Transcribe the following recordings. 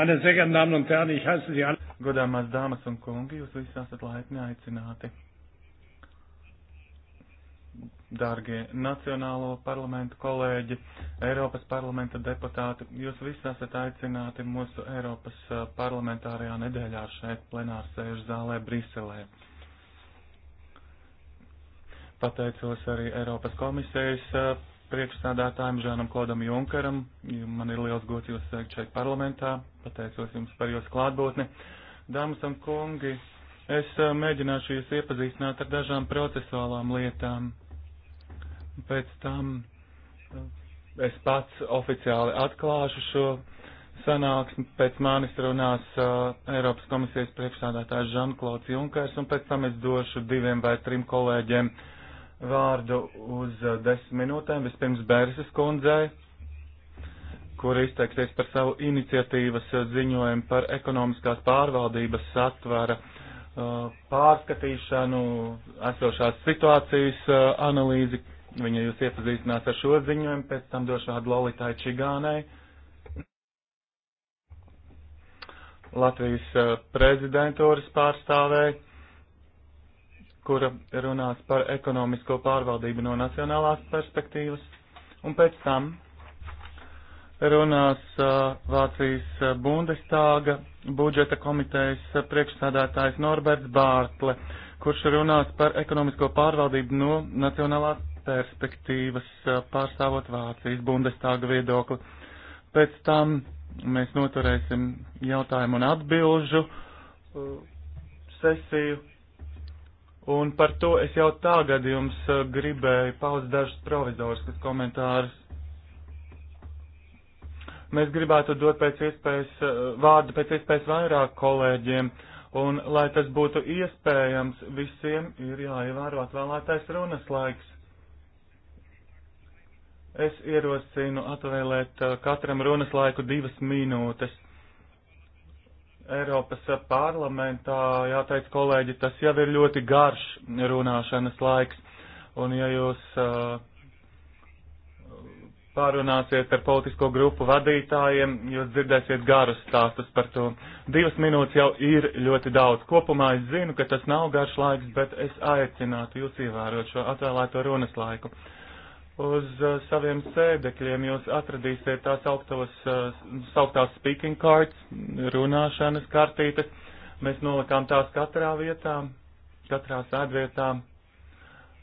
Meine sehr geehrten Damen und Herren, ich heiße Sie alle. Godāmās dāmas un kungi, jūs visi esat laipni aicināti. Dārgie Nacionālo parlamentu kolēģi, Eiropas parlamenta deputāti, jūs visi esat aicināti mūsu Eiropas parlamentārajā nedēļā šeit plenārsēžu zālē Briselē. Pateicos arī Eiropas komisijas priekšsādātājiem Žānam Klodam Junkaram. Man ir liels gods jūs sveikt šeit parlamentā. Pateicos jums par jūsu klātbūtni. Dāmas un kungi, es eh, mēģināšu jūs iepazīstināt ar dažām procesuālām lietām. Pēc tam eh, es pats oficiāli atklāšu šo sanāksmi. Pēc manis runās uh, Eiropas komisijas priekšsādātājs Žanklauds Junkers, un pēc tam es došu diviem vai trim kolēģiem uh, vārdu uz eh, desmit minūtēm vispirms Bērses kundzei, kur izteiksies par savu iniciatīvas eh, ziņojumu par ekonomiskās pārvaldības satvara eh, pārskatīšanu, esošās situācijas analīzi. Viņa jūs iepazīstinās ar šo ziņojumu, pēc tam došu vārdu Lolitai Čigānai. Latvijas prezidentūras pārstāvēja kura runās par ekonomisko pārvaldību no nacionālās perspektīvas, un pēc tam runās uh, Vācijas uh, Bundestāga budžeta komitejas uh, priekšsādātājs Norberts Bārtle, kurš runās par ekonomisko pārvaldību no nacionālās perspektīvas, uh, pārstāvot Vācijas Bundestāga viedokli. Pēc tam mēs noturēsim jautājumu un atbilžu uh, sesiju Un par to es jau tagad jums uh, gribēju paust dažus provizoriskus komentārus. Mēs gribētu dot pēc iespējas, uh, vārdu pēc iespējas vairāk kolēģiem, un, lai tas būtu iespējams, visiem ir jāievēro atvēlētais runas laiks. Es ierosinu atvēlēt uh, katram runas laiku divas minūtes. Eiropas parlamentā, jāteic kolēģi, tas jau ir ļoti garš runāšanas laiks. Un ja jūs uh, pārunāsiet ar politisko grupu vadītājiem, jūs dzirdēsiet garus stāstus par to. Divas minūtes jau ir ļoti daudz. Kopumā es zinu, ka tas nav garš laiks, bet es aicinātu jūs ievērot šo atvēlēto runas laiku. Uh, uz uh, saviem sēdekļiem jūs atradīsiet tās augtos, uh, sauktās speaking cards, runāšanas kartītes. Mēs nolikām tās katrā vietā, katrā sēdvietā.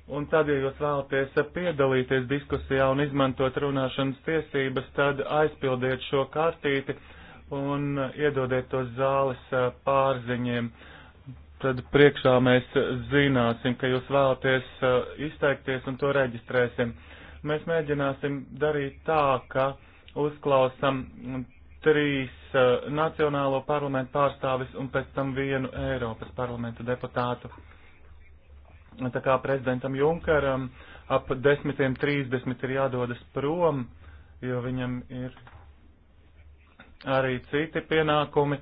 Un tad, ja jūs vēlaties piedalīties diskusijā un izmantot runāšanas tiesības, tad aizpildiet šo kartīti un iedodiet to zāles uh, pārziņiem. Tad priekšā mēs zināsim, ka jūs vēlaties uh, izteikties un to reģistrēsim. Uh, Mēs mēģināsim darīt tā, ka uzklausam trīs uh, nacionālo parlamentu pārstāvis un pēc tam vienu Eiropas parlamentu deputātu. Tā kā prezidentam Junkaram ap 10.30 ir jādodas prom, jo viņam ir arī citi pienākumi.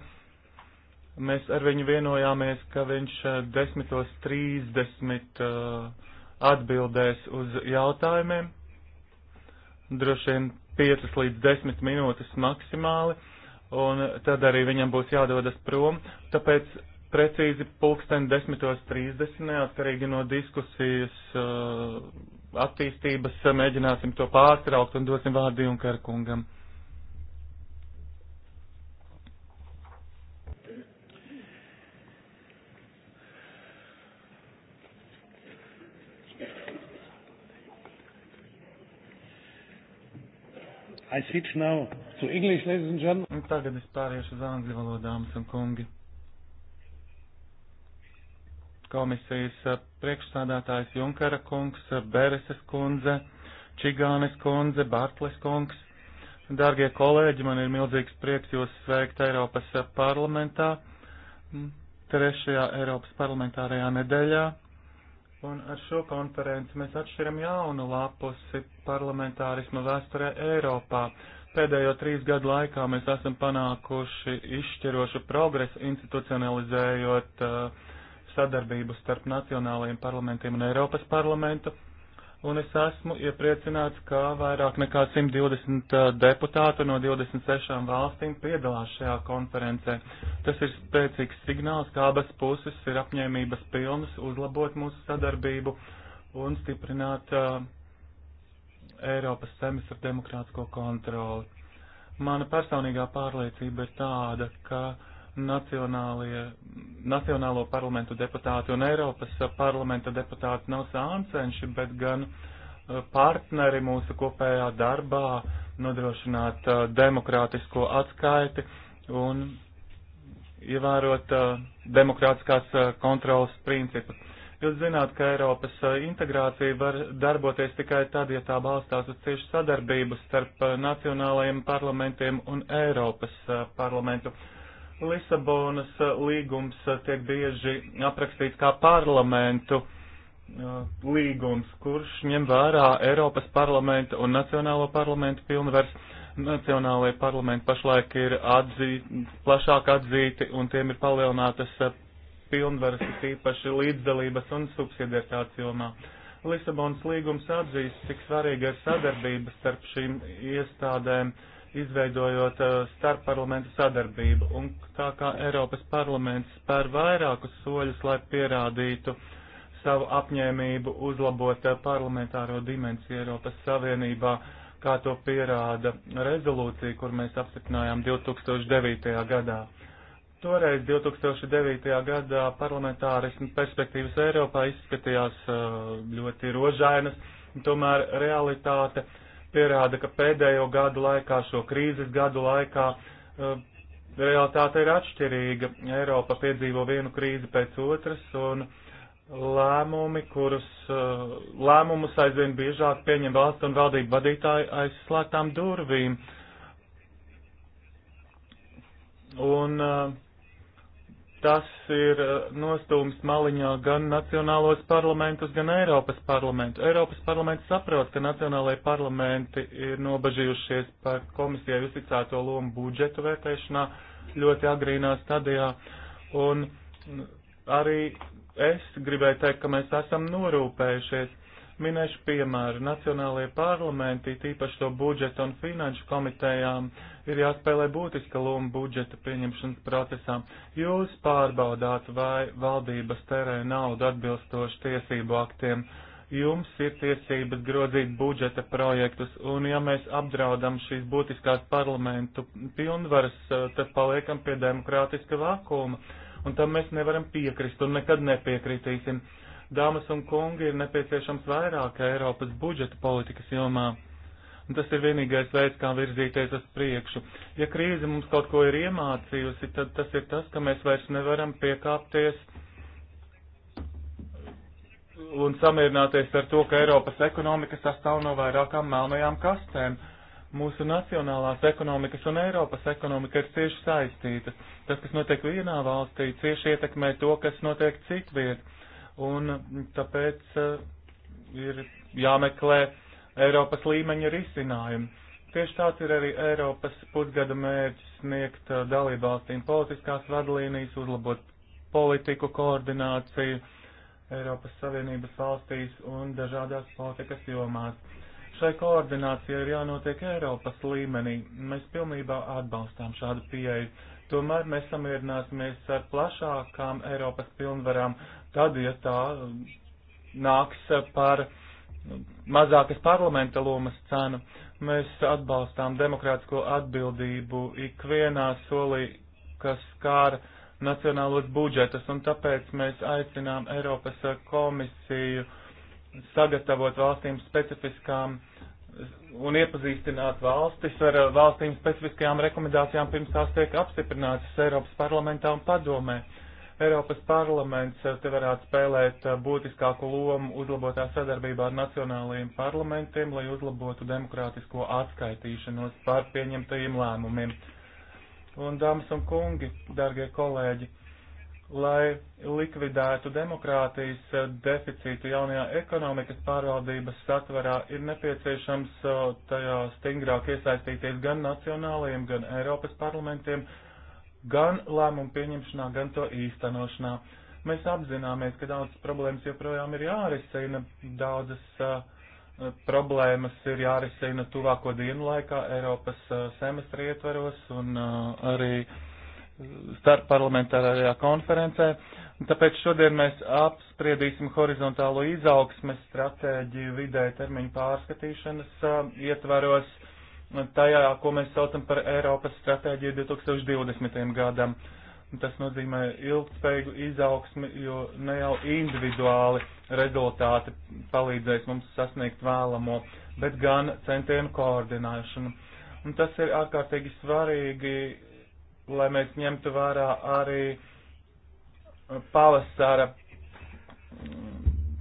Mēs ar viņu vienojāmies, ka viņš 10.30 uh, uh, atbildēs uz jautājumiem droši vien 5 līdz 10 minūtes maksimāli, un tad arī viņam būs jādodas prom. Tāpēc precīzi pulksten 10.30 neatkarīgi no diskusijas uh, attīstības mēģināsim to pārtraukt un dosim vārdu Junkerkungam. I switch now to English, ladies and gentlemen. Un tagad es pāriešu uz angļu valodu, dāmas un kungi. Komisijas eh, priekšstādātājs Junkara kungs, eh, Bereses kundze, Čigānes kundze, Bartles kungs. Dārgie kolēģi, man ir milzīgs prieks jūs sveikt Eiropas eh, parlamentā, trešajā Eiropas parlamentārajā nedēļā. Un ar šo konferenci mēs atšķiram jaunu lapusi parlamentārisma vēsturē Eiropā. Pēdējo trīs gadu laikā mēs esam panākuši izšķirošu progresu, institucionalizējot uh, sadarbību starp nacionālajiem parlamentiem un Eiropas parlamentu un es esmu iepriecināts, ka vairāk nekā 120 deputātu no 26 valstīm piedalās šajā konferencē. Tas ir spēcīgs signāls, ka abas puses ir apņēmības pilnas uzlabot mūsu sadarbību un stiprināt uh, Eiropas semestra demokrātisko kontroli. Mana personīgā pārliecība ir tāda, ka uh, nacionālo parlamentu deputāti un Eiropas parlamenta deputāti nav sāncenši, bet gan eh, partneri mūsu kopējā darbā nodrošināt uh, demokrātisko atskaiti un ievērot uh, demokrātiskās uh, kontrolas principus. Jūs zināt, ka Eiropas integrācija var darboties tikai tad, ja tā balstās uz ciešu sadarbību starp nacionālajiem parlamentiem un Eiropas parlamentu. Uh, Lisabonas uh, līgums uh, tiek bieži aprakstīts kā parlamentu uh, līgums, kurš ņem vērā Eiropas parlamenta un Nacionālo parlamentu pilnvars. Nacionālajie parlamenti pašlaik ir atzīti, plašāk atzīti un tiem ir palielinātas pilnvaras, tīpaši līdzdalības un subsidiaritātes jomā. Lisabonas līgums atzīst, cik svarīga ir sadarbība starp šīm iestādēm. Uh, izveidojot uh, starpparlamentu sadarbību. Un tā kā Eiropas parlaments spēr vairākus soļus, lai pierādītu savu apņēmību uzlabot uh, parlamentāro dimensiju Eiropas Savienībā, kā to pierāda rezolūcija, kur mēs apstiprinājām 2009. gadā. Toreiz 2009. gadā parlamentārismu perspektīvas Eiropā izskatījās uh, ļoti rožainas, tomēr realitāte uh, pierāda, ka pēdējo gadu laikā, šo krīzes gadu laikā, e, realitāte ir atšķirīga. Eiropa piedzīvo vienu krīzi pēc otras, un lēmumi, kurus, e, lēmumus aizvien biežāk pieņem valsts un valdību vadītāji aiz slēgtām durvīm. Un uh, tas ir eh, nostūms maliņā gan nacionālos parlamentus, gan Eiropas parlamentu. Eiropas parlaments saprot, ka nacionālajie parlamenti ir nobažījušies par komisijai uzticēto lomu budžetu vērtēšanā ļoti agrīnā stadijā. Un arī es gribēju teikt, ka mēs esam norūpējušies Minēšu piemēru. Nacionālajie parlamenti, tīpaši to budžeta un finanšu komitejām, ir jāspēlē būtiska loma budžeta pieņemšanas procesā. Jūs pārbaudāt, vai valdības terē naudu atbilstoši tiesību aktiem. Jums ir tiesības grozīt budžeta projektus, un ja mēs apdraudam šīs būtiskās parlamentu pilnvaras, tad paliekam pie demokrātiska vakuma, un tam mēs nevaram piekrist un nekad nepiekritīsim. Dāmas un kungi, ir nepieciešams vairāk Eiropas budžeta politikas jomā. Un tas ir vienīgais veids, kā virzīties uz priekšu. Ja krīze mums kaut ko ir iemācījusi, tad tas ir tas, ka mēs vairs nevaram piekāpties un samierināties ar to, ka Eiropas ekonomika sastāv no vairākām melnajām kastēm. Mūsu nacionālās ekonomikas un Eiropas ekonomika ir cieši saistītas. Tas, kas notiek vienā valstī, cieši ietekmē to, kas notiek citviet un tāpēc eh, ir jāmeklē Eiropas līmeņa risinājumi. Tieši tāds ir arī Eiropas pusgada mērķis sniegt eh, dalībvalstīm politiskās vadlīnijas, uzlabot politiku koordināciju Eiropas Savienības valstīs un dažādās politikas jomās. Šai koordinācijai ir jānotiek Eiropas līmenī. Mēs pilnībā atbalstām šādu pieeju. Tomēr mēs samierināsimies ar plašākām Eiropas pilnvarām, tad, ja tā um, nāks par um, mazākas parlamenta lomas cenu, mēs atbalstām demokrātisko atbildību ikvienā solī, kas skāra nacionālos budžetus, un tāpēc mēs aicinām Eiropas komisiju sagatavot valstīm specifiskām un iepazīstināt valstis ar valstīm specifiskajām rekomendācijām pirms tās tiek apstiprinātas Eiropas parlamentā un padomē. Uh, Eiropas parlaments eh, te varētu spēlēt eh, būtiskāku lomu uzlabotā sadarbībā ar nacionālajiem parlamentiem, lai uzlabotu demokrātisko atskaitīšanos par pieņemtajiem lēmumiem. Un, dāmas un kungi, dargie kolēģi, lai likvidētu demokrātijas eh, deficītu jaunajā ekonomikas pārvaldības satvarā, ir nepieciešams tajā stingrāk iesaistīties gan nacionālajiem, gan Eiropas parlamentiem, gan lēmumu pieņemšanā, gan to īstenošanā. Mēs apzināmies, ka daudzas problēmas joprojām ir jārisina, daudzas uh, problēmas ir jārisina tuvāko dienu laikā Eiropas uh, semestri ietveros un uh, arī starpparlamentārajā konferencē. Un tāpēc šodien mēs apspriedīsim horizontālo izaugsmes stratēģiju vidē termiņu pārskatīšanas uh, ietveros. Uh, tajā, ko mēs saucam par Eiropas stratēģiju 2020. gadam. Tas nozīmē ilgspējīgu izaugsmi, jo ne jau individuāli rezultāti palīdzēs mums sasniegt vēlamo, bet gan centienu koordinēšanu. Un tas ir ārkārtīgi svarīgi, lai mēs ņemtu vērā arī pavasara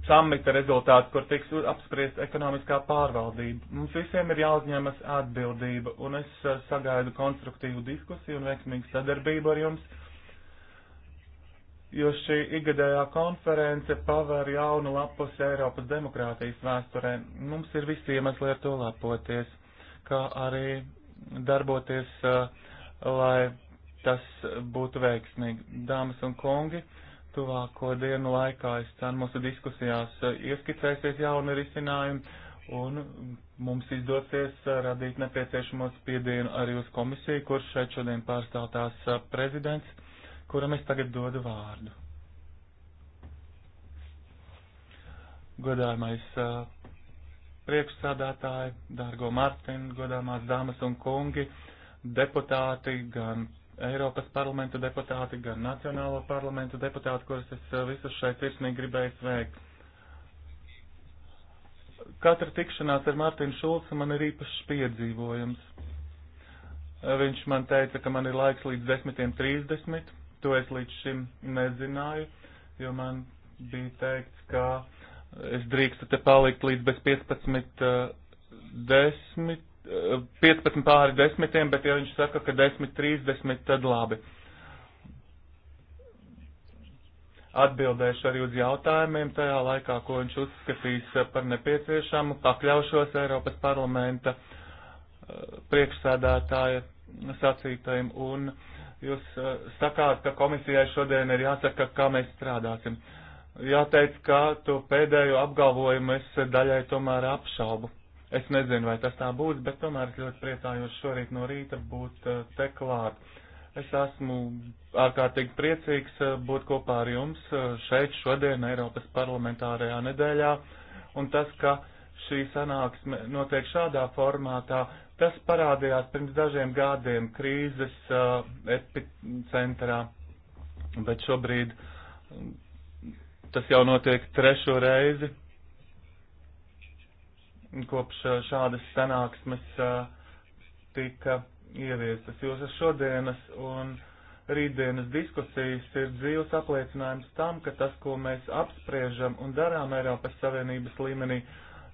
samita rezultāts, kur tiks apspriest ekonomiskā pārvaldība. Mums visiem ir jāuzņemas atbildība, un es eh, sagaidu konstruktīvu diskusiju un veiksmīgu sadarbību ar jums, jo šī igadējā konference paver jaunu lapus Eiropas demokrātijas vēsturē. Mums ir visi iemesli ar to lepoties, kā arī darboties, eh, lai tas būtu veiksmīgi. Dāmas un kungi! Tuvāko dienu laikā es ceru, mūsu diskusijās e, ieskicēsies jauni risinājumi un mums izdosies e, radīt nepieciešamo spiedienu arī uz komisiju, kurš šeit šodien pārstāv tās e, prezidents, kuram es tagad dodu vārdu. Godājumais priekšsādātāji, dārgo Martin, godājumās dāmas un kungi, deputāti, gan Eiropas parlamenta deputāti, gan Nacionālo parlamentu deputāti, kurus es eh, visus šeit sirsnīgi gribēju sveikt. Katra tikšanās ar Mārtiņu Šulcu man ir īpašs piedzīvojums. Eh, viņš man teica, ka man ir laiks līdz 10.30. To es līdz šim nezināju, jo man bija teikts, ka es drīkstu te palikt līdz bez 15.10 15 pāri desmitiem, bet ja viņš saka, ka 10.30, tad labi. Atbildēšu arī uz jautājumiem tajā laikā, ko viņš uzskatīs par nepieciešamu, pakļaušos Eiropas parlamenta eh, priekšsēdētāja sacītajiem un jūs eh, sakāt, ka komisijai šodien ir jāsaka, kā mēs strādāsim. Jāteic, ka to pēdējo apgalvojumu es daļai tomēr apšaubu. Es nezinu, vai tas tā būs, bet tomēr es ļoti priecājos šorīt no rīta būt eh, te klāt. Es esmu ārkārtīgi priecīgs eh, būt kopā ar jums eh, šeit šodien Eiropas parlamentārajā nedēļā, un tas, ka šī sanāksme notiek šādā formātā, tas parādījās pirms dažiem gadiem krīzes uh, epicentrā, bet šobrīd mm, tas jau notiek trešo reizi kopš eh, šādas sanāksmes eh, tika ieviestas. Jūsu šodienas un rītdienas diskusijas ir dzīves apliecinājums tam, ka tas, ko mēs apspriežam un darām Eiropas Savienības līmenī,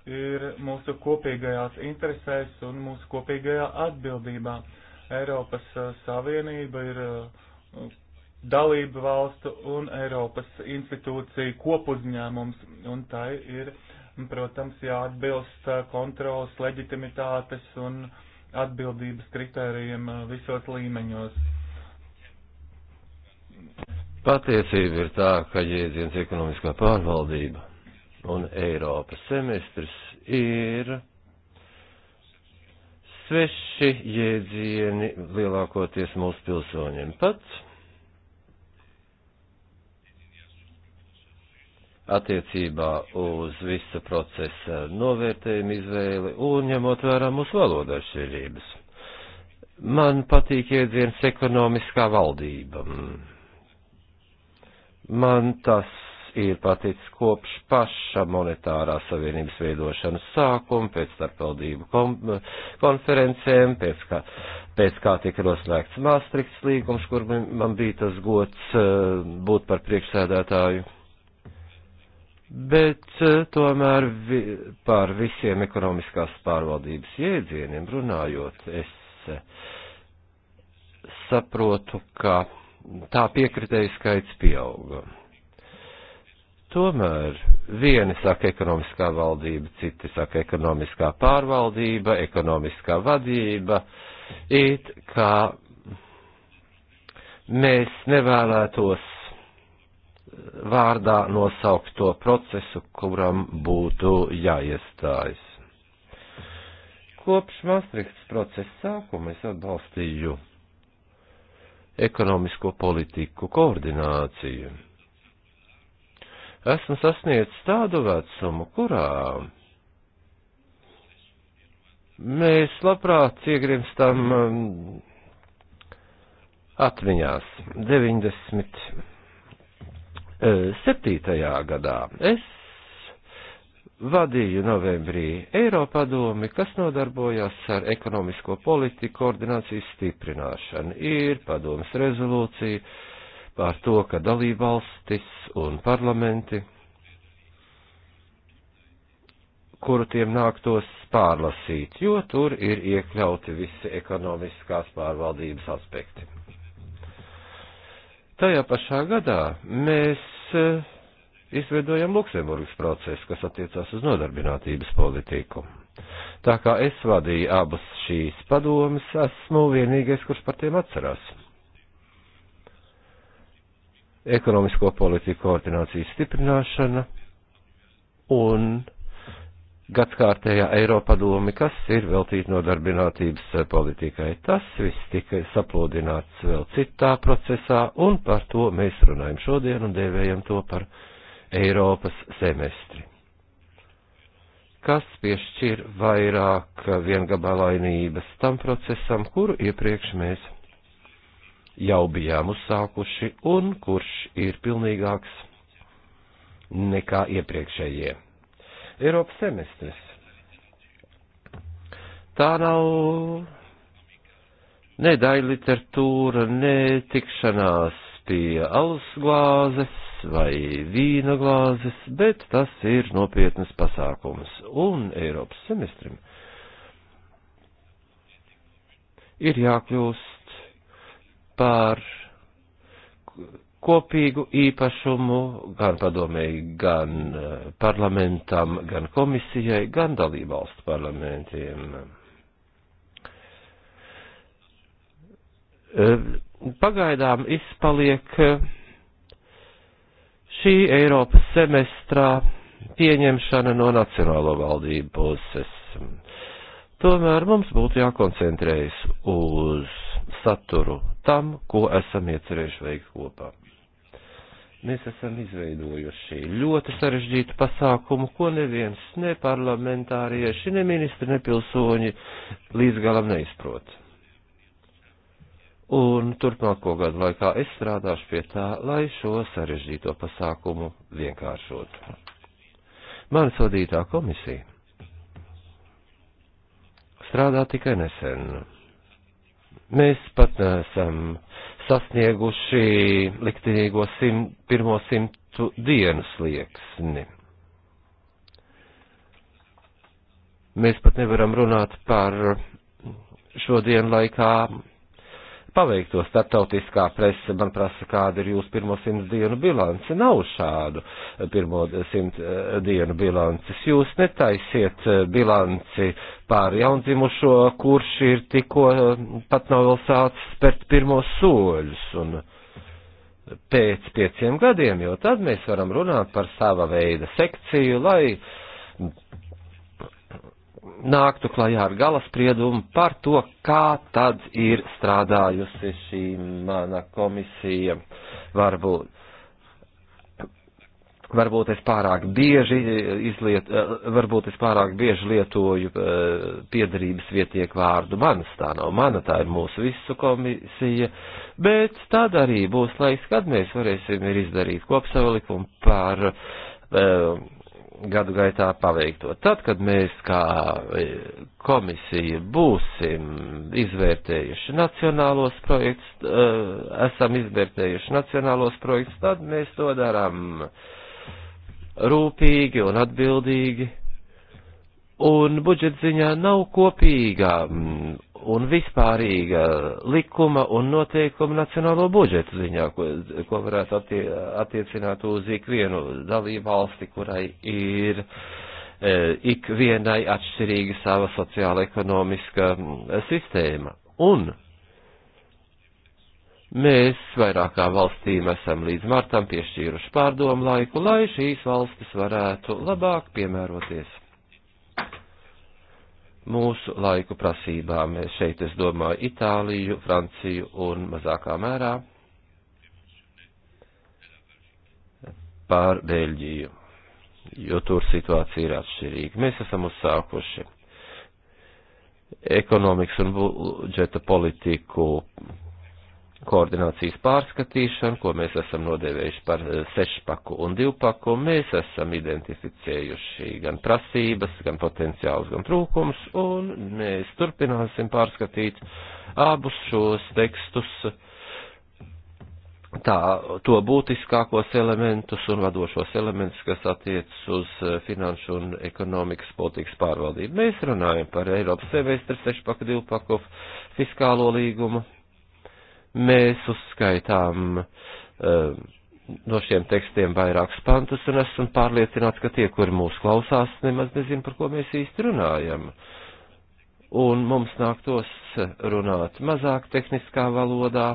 ir mūsu kopīgajās interesēs un mūsu kopīgajā atbildībā. Eiropas eh, Savienība ir dalība valstu un Eiropas institūciju kopuzņēmums, un tai ir protams, jāatbilst uh, kontrolas leģitimitātes un atbildības kritērijiem uh, visos līmeņos. Patiesība ir tā, ka jēdziens ekonomiskā pārvaldība un Eiropas semestris ir sveši jēdzieni lielākoties mūsu pilsoņiem pats attiecībā uz visa procesa novērtējumu izvēli un ņemot vērā mūsu valodu atšķirības. Man patīk iedziens ekonomiskā valdība. Man tas ir paticis kopš paša monetārā savienības veidošanas sākuma, pēc starpvaldību konferencēm, pēc kā, pēc kā tika noslēgts Māstrikts līgums, kur man bija tas gods eh, būt par priekšsēdētāju bet eh, tomēr vi, par visiem ekonomiskās pārvaldības jēdzieniem runājot, es eh, saprotu, ka tā piekritēju skaits pieauga. Tomēr vieni saka ekonomiskā valdība, citi saka ekonomiskā pārvaldība, ekonomiskā vadība, it kā mēs nevēlētos vārdā nosaukt to procesu, kuram būtu jāiestājas. Kopš Maastrichts procesa sākuma es atbalstīju ekonomisko politiku koordināciju. Esmu sasniedzis tādu vecumu, kurā mēs labprāt iegrimstam um, atmiņās 90 Septītajā gadā es vadīju novembrī Eiropadomi, kas nodarbojās ar ekonomisko politiku koordinācijas stiprināšanu. Ir padomas rezolūcija par to, ka dalībvalstis un parlamenti, kuru tiem nāktos pārlasīt, jo tur ir iekļauti visi ekonomiskās pārvaldības aspekti. Tajā pašā gadā mēs eh, izveidojam Luksemburgas procesu, kas attiecās uz nodarbinātības politiku. Tā kā es vadīju abas šīs padomas, esmu vienīgais, kurš par tiem atcerās. Ekonomisko politiku koordinācijas stiprināšana un gadskārtējā Eiropa domi, kas ir veltīta nodarbinātības eh, politikai. Tas viss tika saplodināts vēl citā procesā, un par to mēs runājam šodien un dēvējam to par Eiropas semestri. Kas piešķir vairāk viengabalainības tam procesam, kuru iepriekš mēs jau bijām uzsākuši un kurš ir pilnīgāks nekā iepriekšējie. Eiropas semestris. Tā nav ne daļa literatūra, ne tikšanās pie alus glāzes vai vīna glāzes, bet tas ir nopietnas pasākums. Un Eiropas semestrim ir jākļūst par kopīgu īpašumu gan padomēji, gan eh, parlamentam, gan komisijai, gan dalībvalstu parlamentiem. Eh, pagaidām izpaliek eh, šī Eiropas semestrā pieņemšana no Nacionālo valdību puses. Tomēr mums būtu jākoncentrējas uz saturu tam, ko esam iecerējuši veikt kopā. Mēs esam izveidojuši ļoti sarežģītu pasākumu, ko neviens, ne parlamentārieši, ne ministri, ne pilsoņi līdz galam neizprot. Un turpmāko gadu laikā es strādāšu pie tā, lai šo sarežģīto pasākumu vienkāršotu. Manas vadītā komisija strādā tikai nesen. Mēs pat neesam uh, sasnieguši liktenīgo simt, pirmo simtu dienas lieksni. Mēs pat nevaram runāt par šodien laikā paveikto. Startautiskā presa man prasa, kāda ir jūsu pirmo simts dienu bilance. Nav šādu eh, pirmo simt eh, dienu bilances. Jūs netaisiet eh, bilanci pār jaundzimušo, kurš ir tikko pat nav vēl sācis spērt pirmos soļus. Un, pēc pieciem gadiem, jo tad mēs varam runāt par sava veida sekciju, lai nāktu klajā ar galaspriedumu par to, kā tad ir strādājusi šī mana komisija. Varbūt, varbūt es pārāk bieži izliet, varbūt es pārāk bieži lietoju eh, piedarības vietiek vārdu manas, tā nav mana, tā ir mūsu visu komisija, bet tad arī būs laiks, kad mēs varēsim ir izdarīt kopsavilikumu par uh, gadu gaitā paveikto. Tad, kad mēs kā e, komisija būsim izvērtējuši nacionālos projekts, e, esam izvērtējuši nacionālos projekts, tad mēs to darām rūpīgi un atbildīgi. Un budžetziņā nav kopīgā un vispārīga likuma un noteikuma nacionālo budžetu ziņā, ko, ko varētu attie, attiecināt uz ikvienu dalību valsti, kurai ir e, ikvienai atšķirīga sava sociāla ekonomiska sistēma. Un Mēs vairākā valstīm esam līdz martam piešķīruši pārdomu laiku, lai šīs valstis varētu labāk piemēroties mūsu laiku prasībām. Šeit es domāju Itāliju, Franciju un mazākā mērā pār Beļģiju, jo tur situācija ir atšķirīga. Mēs esam uzsākuši ekonomikas un budžeta politiku koordinācijas pārskatīšanu, ko mēs esam nodēvējuši par eh, sešpaku un divpaku, un mēs esam identificējuši gan prasības, gan potenciālus, gan trūkums, un mēs turpināsim pārskatīt abus šos tekstus, tā, to būtiskākos elementus un vadošos elementus, kas attiec uz eh, finanšu un ekonomikas politikas pārvaldību. Mēs runājam par Eiropas semestru, sešpaku, divpaku, fiskālo līgumu Mēs uzskaitām um, no šiem tekstiem vairākus pantus un esam pārliecināti, ka tie, kuri mūs klausās, nemaz nezin, par ko mēs īsti runājam. Un mums nāktos runāt mazāk tehniskā valodā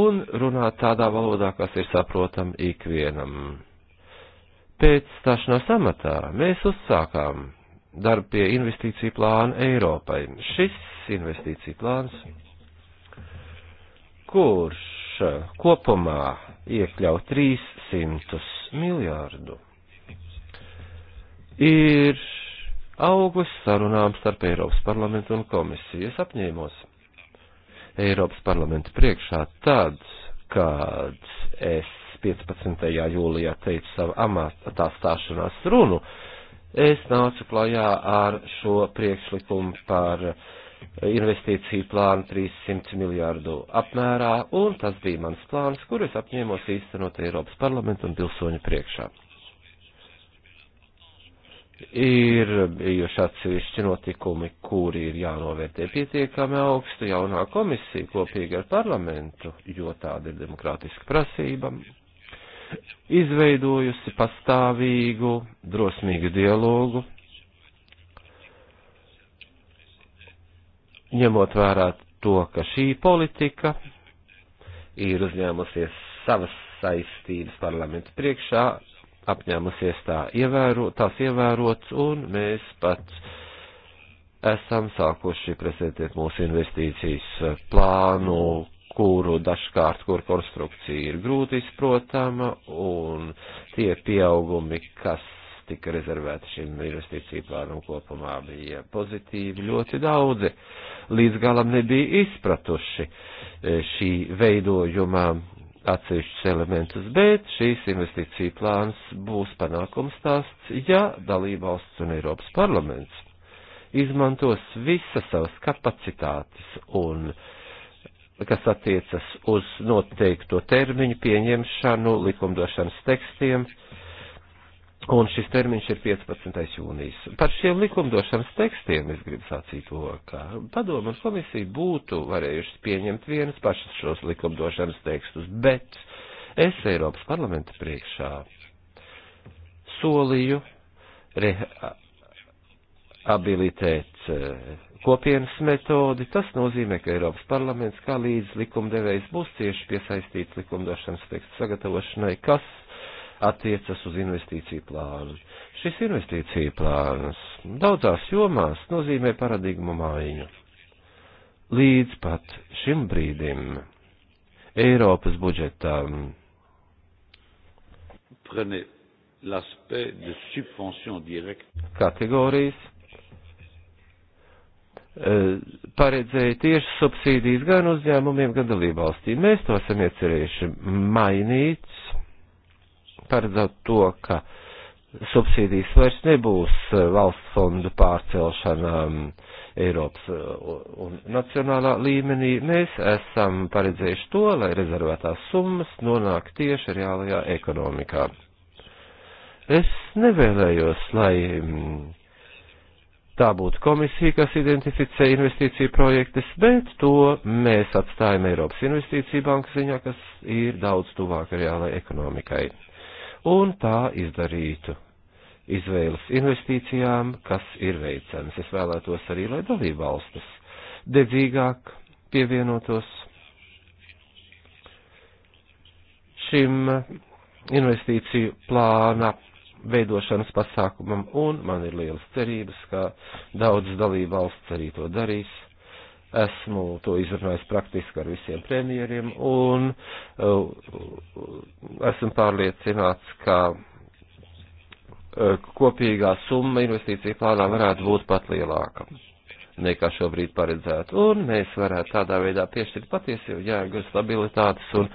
un runāt tādā valodā, kas ir saprotam ikvienam. Pēc stāšanās amatā mēs uzsākām darbu pie investīciju plāna Eiropai. Šis investīciju plāns, kurš e, kopumā iekļau 300 miljārdu, ir auglis sarunām starp Eiropas parlamentu un komisiju. Es apņēmos Eiropas parlamentu priekšā tad, kad es 15. jūlijā teicu savu amatā stāšanās runu, uh, es nācu klajā ar šo priekšlikumu par investīciju plānu 300 miljārdu apmērā, un tas bija mans plāns, kur es apņēmos īstenot Eiropas parlamentu un pilsoņu priekšā. Ir bijuši atsevišķi notikumi, kuri ir jānovērtē pietiekami augstu jaunā komisija kopīgi ar parlamentu, jo tāda ir demokrātiska prasība, izveidojusi pastāvīgu, drosmīgu dialogu, ņemot vērā to, ka šī politika ir uzņēmusies savas saistības parlamentu priekšā, apņēmusies tā ievēro, tās ievērot, un mēs pat esam sākuši prezentēt mūsu investīcijas plānu, kuru dažkārt, kur konstrukcija ir grūti izprotama, un tie pieaugumi, kas tika rezervēti šim investīciju plānam kopumā, bija pozitīvi ļoti daudzi. Līdz galam nebija izpratuši e, šī veidojuma atsevišķus elementus, bet šīs investīcija plāns būs panākums stāsts, ja dalībvalsts un Eiropas parlaments izmantos visas savas kapacitātes un uh, kas attiecas uz noteikto termiņu pieņemšanu likumdošanas tekstiem, un šis termiņš ir 15. jūnijas. Par šiem likumdošanas tekstiem es gribu sacīt to, ka padomu un komisija būtu varējušas pieņemt vienas pašas šos likumdošanas tekstus, bet es Eiropas parlamenta priekšā solīju rehabilitēt eh, kopienas metodi. Tas nozīmē, ka Eiropas parlaments kā līdz likumdevējs būs cieši piesaistīts likumdošanas tekstu sagatavošanai, kas attiecas uz investīciju plānu. Šis investīciju plāns daudzās jomās nozīmē paradigmu maiņu. Līdz pat šim brīdim Eiropas budžetam. Prenez l'aspect de subvention directe. Kategorijas Eh, paredzēja tieši subsīdijas gan uzņēmumiem, gan dalībvalstīm. Mēs to esam iecerējuši mainīt, paredzot to, ka subsīdijas vairs nebūs valsts fondu pārcelšana mm, Eiropas eh, un nacionālā līmenī. Mēs esam paredzējuši to, lai rezervētās summas nonāk tieši reālajā ekonomikā. Es nevēlējos, lai mm, tā būtu komisija, kas identificē investīciju projektus, bet to mēs atstājam Eiropas investīciju bankas ziņā, kas ir daudz tuvāk reālai ekonomikai. Un tā izdarītu izvēles investīcijām, kas ir veicams. Es vēlētos arī, lai dalībvalstis dedzīgāk pievienotos šim investīciju plāna veidošanas pasākumam, un man ir lielas cerības, ka daudz dalību valsts arī to darīs. Esmu to izrunājis praktiski ar visiem premjeriem, un uh, esmu pārliecināts, ka uh, kopīgā summa investīciju plānā varētu būt pat lielāka nekā šobrīd paredzēta. Un mēs varētu tādā veidā piešķirt patiesību jēgu stabilitātes un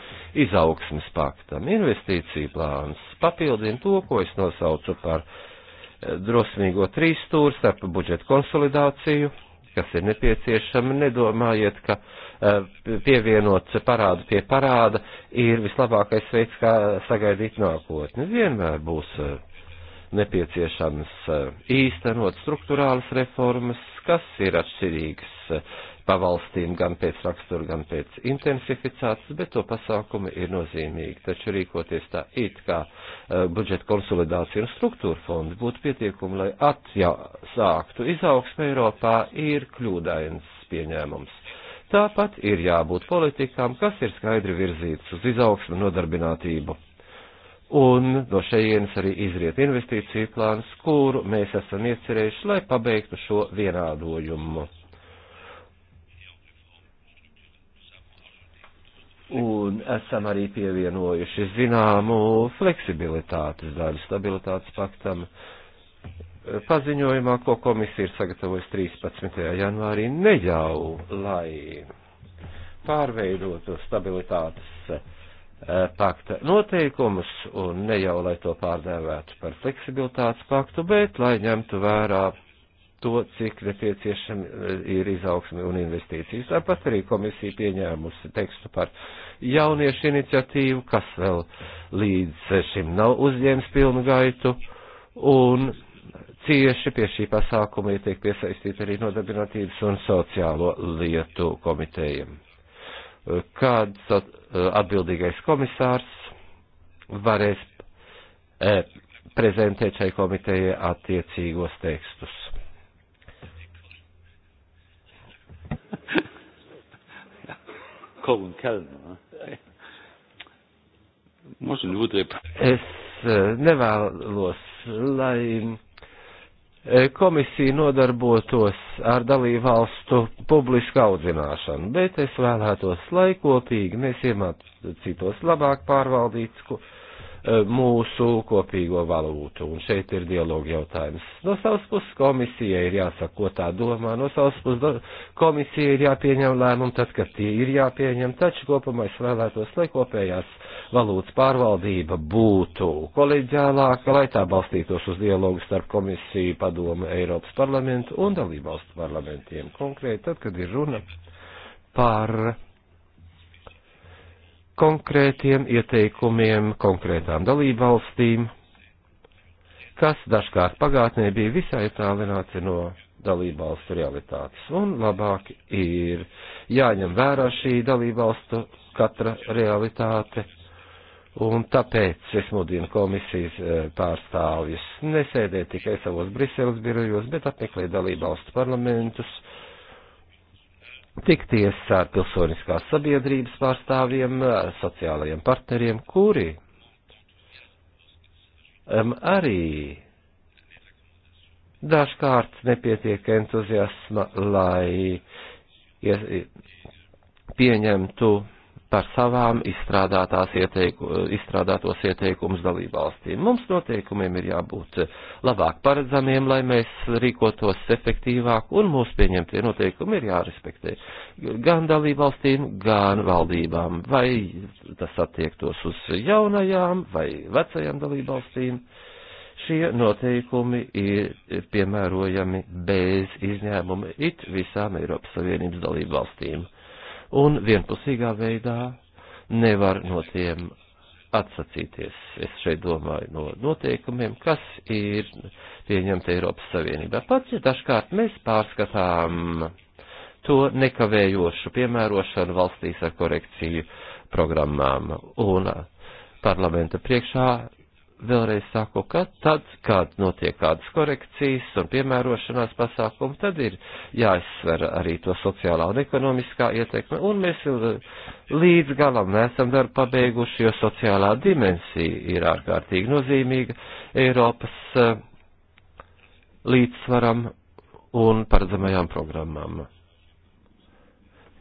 izaugsmes paktam. Investīcija plāns papildina to, ko es nosaucu par eh, drosmīgo trīsstūru starp budžetu konsolidāciju, kas ir nepieciešama. Nedomājiet, ka eh, pievienot parādu pie parāda ir vislabākais veids, kā sagaidīt nākotni. Vienmēr būs eh, nepieciešams eh, īstenot struktūrālas reformas, kas ir atšķirīgas eh, pa valstīm gan pēc rakstura, gan pēc intensificācijas, bet to pasākumi ir nozīmīgi. Taču rīkoties tā it kā uh, budžeta konsolidācija un struktūra fondi būtu pietiekumi, lai atsāktu izaugsmu Eiropā, ir kļūdains pieņēmums. Tāpat ir jābūt politikām, kas ir skaidri virzītas uz izaugsmu nodarbinātību Un no šejienes arī izriet investīciju plāns, kuru mēs esam iecerējuši, lai pabeigtu šo vienādojumu. Un esam arī pievienojuši zināmu fleksibilitātes daļu stabilitātes paktam. Paziņojumā, ko komisija ir sagatavojusi 13. janvārī, neļauj, lai pārveidotu stabilitātes Eh, pakta noteikumus un ne jau, lai to pārdēvētu par fleksibilitātes paktu, bet lai ņemtu vērā to, cik nepieciešami eh, ir izaugsme un investīcijas. Tāpat arī komisija pieņēmusi tekstu par jauniešu iniciatīvu, kas vēl līdz šim nav uzņēmis pilnu gaitu, un cieši pie šī pasākuma ir tiek piesaistīta arī nodarbinātības un sociālo lietu komitejiem. Kad so Eh, atbildīgais komisārs varēs e, prezentēt šai komitejai attiecīgos tekstus. Es eh, nevēlos, lai Eh, komisija nodarbotos ar dalībvalstu publisku audzināšanu, bet es vēlētos, lai kopīgi mēs iemācītos labāk pārvaldīt Eh, mūsu kopīgo valūtu. Un šeit ir dialogu jautājums. No savas puses komisija ir jāsaka, ko tā domā, no savas puses komisija ir jāpieņem lēmumi, tad, kad tie ir jāpieņem, taču kopumā es vēlētos, lai kopējās valūtas pārvaldība būtu koleģiālāka, lai tā balstītos uz dialogu starp komisiju, padomu, Eiropas parlamentu un dalībvalstu parlamentiem. Konkrēti, tad, kad ir runa par konkrētiem ieteikumiem konkrētām dalībvalstīm, kas dažkārt pagātnē bija visai tālināti no dalībvalstu realitātes. Un labāk ir jāņem vērā šī dalībvalstu katra realitāte. Un tāpēc es mudinu komisijas eh, pārstāvjus nesēdēt tikai savos Briseles birojos, bet apmeklēt dalībvalstu parlamentus, uh, tikties ar pilsoniskās sabiedrības pārstāvjiem, sociālajiem partneriem, kuri um, arī dažkārt nepietiek entuziasma, lai pieņemtu par savām ieteiku, izstrādātos ieteikumus dalībvalstīm. Mums noteikumiem ir jābūt labāk paredzamiem, lai mēs rīkotos efektīvāk, un mūsu pieņemtie noteikumi ir jārespektē gan dalībvalstīm, gan valdībām, vai tas attiektos uz jaunajām vai vecajām dalībvalstīm. Šie noteikumi ir piemērojami bez izņēmuma it visām Eiropas Savienības dalībvalstīm un vienpusīgā veidā nevar no tiem atsacīties. Es šeit domāju no noteikumiem, kas ir pieņemta Eiropas Savienībā. Pats, ja dažkārt mēs pārskatām to nekavējošu piemērošanu valstīs ar korekciju programmām un uh, parlamenta priekšā vēlreiz saku, ka tad, kad notiek kādas korekcijas un piemērošanās pasākumi, tad ir jāizsver arī to sociālā un ekonomiskā ietekme, un mēs eh, līdz galam neesam darbu pabeiguši, jo sociālā dimensija ir ārkārtīgi nozīmīga Eiropas eh, līdzsvaram un paredzamajām programmām.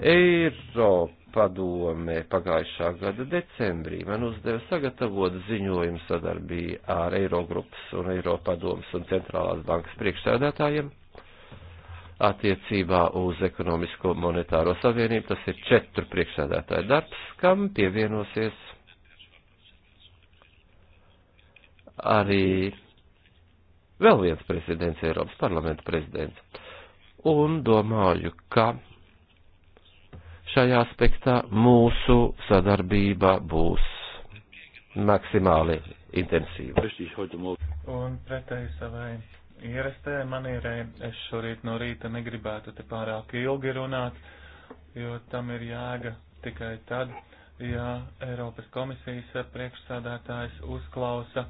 Eiropa padomē pagājušā gada decembrī man uzdeva sagatavot ziņojumu sadarbību ar Eirogrupas un Eiropadomas un Centrālās bankas priekšsēdētājiem attiecībā uz ekonomisko monetāro savienību. Tas ir četru priekšsēdētāju darbs, kam pievienosies arī vēl viens prezidents, Eiropas parlamenta prezidents. Un domāju, ka šajā aspektā mūsu sadarbība būs maksimāli intensīva. Un pretēji savai ierastē manierē es šorīt no rīta negribētu te pārāk ilgi runāt, jo tam ir jēga tikai tad, ja Eiropas komisijas priekšsādātājs uzklausa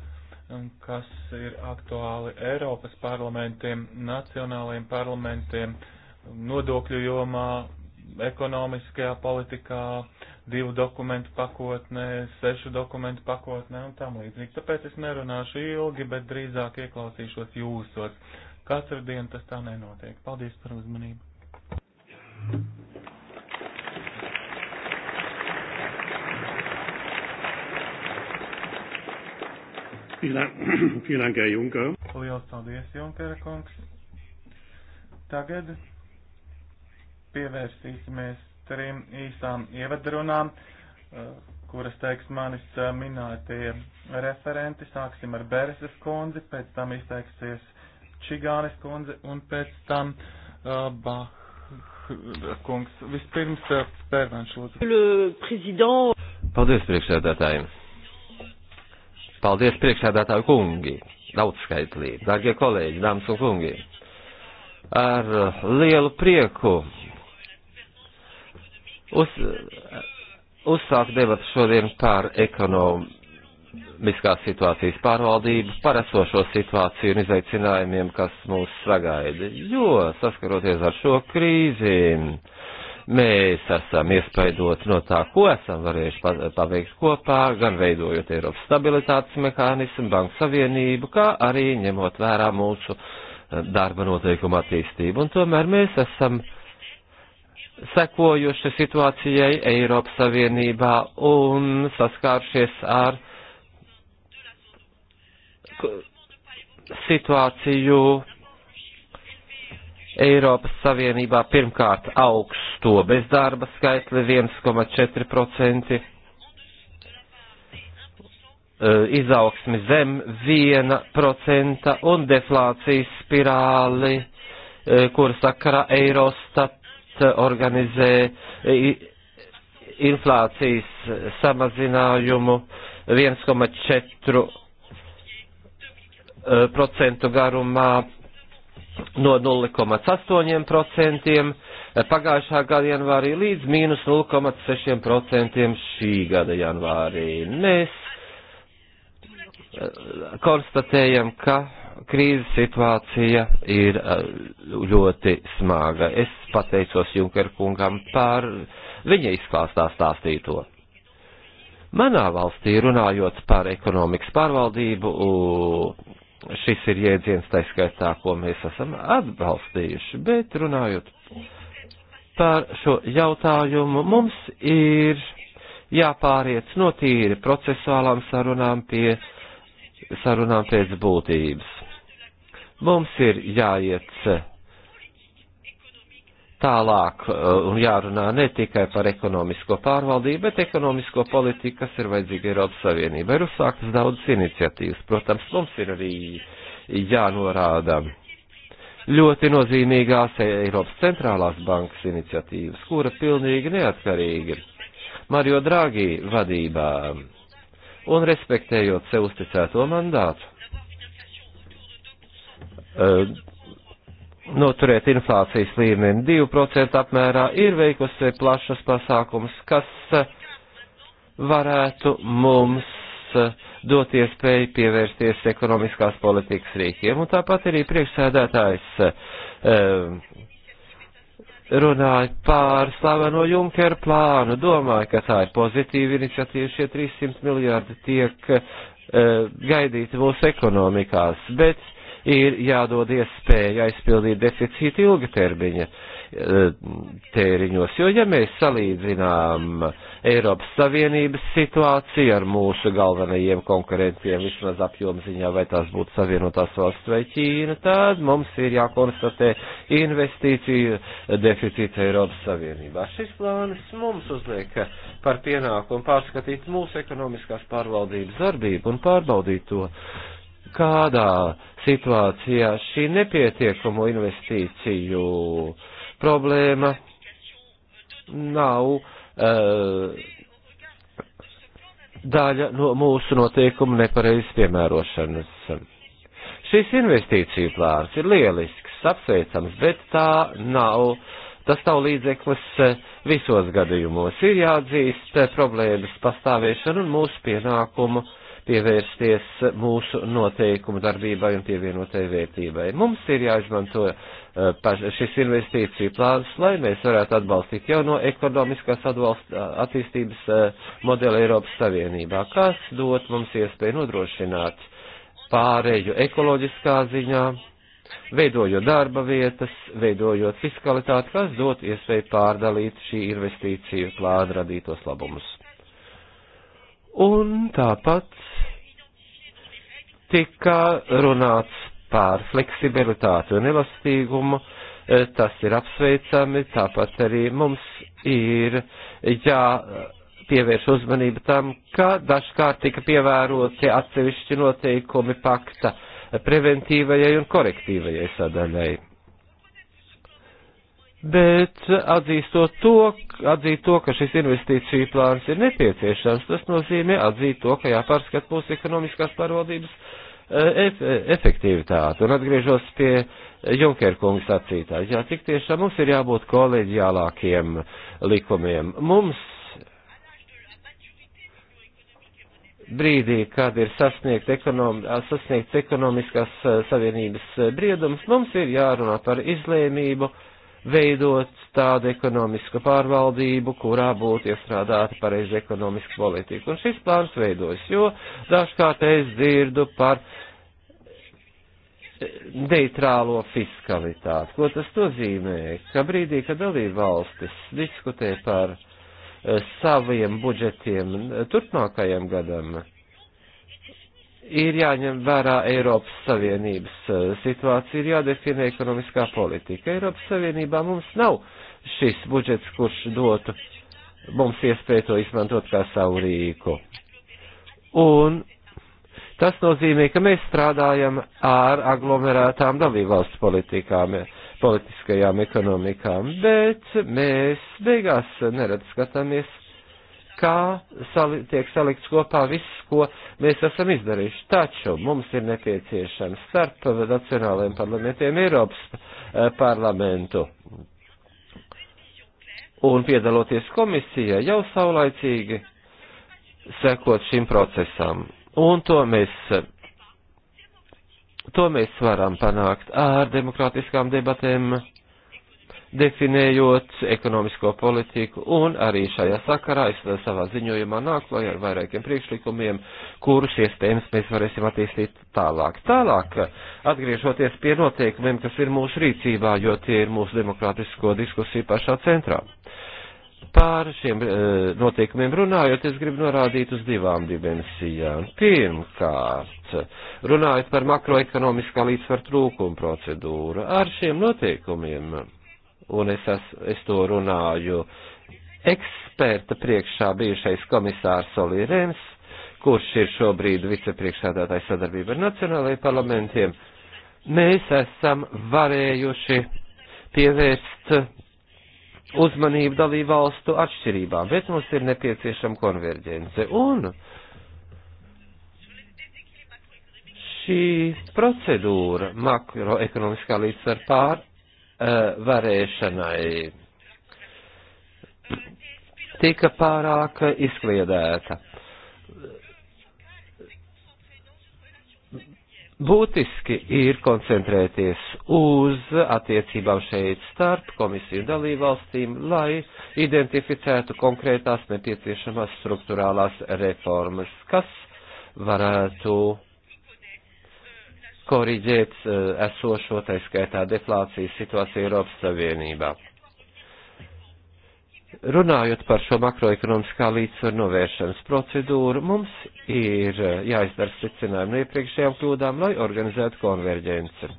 kas ir aktuāli Eiropas parlamentiem, nacionālajiem parlamentiem, nodokļu jomā, ekonomiskajā politikā, divu dokumentu pakotnē, sešu dokumentu pakotnē un tam līdzīgi. Tāpēc es nerunāšu ilgi, bet drīzāk ieklausīšos jūsos. Katru dienu tas tā nenotiek. Paldies par uzmanību. Vielen Dank, Herr Juncker. Lielas paldies, Junkera kungs. Tagad pievērsīsimies trim īsām ievadrunām, eh, kuras teiks manis eh, minētie referenti. Sāksim ar Bereses kundzi, pēc tam izteiksies Čigānes kundze un pēc tam uh, eh, Bah kungs. Vispirms Pērvanš lūdzu. Paldies priekšsēdētājiem. Paldies priekšsēdētāju kungi. Daudzskaitlī. Dargie kolēģi, dāmas un kungi. Ar lielu prieku uz, uzsākt debatu šodien par ekonomiskās situācijas pārvaldību, par esošo situāciju un izaicinājumiem, kas mūs sagaida. Jo saskaroties ar šo krīzi, mēs esam iespaidoti no tā, ko esam varējuši paveikt kopā, gan veidojot Eiropas stabilitātes mehānismu, Banku Savienību, kā arī ņemot vērā mūsu darba noteikumu attīstību. Un tomēr mēs esam sekojuši situācijai Eiropas Savienībā un saskāršies ar situāciju Eiropas Savienībā pirmkārt augsto bezdarba skaitli 1,4%, e, izaugsmi zem 1% un deflācijas spirāli, e, kuras sakarā Eurostat organizē inflācijas samazinājumu 1,4% e, garumā no 0,8% e, pagājušā gada janvārī līdz mīnus 0,6% šī gada janvārī. Mēs e, konstatējam, ka krīzes situācija ir eh, ļoti smaga. Es pateicos Junker kungam par viņa izklāstā stāstīto. Manā valstī runājot par ekonomikas pārvaldību, šis ir jēdziens taiskaitā, ko mēs esam atbalstījuši, bet runājot par šo jautājumu, mums ir jāpāriet no tīri procesuālām sarunām pie sarunām pēc būtības. Mums ir jāiet eh, tālāk eh, un jārunā ne tikai par ekonomisko pārvaldību, bet ekonomisko politiku, kas ir vajadzīga Eiropas Savienībai. Ir uzsāktas daudzas iniciatīvas. Protams, mums ir arī jānorāda ļoti nozīmīgās e- Eiropas centrālās bankas iniciatīvas, kura pilnīgi neatkarīgi Mario Draghi vadībā un respektējot sev uzticēto mandātu Eh, noturēt inflācijas līmeni 2% apmērā, ir veikusi plašas pasākums, kas eh, varētu mums eh, dot iespēju pievērsties ekonomiskās politikas rīkiem. Un tāpat arī priekšsēdētājs runāja pār slaveno Junkeru plānu, domāja, ka tā ir pozitīva iniciatīva, šie 300 miljārdi tiek gaidīti mūsu ekonomikās, bet ir jādod iespēja aizpildīt deficīti ilgtermiņa eh, tēriņos, jo ja mēs salīdzinām Eiropas Savienības situāciju ar mūsu galvenajiem konkurentiem, vismaz apjomziņā, vai tās būtu Savienotās valsts vai Ķīna, tad mums ir jākonstatē investīciju deficīts Eiropas Savienībā. Šis plāns mums uzliek par pienākumu pārskatīt mūsu ekonomiskās pārvaldības darbību un pārbaudīt to kādā situācijā šī nepietiekamo investīciju problēma nav uh, daļa no mūsu noteikumu nepareizes piemērošanas. Šis investīciju plāns ir lielisks, apsveicams, bet tā nav uh, Tas nav līdzeklis eh, visos gadījumos. Ir jāatzīst eh, problēmas pastāvēšanu un mūsu pienākumu pievērsties mūsu noteikumu darbībai un pievienotai vērtībai. Mums ir jāizmanto eh, šis investīciju plāns, lai mēs varētu atbalstīt jauno ekonomiskās atbalst, attīstības modeli Eiropas Savienībā, kas dot mums iespēju nodrošināt pārēju ekoloģiskā ziņā, veidojot darba vietas, veidojot fiskalitāti, kas dot iespēju pārdalīt šī investīciju plāna radītos labumus. Un tāpat tika runāts par fleksibilitāti un elastīgumu, e, tas ir apsveicami, tāpat arī mums ir jāpievērš uzmanība tam, ka dažkārt tika pievēroti atsevišķi noteikumi pakta preventīvajai un korektīvajai sadaļai. Bet atzīstot to, atzīt to, ka šis investīciju plāns ir nepieciešams, tas nozīmē atzīt to, ka jāpārskat mūsu ekonomiskās pārvaldības e, ef e, efektivitāti. Un atgriežos pie Junkera kungas sacītā. Jā, tik tiešām mums ir jābūt kolēģiālākiem likumiem. Mums brīdī, kad ir sasniegt ekonom, sasniegts ekonomiskās e, savienības briedums, mums ir jārunā par izlēmību veidot tādu ekonomisku pārvaldību, kurā būtu iestrādāta pareizi ekonomiska politika. Un šis plāns veidojas, jo dažkārt es dzirdu par neitrālo fiskalitāti. Ko tas nozīmē? Ka brīdī, kad dalība valstis diskutē par eh, saviem budžetiem turpmākajam gadam, ir jāņem vērā Eiropas Savienības eh, situācija, ir jādefinē ekonomiskā politika. Eiropas Savienībā mums nav šis budžets, kurš dotu mums iespēju to izmantot kā savu rīku. Un tas nozīmē, ka mēs strādājam ar aglomerētām dalībvalsts politikām, politiskajām ekonomikām, bet mēs beigās neredz skatāmies kā sali, tiek salikts kopā viss, ko mēs esam izdarījuši. Taču mums ir nepieciešams starp nacionālajiem parlamentiem Eiropas eh, parlamentu. Un piedaloties komisijā jau saulaicīgi sekot šim procesam. Un to mēs, to mēs varam panākt ar demokrātiskām debatēm definējot ekonomisko politiku, un arī šajā sakarā es eh, savā ziņojumā nāku lai ar vairākiem priekšlikumiem, kurus iespējams mēs varēsim attīstīt tālāk. Tālāk, atgriežoties pie noteikumiem, kas ir mūsu rīcībā, jo tie ir mūsu demokrātisko diskusiju pašā centrā. Pār šiem e, noteikumiem runājot, es gribu norādīt uz divām dimensijām. Pirmkārt, runājot par makroekonomiskā līdzsvar trūkuma procedūru, ar šiem noteikumiem un es, es, es to runāju eksperta priekšā bijušais komisārs Solī Rens, kurš ir šobrīd vicepriekšādātājs sadarbība ar nacionālajiem parlamentiem, mēs esam varējuši pievērst uzmanību dalību valstu atšķirībām, bet mums ir nepieciešama konverģence. Un šī procedūra makroekonomiskā līdzsvara pār Eh, varēšanai tika pārāk izkliedēta. Būtiski ir koncentrēties uz attiecībām šeit starp komisiju dalībvalstīm, lai identificētu konkrētās nepieciešamās struktūrālās reformas, kas varētu uh, koriģēt eh, esošo, tā skaitā deflācijas situāciju Eiropas Savienībā. Runājot par šo makroekonomiskā līdzsvaru novēršanas procedūru, mums ir eh, jāizdara secinājumi no iepriekšējām kļūdām, lai organizētu konverģenci.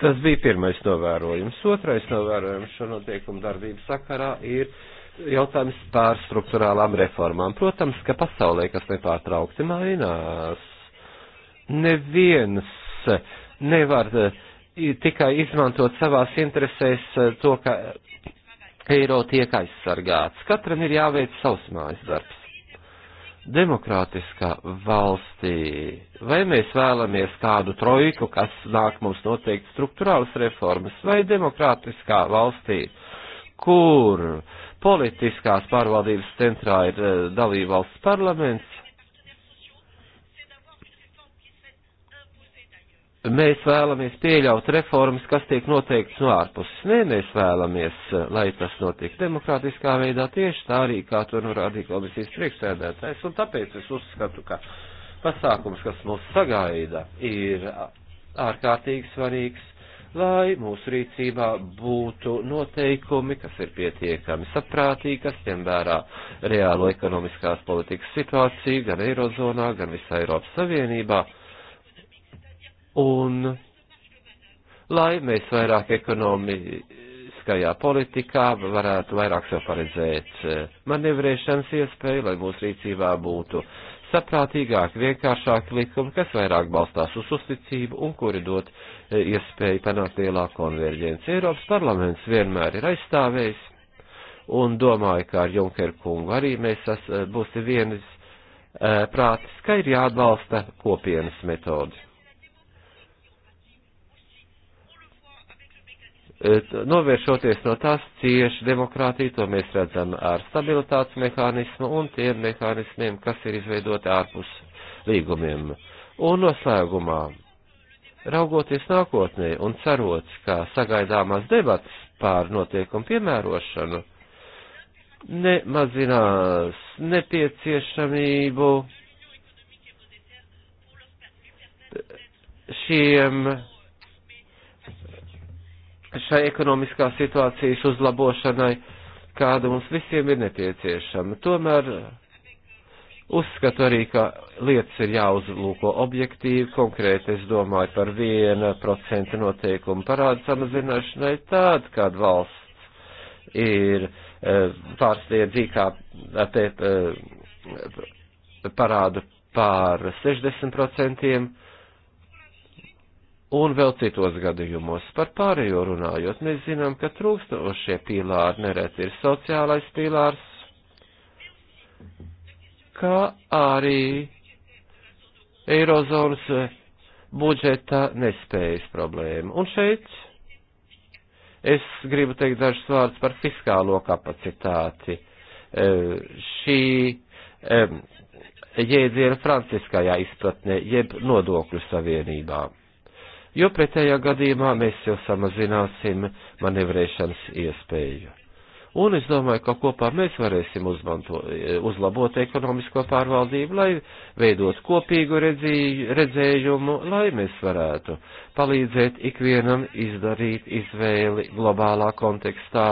Tas bija pirmais novērojums. Otrais novērojums šo notiekumu darbību sakarā ir jautājums par struktūrālām reformām. Protams, ka pasaulē, kas nepārtraukti mainās, neviens E, nevar e, tikai izmantot savās interesēs e, to, ka eiro tiek aizsargāts. Katram ir jāveic savs mājas darbs. Demokrātiskā valstī, vai mēs vēlamies kādu trojku, kas nāk mums noteikti struktūrālas reformas, vai demokrātiskā valstī, kur politiskās pārvaldības centrā ir dalībvalsts parlaments, mēs vēlamies pieļaut reformas, kas tiek noteikts no ārpuses. Nē, mēs vēlamies, eh, lai tas notiek demokrātiskā veidā tieši tā arī, kā to norādīja komisijas priekšsēdētājs, un tāpēc es uzskatu, ka pasākums, kas mūs sagaida, ir ārkārtīgi svarīgs, lai mūsu rīcībā būtu noteikumi, kas ir pietiekami saprātīgi, kas ņem vērā reālo ekonomiskās politikas situāciju gan Eirozonā, gan visā Eiropas Savienībā un lai mēs vairāk ekonomiskajā politikā varētu vairāk sev paredzēt eh, manevrēšanas iespēju, lai mūsu rīcībā būtu saprātīgāk, vienkāršāk likumi, kas vairāk balstās uz uzticību un kuri dot eh, iespēju panākt lielāku konverģenci. Eiropas parlaments vienmēr ir aizstāvējis un domāju, ka ar Junkeru kungu arī mēs būsim vienas eh, prātis, ka ir jāatbalsta kopienas metodi. Eh, novēršoties no tās cieši demokrātija, to mēs redzam ar stabilitātes mehānismu un tiem mehānismiem, kas ir izveidoti ārpus līgumiem. Un noslēgumā, raugoties nākotnē un cerot, ka sagaidāmās debats pār notiekumu piemērošanu nemazinās nepieciešamību šiem šai ekonomiskās situācijas uzlabošanai, kāda mums visiem ir nepieciešama. Tomēr uzskatu arī, ka lietas ir jāuzlūko objektīvi, konkrēti es domāju par viena procenta noteikumu parādu samazināšanai tād, kad valsts ir e, pārsniedz IKP e, parādu pār 60%, un vēl citos gadījumos. Par pārējo runājot, mēs zinām, ka trūkstošie pīlāri neredz ir sociālais pīlārs, kā arī Eirozonas budžeta nespējas problēma. Un šeit es gribu teikt dažus vārdus par fiskālo kapacitāti. E, šī e, jēdziena franciskajā izpratnē, jeb nodokļu savienībā jo pretējā gadījumā mēs jau samazināsim manevrēšanas iespēju. Un es domāju, ka kopā mēs varēsim uzmanto, uzlabot ekonomisko pārvaldību, lai veidot kopīgu redzēju, redzējumu, lai mēs varētu palīdzēt ikvienam izdarīt izvēli globālā kontekstā,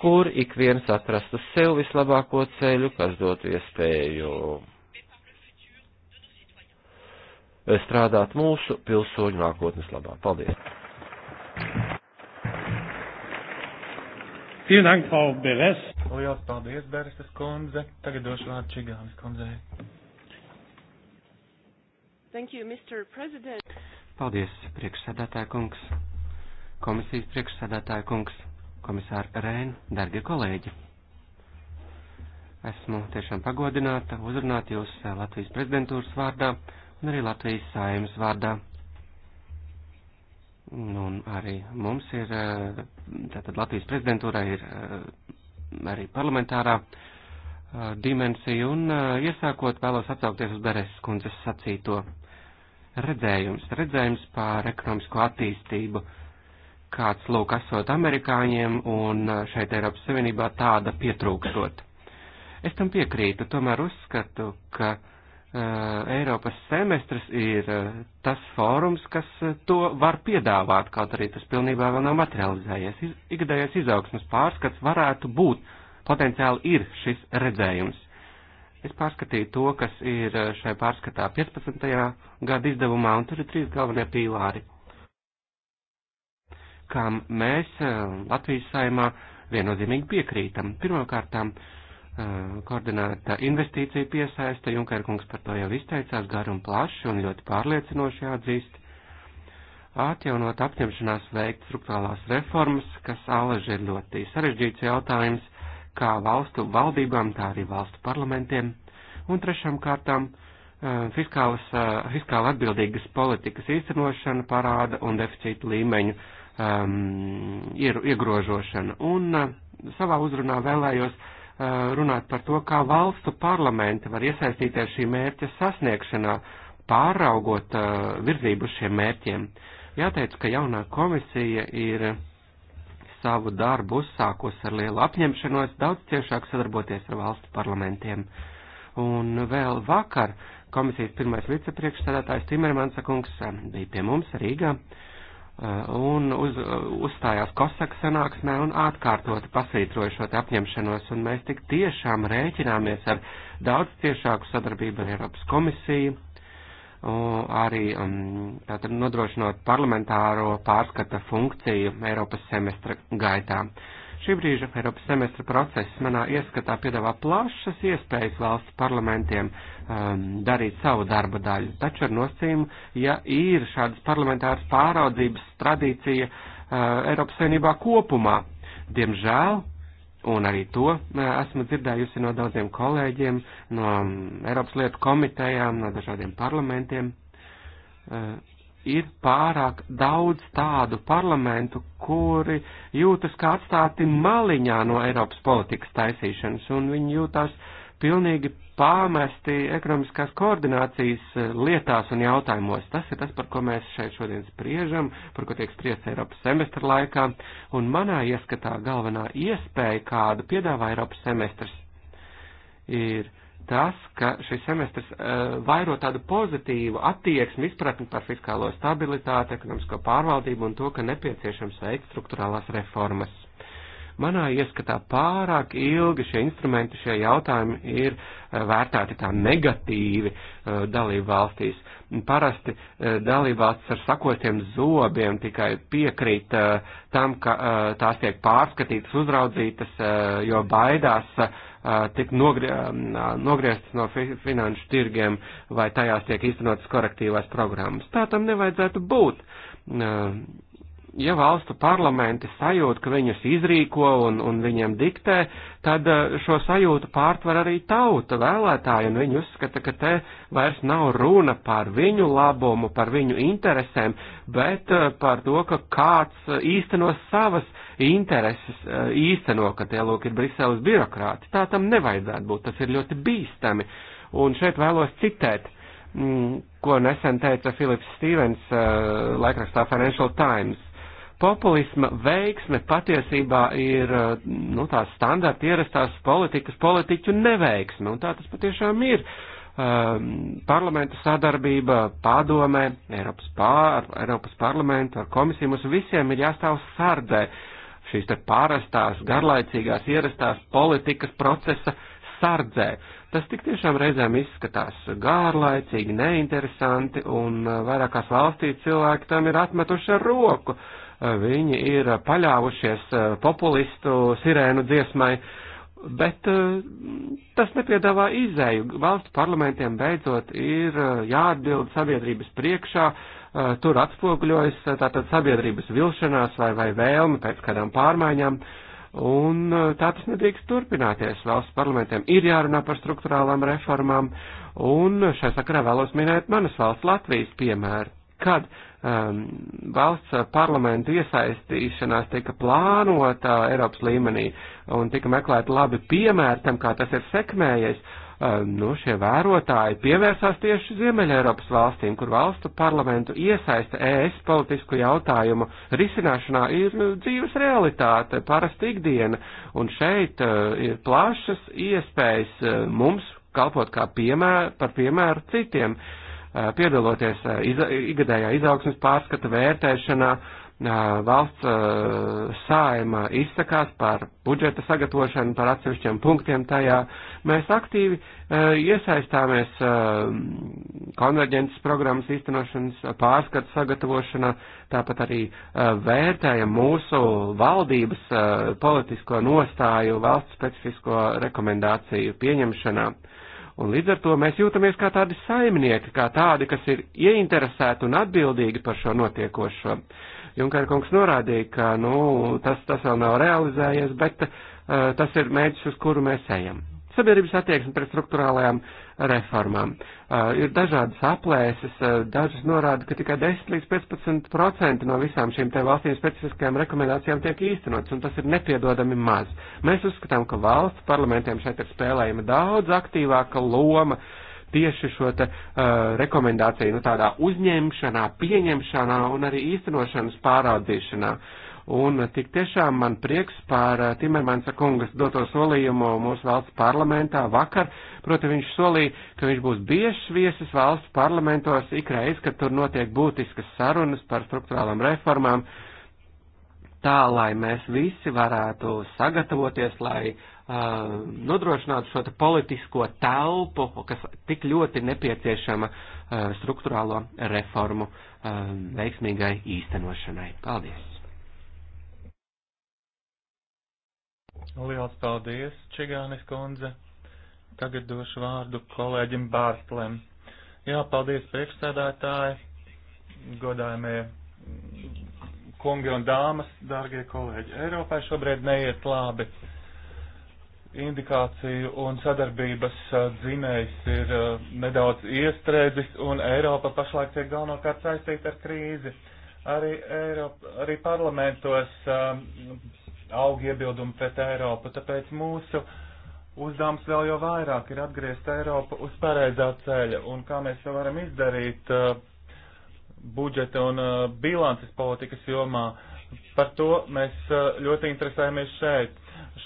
kur ik viens atrastu sev vislabāko ceļu, kas dotu iespēju strādāt mūsu pilsoņu nākotnes labā. Paldies! Dank, Frau Beres. Lielas paldies, Bereses kundze. Tagad došu vārdu Čigānas kundzei. Thank you, Mr. President. Paldies, priekšsēdētāja kungs, komisijas priekšsēdētāja kungs, komisāra Rēna, dargie kolēģi. Esmu tiešām pagodināta uzrunāt jūs Latvijas prezidentūras vārdā un arī Latvijas saimas vārdā. Nu, un arī mums ir, eh, tātad Latvijas prezidentūrā ir eh, arī parlamentārā eh, dimensija, un iesākot vēlos atsaukties uz Bereses kundzes sacīto redzējums, redzējums pār ekonomisko attīstību, kāds lūk esot amerikāņiem un šeit Eiropas Savienībā tāda pietrūkstot. Es tam piekrītu, tomēr uzskatu, ka Eh, Eiropas semestrs ir eh, tas fórums, kas eh, to var piedāvāt, kaut arī tas pilnībā vēl nav materializējies. Ikdējas izaugsmas pārskats varētu būt, potenciāli ir šis redzējums. Es pārskatīju to, kas ir šai pārskatā 15. gada izdevumā, un tur ir trīs galvenie pīlāri, kam mēs Latvijas saimā viennozīmīgi piekrītam. Pirmkārtām, uh, koordinēta investīcija piesaista, Junkerkungs par to jau izteicās garu un plaši un ļoti pārliecinoši atzīst. Atjaunot apņemšanās veikt struktūrālās reformas, kas alaži ir ļoti sarežģīts jautājums, kā valstu valdībām, tā arī valstu parlamentiem. Un trešām kārtām fiskālas, fiskāli atbildīgas politikas īstenošana parāda un deficīta līmeņu um, iegrožošana. Un savā uzrunā vēlējos Eh, runāt par to, kā valstu parlamenti var iesaistīties šī mērķa sasniegšanā, pāraugot eh, virzību šiem mērķiem. Jāteic, ka jaunā komisija ir savu darbu uzsākus ar lielu apņemšanos daudz ciešāk sadarboties ar valstu parlamentiem. Un vēl vakar komisijas pirmais vicepriekšsēdētājs Timermansa kungs eh, bija pie mums Rīgā. Uh, Eh, un uz, uzstājās Kosaka sanāksmē un atkārtoti pasvītroja šo apņemšanos, un mēs tik tiešām rēķināmies ar daudz ciešāku sadarbību ar Eiropas komisiju, arī um, tātad nodrošinot parlamentāro pārskata funkciju Eiropas semestra gaitā. Šī brīža Eiropas semestra process manā ieskatā piedāvā plašas iespējas valsts parlamentiem um, darīt savu darba daļu, taču ar nosīmu, ja ir šādas parlamentāras pāraudzības tradīcija uh, Eiropas savienībā kopumā. Diemžēl Un arī to uh, esmu dzirdējusi no daudziem kolēģiem, no um, Eiropas lietu komitejām, no dažādiem parlamentiem. Uh, ir pārāk daudz tādu parlamentu, kuri jūtas kā atstāti maliņā no Eiropas politikas taisīšanas, un viņi jūtas pilnīgi pāmesti ekonomiskās koordinācijas eh, lietās un jautājumos. Tas ir tas, par ko mēs šeit šodien spriežam, par ko tiek spriests Eiropas semestra laikā, un manā ieskatā galvenā iespēja, kādu piedāvā Eiropas semestrs, ir uh, tas, ka šis semestrs uh, vairo tādu pozitīvu attieksmi, izpratni par fiskālo stabilitāti, ekonomisko pārvaldību un to, ka nepieciešams veikt struktūrālās reformas. Manā ieskatā pārāk ilgi šie instrumenti, šie jautājumi ir uh, eh, vērtēti tā negatīvi uh, dalību valstīs. Parasti uh, dalību valstis ar sakostiem zobiem tikai piekrīt uh, tam, ka uh, tās tiek pārskatītas, uzraudzītas, uh, jo baidās. Uh, tik nogri, nogrieztas no fi, finanšu tirgiem vai tajās tiek īstenotas korektīvās programmas. Tā tam nevajadzētu būt. Ja valstu parlamenti sajūt, ka viņus izrīko un, un viņiem diktē, tad šo sajūtu pārtver arī tauta vēlētāji, un viņi uzskata, ka te vairs nav runa par viņu labumu, par viņu interesēm, bet par to, ka kāds īstenos savas intereses eh, īsteno, ka tie lūk ir Briseles birokrāti. Tā tam nevajadzētu būt, tas ir ļoti bīstami. Un šeit vēlos citēt, mm, ko nesen teica Filips Stīvens eh, laikrakstā Financial Times. Populisma veiksme patiesībā ir eh, nu, tās standarta ierastās politikas politiķu neveiksme, un tā tas patiešām ir ehm, parlamentu sadarbība padomē, Eiropas, pār, Eiropas parlamentu ar komisiju, mums visiem ir jāstāv sardē šīs te pārastās, garlaicīgās, ierastās politikas procesa sardzē. Tas tik tiešām reizēm izskatās gārlaicīgi, neinteresanti, un e, vairākās valstīs cilvēki tam ir atmetuši ar roku. E, viņi ir paļāvušies e, populistu sirēnu dziesmai, bet tas nepiedāvā izēju. Valstu parlamentiem beidzot ir jāatbild sabiedrības priekšā Eh, tur atspoguļojas eh, tātad sabiedrības vilšanās vai, vai vēlme pēc kādām pārmaiņām. Un eh, tā tas nedrīkst turpināties. Valsts parlamentiem ir jārunā par struktūrālām reformām, un šai sakarā vēlos minēt manas valsts Latvijas piemēru, kad um, valsts parlamentu iesaistīšanās tika plānota Eiropas līmenī un tika meklēti labi piemēri tam, kā tas ir sekmējies. Uh, Eh, nu, šie vērotāji pievērsās tieši Ziemeļa Eiropas valstīm, kur valstu parlamentu iesaista ES politisku jautājumu risināšanā ir nu, dzīves realitāte, parasta ikdiena, un šeit uh, ir plašas iespējas uh, mums kalpot kā piemēru, par piemēru citiem, uh, piedaloties iz, igadējā izaugsmas pārskata vērtēšanā, uh, valsts sājuma izsakās par budžeta sagatavošanu, par atsevišķiem punktiem tajā. Mēs aktīvi iesaistāmies konverģences programmas īstenošanas pārskatu sagatavošanā, tāpat arī vērtējam mūsu valdības politisko nostāju valsts specifisko rekomendāciju pieņemšanā. Un līdz ar to mēs jūtamies kā tādi saimnieki, kā tādi, kas ir ieinteresēti un atbildīgi par šo notiekošo. Uh, Junkar kungs norādīja, ka nu, tas, tas vēl nav realizējies, bet uh, tas ir mērķis, uz kuru mēs ejam. Sabiedrības attieksme pret struktūrālajām reformām. Uh, ir dažādas aplēses, uh, dažas norāda, ka tikai 10 līdz 15% no visām šīm te valstīm specifiskajām rekomendācijām tiek īstenots, un tas ir nepiedodami maz. Mēs uzskatām, ka valsts parlamentiem šeit ir spēlējama daudz aktīvāka loma uh, tieši šo te uh, rekomendāciju, nu tādā uzņemšanā, pieņemšanā un arī īstenošanas pāraudzīšanā. Un uh, tik tiešām man prieks par uh, Timermansa kungas doto solījumu mūsu valsts parlamentā vakar. Proti viņš solīja, ka viņš būs biežs viesis valsts parlamentos ikreiz, kad tur notiek būtiskas sarunas par struktūrālām reformām. Tā, lai mēs visi varētu sagatavoties, lai nodrošinātu šo te politisko telpu, kas tik ļoti nepieciešama struktūrālo reformu veiksmīgai īstenošanai. Paldies! Liels paldies, Čigānis kundze! Tagad došu vārdu kolēģim Bārtlēm. Jā, paldies priekšsēdētāji, godājumie kungi un dāmas, dārgie kolēģi. Eiropai šobrīd neiet labi. Uh, indikāciju un sadarbības uh, dzinējs ir uh, nedaudz iestrēdzis, un Eiropa pašlaik tiek galvenokārt saistīta ar krīzi. Arī, Eiropa, arī parlamentos um, aug iebildumi pret Eiropu, tāpēc mūsu uzdevums vēl jau vairāk ir atgriezt Eiropu uz pareizā ceļa, un kā mēs to varam izdarīt uh, budžeta un bilances politikas jomā, par to mēs ļoti interesējamies šeit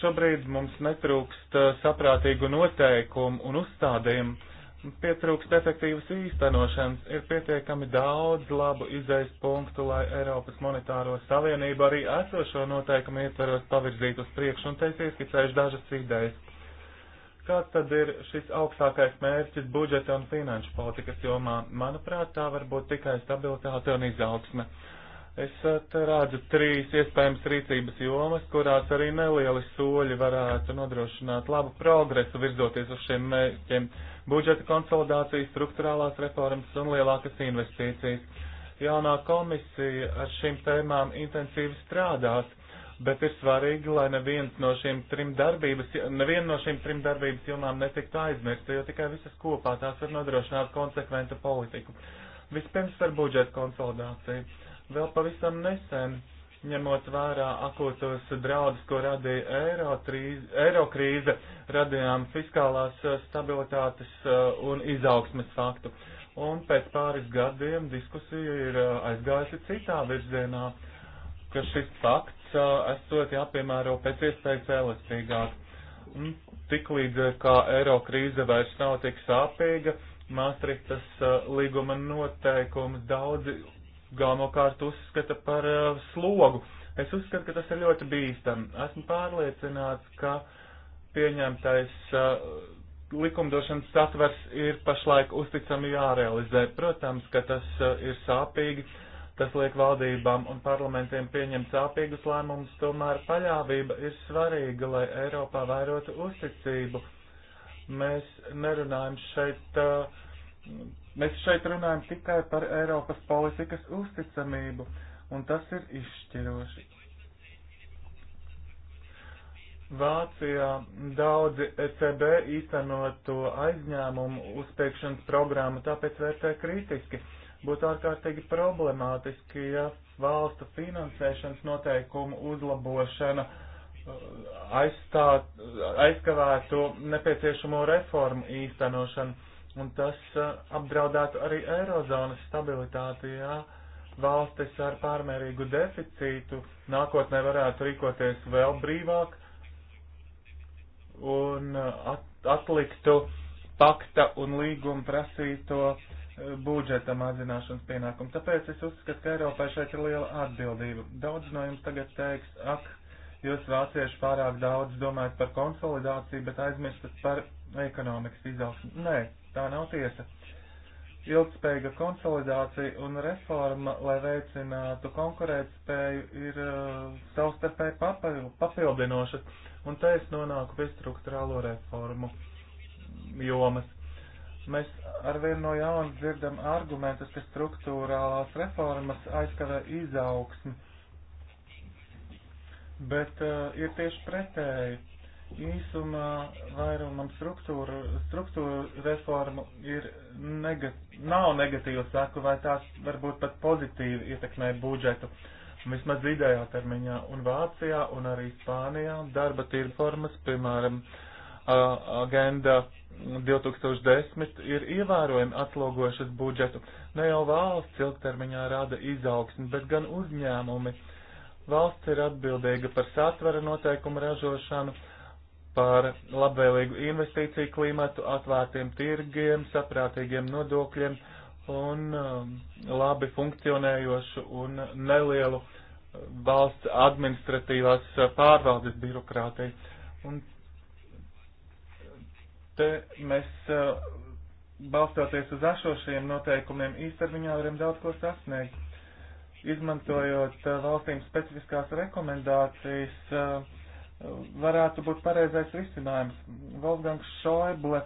Šobrīd mums netrūkst eh, saprātīgu noteikumu un uzstādījumu, pietrūkst efektīvas īstenošanas, ir pietiekami daudz labu izaisa punktu, lai Eiropas monetāro savienību arī esošo noteikumu ietveros pavirzīt uz priekšu un te es ieskicējuši dažas idejas. Kāds tad ir šis augstākais mērķis budžeta un finanšu politikas jomā? Manuprāt, tā var būt tikai stabilitāte un izaugsme. Uh, Es redzu trīs iespējams rīcības jomas, kurās arī nelieli soļi varētu nodrošināt labu progresu virzoties uz šiem mērķiem - budžeta konsolidācijas, struktūrālās reformas un lielākas investīcijas. Jaunā komisija ar šīm tēmām intensīvi strādās, bet ir svarīgi, lai neviens no šīm trim darbības, neviena no šīm trim darbības jomām netiktu aizmirsta, jo tikai visas kopā tās var nodrošināt konsekventu politiku. Vispirms par budžeta konsolidāciju Vēl pavisam nesen, ņemot vērā akūtos draudus, ko radīja eiro, trīz, eiro krīze, radījām fiskālās eh, stabilitātes eh, un izaugsmes faktu. Un pēc pāris gadiem diskusija ir eh, aizgājusi citā virzienā, ka šis fakts esot jāpiemēro pēc iespējas elastīgāk. Tiklīdz kā eiro krīze vairs nav tik sāpīga, Māstrihtas līguma noteikums daudzi galvenokārt uzskata par uh, slogu. Es uzskatu, ka tas ir ļoti bīstami. Esmu pārliecināts, ka pieņemtais uh, likumdošanas satvers ir pašlaik uzticami jārealizē. Protams, ka tas uh, ir sāpīgi, tas liek valdībām un parlamentiem pieņemt sāpīgus lēmumus, tomēr paļāvība ir svarīga, lai Eiropā vairotu uzticību. Mēs nerunājam šeit. Uh, Mēs šeit runājam tikai par Eiropas politikas uzticamību, un tas ir izšķiroši. Vācijā daudzi ECB īstenoto aizņēmumu uzspēkšanas programmu tāpēc vērtē kritiski. Būtu ārkārtīgi problemātiski, ja valstu finansēšanas noteikumu uzlabošana uh, aizstāt, aizkavētu nepieciešamo reformu īstenošanu un tas uh, apdraudētu arī eirozonas stabilitāti, ja valstis ar pārmērīgu deficītu nākotnē varētu rīkoties vēl brīvāk un uh, atliktu pakta un līguma prasīto uh, budžeta mazināšanas pienākumu. Tāpēc es uzskatu, ka Eiropai šeit ir liela atbildība. Daudz no jums tagad teiks, ak, jūs vācieši pārāk daudz domājat par konsolidāciju, bet aizmirstat par ekonomikas izaugsmu. Nē, Tā nav tiesa. Ilgspējīga konsolidācija un reforma, lai veicinātu konkurētspēju, ir uh, savstarpēji papildinoša. Un te es nonāku pie struktūrālo reformu jomas. Mēs arvien no jauna dzirdam argumentus, ka struktūrālās reformas aizkavē izaugsmi. Bet uh, ir tieši pretēji īsumā vairumam struktūru, struktūru reformu ir nega, nav negatīvu saku, vai tās varbūt pat pozitīvi ietekmē budžetu. Vismaz vidējā termiņā un Vācijā un arī Spānijā darba tirformas, piemēram, agenda 2010 ir ievērojami atslogojušas budžetu. Ne jau valsts ilgtermiņā rada izaugsmi, bet gan uzņēmumi. Valsts ir atbildīga par satvera noteikumu ražošanu par labvēlīgu investīciju klimatu, atvērtiem tirgiem, saprātīgiem nodokļiem un um, labi funkcionējošu un nelielu um, valsts administratīvās uh, pārvaldes birokrātiju. Un te mēs uh, balstoties uz ašošiem noteikumiem īstermiņā varam daudz ko sasniegt. Izmantojot uh, valstīm specifiskās rekomendācijas, uh, varētu būt pareizais risinājums. Volgangs Šoeble,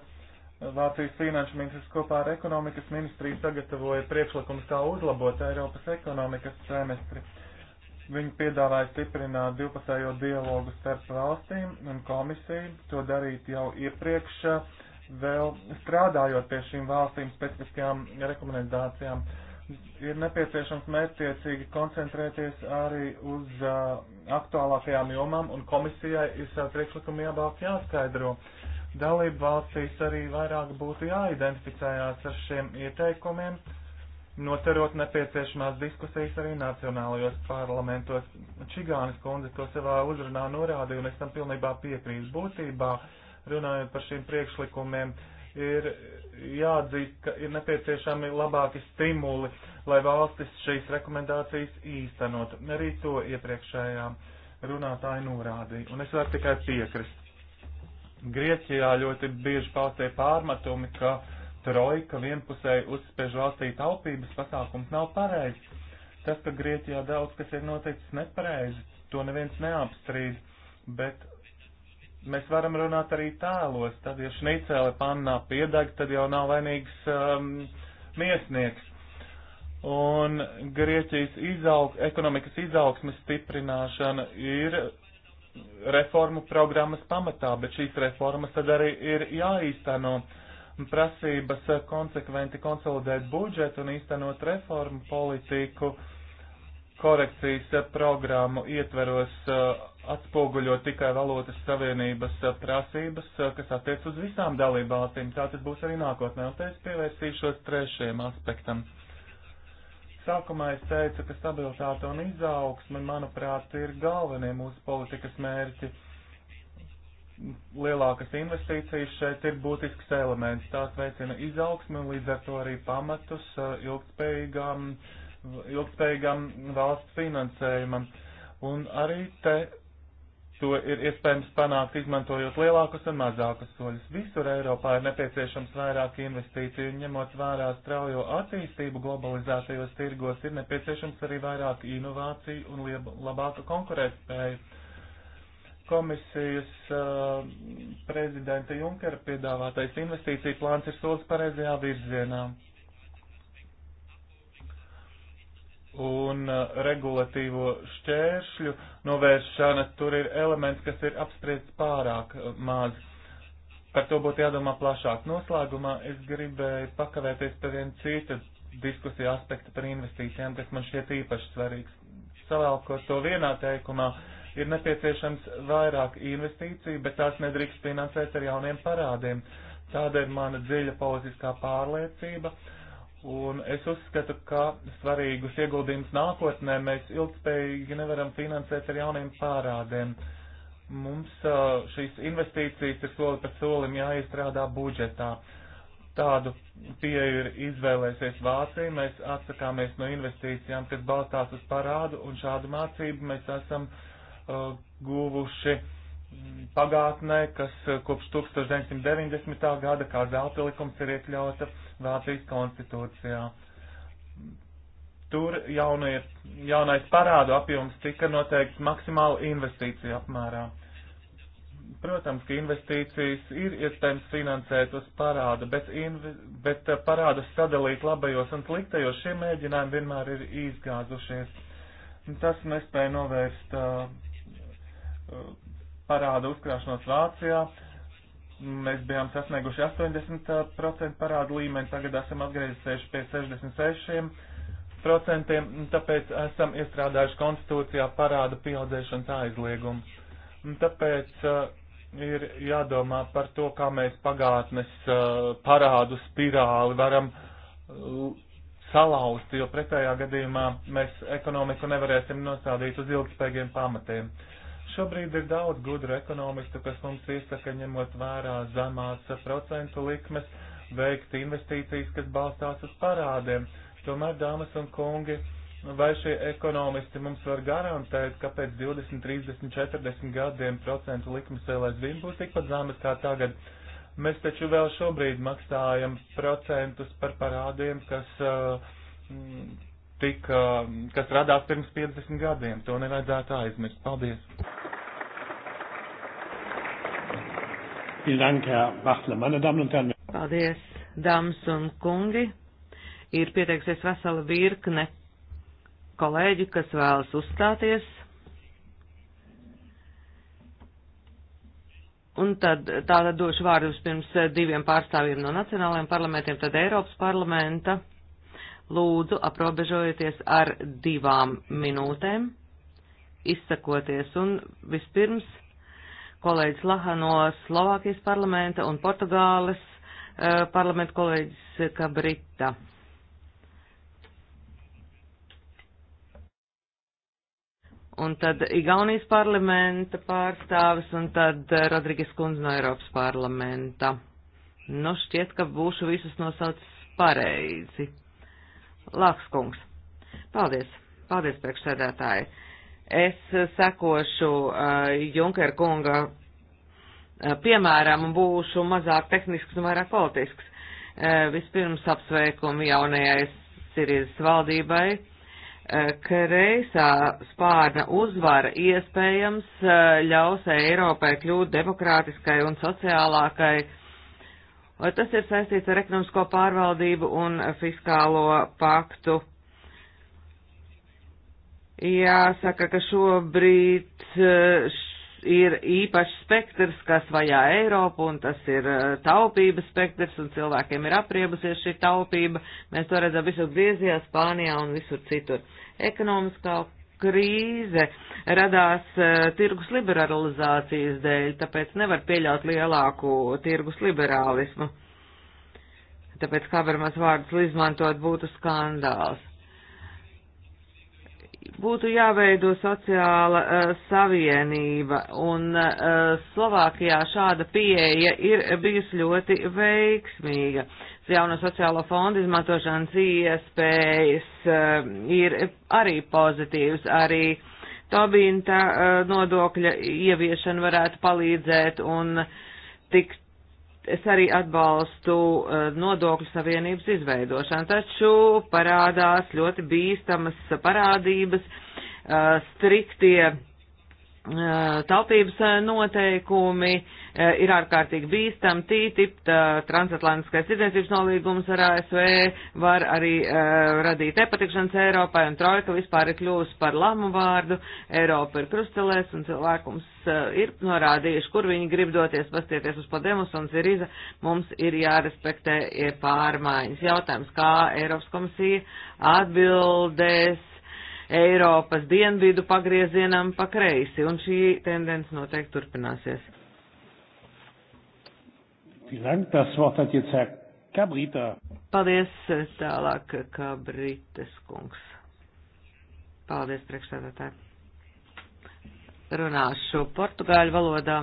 Vācijas finanšu ministrs kopā ar ekonomikas ministriju sagatavoja priekšlikumu, kā uzlabot Eiropas ekonomikas semestri. Viņi piedāvāja stiprināt divpusējo dialogu starp valstīm un komisiju, to darīt jau iepriekš, vēl strādājot pie šīm valstīm specifiskajām rekomendācijām. Uh, ir nepieciešams mērķtiecīgi koncentrēties arī uz uh, aktuālākajām jomām, un komisijai ir savu priekšlikumu jābāk jāskaidro. Dalību valstīs arī vairāk būtu jāidentificējās ar šiem ieteikumiem, noterot nepieciešamās diskusijas arī nacionālajos parlamentos. Čigānis kundze to savā uzrunā norādīja, un es tam pilnībā piekrītu būtībā, runājot par šiem priekšlikumiem. Uh, ir jāatzīst, ka ir nepieciešami labāki stimuli, lai valstis šīs rekomendācijas īstenot. Arī to iepriekšējā runātāja norādīja, un es varu tikai piekrist. Grieķijā ļoti bieži paustie pārmetumi, ka trojka vienpusēji uzspiež valstī taupības pasākums nav pareizi. Tas, ka Grieķijā daudz kas ir noticis nepareizi, to neviens neapstrīd, bet mēs varam runāt arī tēlos. Tad, ja šnicēle pannā piedeg, tad jau nav vainīgs um, miesnieks. Un Grieķijas izaug, ekonomikas izaugsmes stiprināšana ir reformu programmas pamatā, bet šīs reformas tad arī ir jāīsteno. Prasības konsekventi konsolidēt budžetu un īstenot reformu politiku korekcijas programmu ietveros uh, atspoguļo tikai valūtas savienības eh, prasības, eh, kas attiec uz visām dalībvalstīm. Tā tas būs arī nākotnē, un te es pievērsīšos trešajam aspektam. Sākumā es teicu, ka stabilitāte un izaugsme, manuprāt, ir galvenie mūsu politikas mērķi. Lielākas investīcijas šeit ir būtisks elements. Tās veicina izaugsmi un līdz ar to arī pamatus ilgspējīgam, eh, ilgspējīgam valsts finansējumam. Un arī te To ir iespējams panākt, izmantojot lielākus un mazākus soļus. Visur Eiropā ir nepieciešams vairāk investīciju, un ņemot vērā straujo attīstību globalizētajos tirgos, ir nepieciešams arī vairāk inovāciju un lieba, labāka konkurētspēja. Komisijas uh, prezidenta Junkera piedāvātais investīcija plāns ir solis pareizajā virzienā. un uh, regulatīvo šķēršļu novēršana, tur ir elements, kas ir apspriests pārāk uh, maz. Par to būtu jādomā plašāk. Noslēgumā es gribēju pakavēties pie viena cita diskusija aspekta par investīcijām, kas man šķiet īpaši svarīgs. Savēlkot to vienā teikumā, ir nepieciešams vairāk investīciju, bet tās nedrīkst finansēt ar jauniem parādiem. Tāda ir mana dziļa politiskā pārliecība. Uh, Un es uzskatu, ka svarīgus ieguldījumus nākotnē mēs ilgspējīgi nevaram finansēt ar jauniem pārādēm. Mums šīs investīcijas ir soli pa solim jāiestrādā budžetā. Tādu pieeju ir izvēlēsies Vācija, mēs atsakāmies no investīcijām, kas balstās uz parādu, un šādu mācību mēs esam uh, guvuši pagātnē, kas kopš 1990. gada kā zelta likums ir iekļauta uh, Vācijas konstitūcijā. Tur jaunie, jaunais parādu apjoms tika noteikts maksimāli investīciju apmērā. Protams, ka investīcijas ir iespējams finansēt uz parādu, bet, invi, bet eh, parādus sadalīt labajos un sliktajos šie mēģinājumi vienmēr ir izgāzušies. Tas nespēja novērst uh, parādu uzkrāšanos Vācijā, uh, Mēs bijām sasnieguši 80% uh, parādu līmeni, tagad esam atgriezusies pie 66%, tāpēc esam iestrādājuši konstitūcijā parādu pieaudzēšanas aizliegumu. Tāpēc uh, ir jādomā par to, kā mēs pagātnes uh, parādu spirāli varam uh, salauzt, jo pretējā gadījumā mēs ekonomiku nevarēsim nostādīt uz ilgspējīgiem pamatiem. Uh, Šobrīd ir daudz gudru ekonomistu, kas mums iesaka, ņemot vērā zemās procentu likmes, veikt investīcijas, kas balstās uz parādiem. Tomēr, dāmas un kungi, vai šie ekonomisti mums var garantēt, ka pēc 20, 30, 40 gadiem procentu likmes vēl aizvien būs tikpat zemes kā tagad? Mēs taču vēl šobrīd maksājam procentus par parādiem, kas uh, tika, kas radās pirms 50 gadiem. To nevajadzētu aizmirst. Paldies! Paldies, dāmas un kungi! Ir pieteiksies vesela virkne kolēģi, kas vēlas uzstāties. Un tad tātad došu vārdu pirms diviem pārstāvjiem no nacionālajiem parlamentiem, tad Eiropas parlamenta lūdzu aprobežojieties ar divām minūtēm, izsakoties un vispirms kolēģis Laha no Slovākijas parlamenta un Portugāles eh, parlamenta kolēģis Kabrita. Un tad Igaunijas parlamenta pārstāvis un tad eh, Rodrīgas kundze no Eiropas parlamenta. Nu, šķiet, ka būšu visus nosaucis pareizi. Laks kungs. Paldies. Paldies, priekšsēdētāji. Es sekošu uh, Junker kunga uh, piemēram un būšu mazāk tehnisks un vairāk politisks. Uh, vispirms apsveikumi jaunajai Sirijas valdībai. Kreisā spārna uzvara iespējams ļaus Eiropai kļūt demokrātiskai un sociālākai uh, Vai tas ir saistīts ar ekonomisko pārvaldību un fiskālo paktu? Jāsaka, ka šobrīd eh, ir īpašs spektrs, kas vajā Eiropu, un tas ir eh, taupības spektrs, un cilvēkiem ir apriebusies šī taupība. Mēs to redzam visur Griezijā, Spānijā un visur citur. Ekonomiskā krīze radās uh, tirgus liberalizācijas dēļ, tāpēc nevar pieļaut lielāku tirgus liberālismu. Tāpēc, kā var mans vārdus izmantot, būtu skandāls būtu jāveido sociāla uh, savienība, un uh, Slovākijā šāda pieeja ir bijusi ļoti veiksmīga. Jauno sociālo fondu izmantošanas iespējas uh, ir arī pozitīvs, arī Tobinta uh, nodokļa ieviešana varētu palīdzēt un tikt Es arī atbalstu eh, nodokļu savienības izveidošanu, taču parādās ļoti bīstamas parādības, eh, striktie Eh, taupības eh, noteikumi eh, ir ārkārtīgi bīstami, TTIP, transatlantiskais tirdzniecības nolīgums ar ASV var arī uh, radīt nepatikšanas Eiropai, un trojka vispār ir kļūst par lamu vārdu, Eiropa ir krustelēs, un cilvēkums uh, ir norādījuši, kur viņi grib doties, pastieties uz Podemus un Ziriza, mums ir jārespektē pārmaiņas. Jautājums, kā Eiropas komisija atbildēs Eiropas dienvidu pagriezienam pa kreisi, un šī tendence noteikti turpināsies. Paldies, tālāk, Kabrites kungs. Paldies, priekšsēdētāji. Runāšu portugāļu valodā.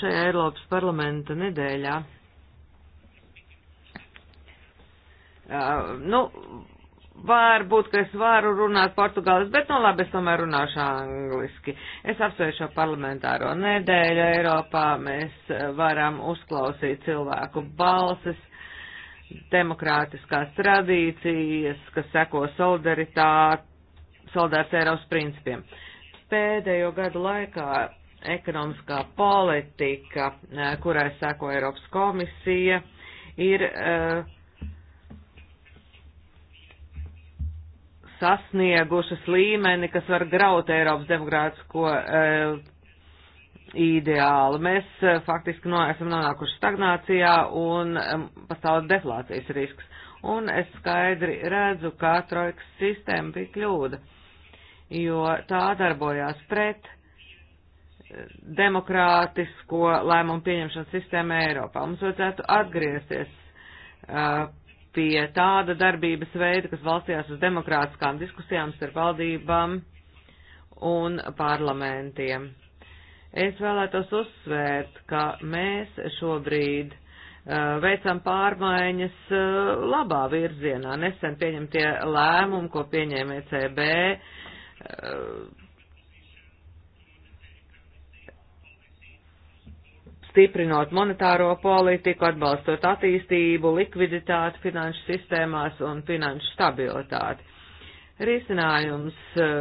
Šajā Eiropas parlamenta nedēļā Uh, nu, varbūt, ka es varu runāt portugālis, bet nu labi, es tomēr runāšu angliski. Es apsveicu šo parlamentāro nedēļu Eiropā, mēs uh, varam uzklausīt cilvēku balsis, demokrātiskās tradīcijas, kas seko solidaritāti, solidārs Eiropas principiem. Pēdējo gadu laikā ekonomiskā politika, uh, kurai seko Eiropas komisija, ir uh, sasniegušas līmeni, kas var graut Eiropas demokrātisko e, ideālu. Mēs e, faktiski no, esam nonākuši stagnācijā un e, pastāv deflācijas risks. Un es skaidri redzu, kā trojkas sistēma bija kļūda, jo tā darbojās pret eh, demokrātisko lēmumu pieņemšanas sistēmu Eiropā. Mums vajadzētu atgriezties uh, pie tāda darbības veida, kas valstījās uz demokrātiskām diskusijām starp valdībām un parlamentiem. Es vēlētos uzsvērt, ka mēs šobrīd uh, veicam pārmaiņas uh, labā virzienā. Nesen pieņemtie lēmumi, ko pieņēma ECB, uh, stiprinot monetāro politiku, atbalstot attīstību, likviditāti finanšu sistēmās un finanšu stabilitāti. Risinājums eh,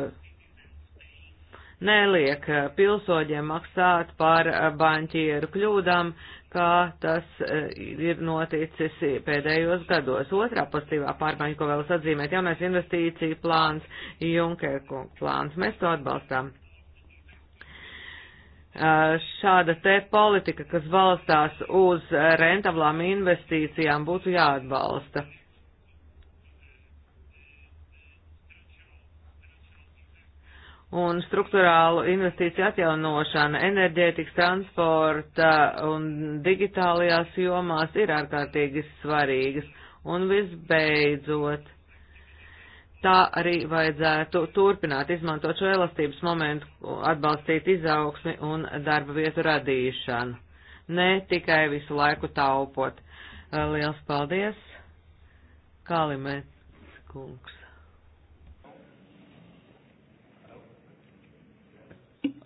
neliek eh, pilsoņiem maksāt par eh, banķieru kļūdām, kā tas ir noticis pēdējos gados. Otrā pozitīvā pārmaiņa, ko vēlas atzīmēt, jaunais investīcija plāns, Junkerkungs plāns, mēs to atbalstām. Eh, šāda te politika, kas balstās uz rentablām investīcijām, būtu jāatbalsta. Un struktūrālu investīciju atjaunošana enerģētikas, transporta un digitālajās jomās ir ārkārtīgi svarīgas. Un visbeidzot, tā arī vajadzētu turpināt izmantot šo elastības momentu, atbalstīt izaugsmi un darba vietu radīšanu. Ne tikai visu laiku taupot. Liels paldies, Kalimēts kungs.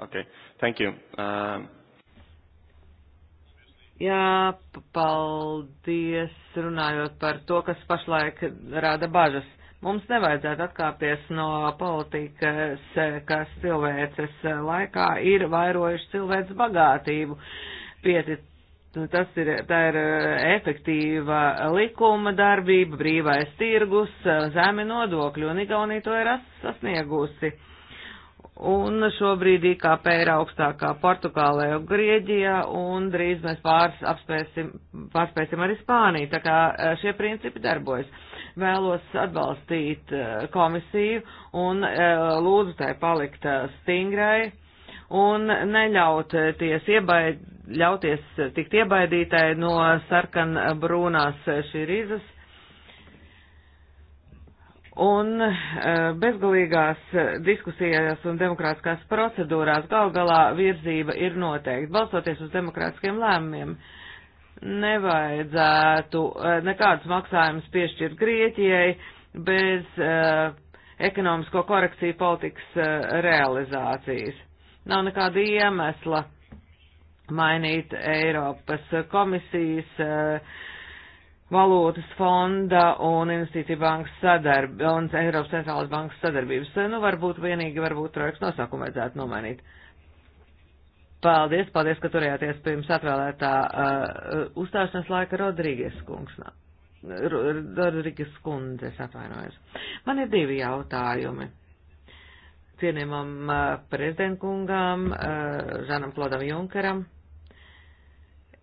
Okay, thank you. Um... Jā, paldies runājot par to, kas pašlaik rada bažas Mums nevajadzētu atkāpties no politikas, kas cilvēces laikā ir vairojuši cilvēces bagātību. Pieti, nu, tas ir, tā ir eh, efektīva likuma darbība, brīvais tirgus, eh, zemi nodokļu, un Igaunija to ir sasniegusi. Un šobrīd IKP ir augstākā Portugālē un Grieģijā, un drīz mēs pārs, apspēsim, pārspēsim arī Spāniju. Tā kā e, šie principi darbojas. Vēlos atbalstīt e, komisiju un e, lūdzu tai palikt stingrai un neļauties iebaid, ļauties tikt iebaidītai no sarkan brūnās šī rīzes Un e, bezgalīgās diskusijās un demokrātiskās procedūrās gal galā virzība ir noteikti, balstoties uz demokrātiskiem lēmumiem nevajadzētu e, nekādus maksājumus piešķirt Grieķijai bez uh, ekonomisko korekciju politikas uh, realizācijas. Nav nekāda iemesla mainīt Eiropas komisijas uh, valūtas fonda un investīcija bankas sadarbības un Eiropas centrālās bankas sadarbības. Nu, varbūt vienīgi, varbūt projekts nosaukumu vajadzētu nomainīt. Paldies, paldies, ka turējāties pirms atvēlētā uh, uh, uzstāšanās laika Rodrīgas kungs. Rodrīgas kundze, es atvainojos. Man ir divi jautājumi. Cienījumam uh, prezidentkungam, uh, Žanam Klodam Junkaram.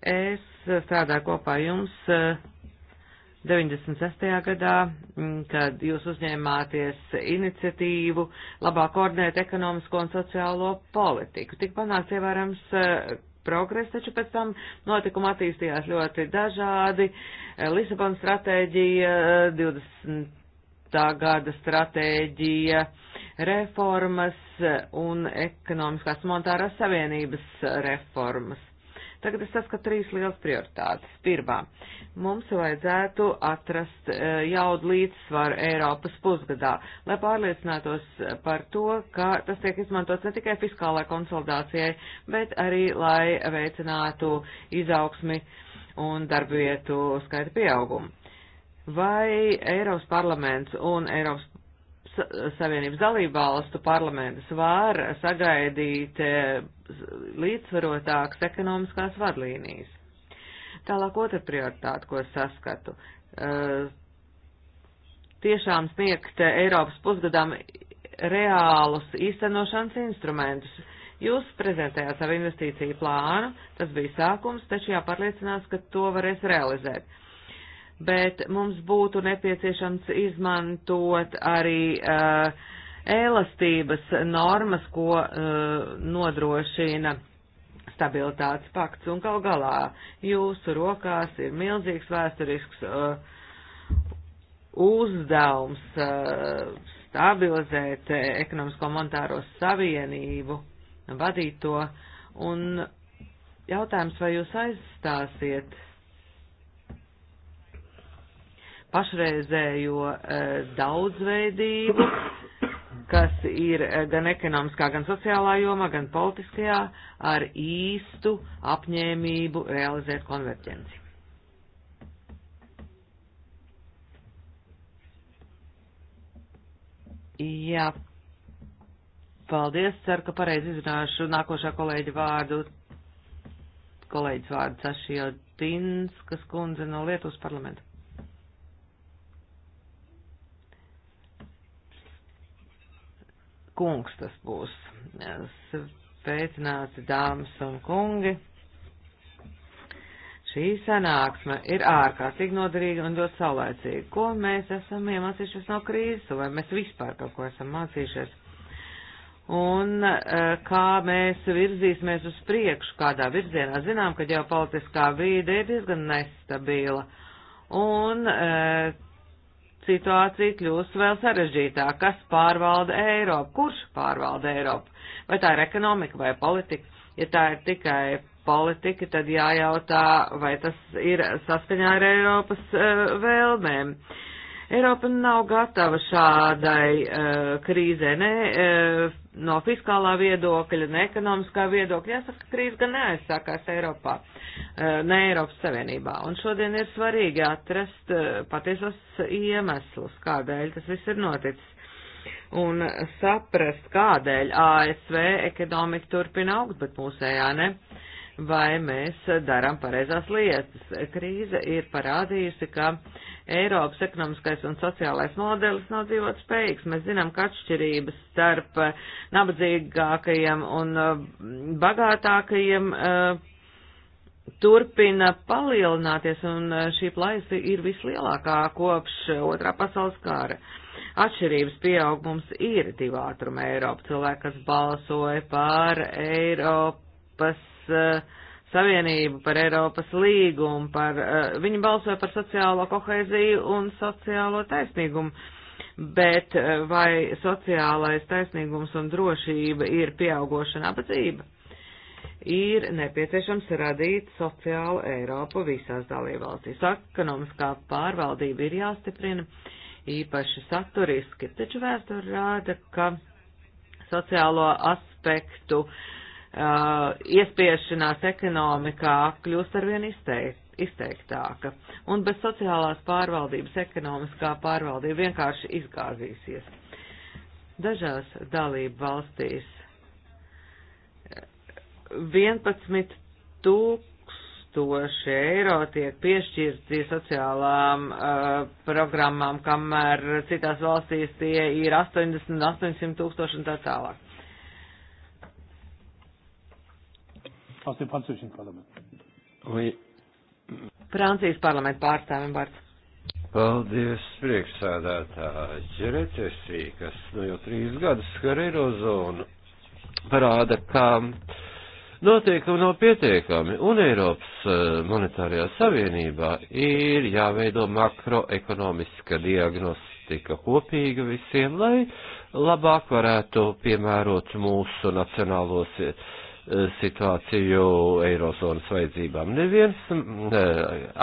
Es strādāju kopā jums. Uh, 96. gadā, mm, kad jūs uzņēmāties iniciatīvu labāk koordinēt ekonomisko un sociālo politiku. Tik panāks ievērams e, progress, taču pēc tam notikuma attīstījās ļoti dažādi. E, Lisabona stratēģija, 20. gada stratēģija, reformas un ekonomiskās monetārās savienības reformas. Tagad es saskatu trīs lielas prioritātes. Pirmā Mums vajadzētu atrast e, jaudu līdzsvaru Eiropas pusgadā, lai pārliecinātos par to, ka tas tiek izmantots ne tikai fiskālai konsolidācijai, bet arī, lai veicinātu izaugsmi un darbvietu skaita pieaugumu. Vai Eiropas parlaments un Eiropas Savienības dalībvalstu parlamentas var sagaidīt e, līdzsvarotākas ekonomiskās vadlīnijas. Tālāk otra prioritāte, ko saskatu. Uh, tiešām sniegt Eiropas pusgadām reālus īstenošanas instrumentus. Jūs prezentējāt savu investīciju plānu, tas bija sākums, taču jāpārliecinās, ka to varēs realizēt. Bet mums būtu nepieciešams izmantot arī uh, elastības normas, ko uh, nodrošina uh, stabilitātes pakts, un gal galā jūsu rokās ir milzīgs vēsturisks uh, uzdevums uh, stabilizēt uh, ekonomisko monetāro savienību, vadīt to, un jautājums, vai jūs aizstāsiet pašreizējo uh, daudzveidību, kas ir eh, gan ekonomiskā, gan sociālā jomā, gan politiskajā, ar īstu apņēmību realizēt konverģenci. Jā, paldies, ceru, ka pareizi izrunāšu nākošā kolēģa vārdu, kolēģis vārdu Sašija Tinskas kundze no Lietuvas parlamenta. kungs tas būs. Sveicināti dāmas un kungi. Šī sanāksme ir ārkārtīgi noderīga un ļoti saulēcīga. Ko mēs esam iemācījušies no krīzes, vai mēs vispār kaut ko esam mācījušies? Un eh, kā mēs virzīsimies uz priekšu, kādā virzienā zinām, ka ģeopolitiskā vīde ir diezgan nestabila. Un eh, situācija kļūst vēl sarežģītāk. Kas pārvalda Eiropu? Kurš pārvalda Eiropu? Vai tā ir ekonomika vai politika? Ja tā ir tikai politika, tad jājautā, vai tas ir saskaņā ar Eiropas uh, vēlmēm. Uh, Eiropa nav gatava šādai uh, krīzē, ne uh, no fiskālā viedokļa, ne ekonomiskā viedokļa. Jāsaka, ka krīze gan neaizsākās Eiropā, uh, ne Eiropas Savienībā. Un šodien ir svarīgi atrast uh, patiesos iemeslus, kādēļ tas viss ir noticis. Un saprast, kādēļ ASV ekonomika turpina augt, bet mūsējā ne. Vai mēs darām pareizās lietas? Krīze ir parādījusi, ka uh, Eiropas ekonomiskais un sociālais modelis nav dzīvot spējīgs. Mēs zinām, ka atšķirības starp eh, nabadzīgākajiem un eh, bagātākajiem eh, turpina palielināties, un šī plaisa ir vislielākā kopš otrā pasaules kāra. Atšķirības pieaugums ir divu ātrumu Eiropa. Cilvēki, kas balsoja pār Eiropas uh, Savienību, par Eiropas līgumu, par, uh, viņi balsoja par sociālo kohēziju un sociālo taisnīgumu, bet uh, vai sociālais taisnīgums un drošība ir pieaugoša nabadzība? Ir nepieciešams radīt sociālu Eiropu visās dalībvalstīs. Ekonomiskā pārvaldība ir jāstiprina īpaši saturiski, taču vēsture rāda, ka sociālo aspektu uh, uh, iespiešanās ekonomikā kļūst arvien izteikt, izteiktāka, un bez sociālās pārvaldības ekonomiskā pārvaldība vienkārši izgāzīsies. Dažās dalību valstīs 11 uh, tūkstoši eiro tiek piešķirti sociālām uh, programmām, kamēr citās valstīs tie ir 80, 800 tūkstoši un tā tālāk. aus dem französischen Parlament. Oui. Francijas parlamenta pārstāvim vārds. Paldies, priekšsādātāji. Recesija, kas nu no jau trīs gadus skar Eirozonu, parāda, ka notiekumi nav pietiekami, un Eiropas eh, monetārajā savienībā ir jāveido makroekonomiska diagnostika kopīga visiem, lai labāk varētu piemērot mūsu nacionālos eh, situāciju Eirozonas vajadzībām. Neviens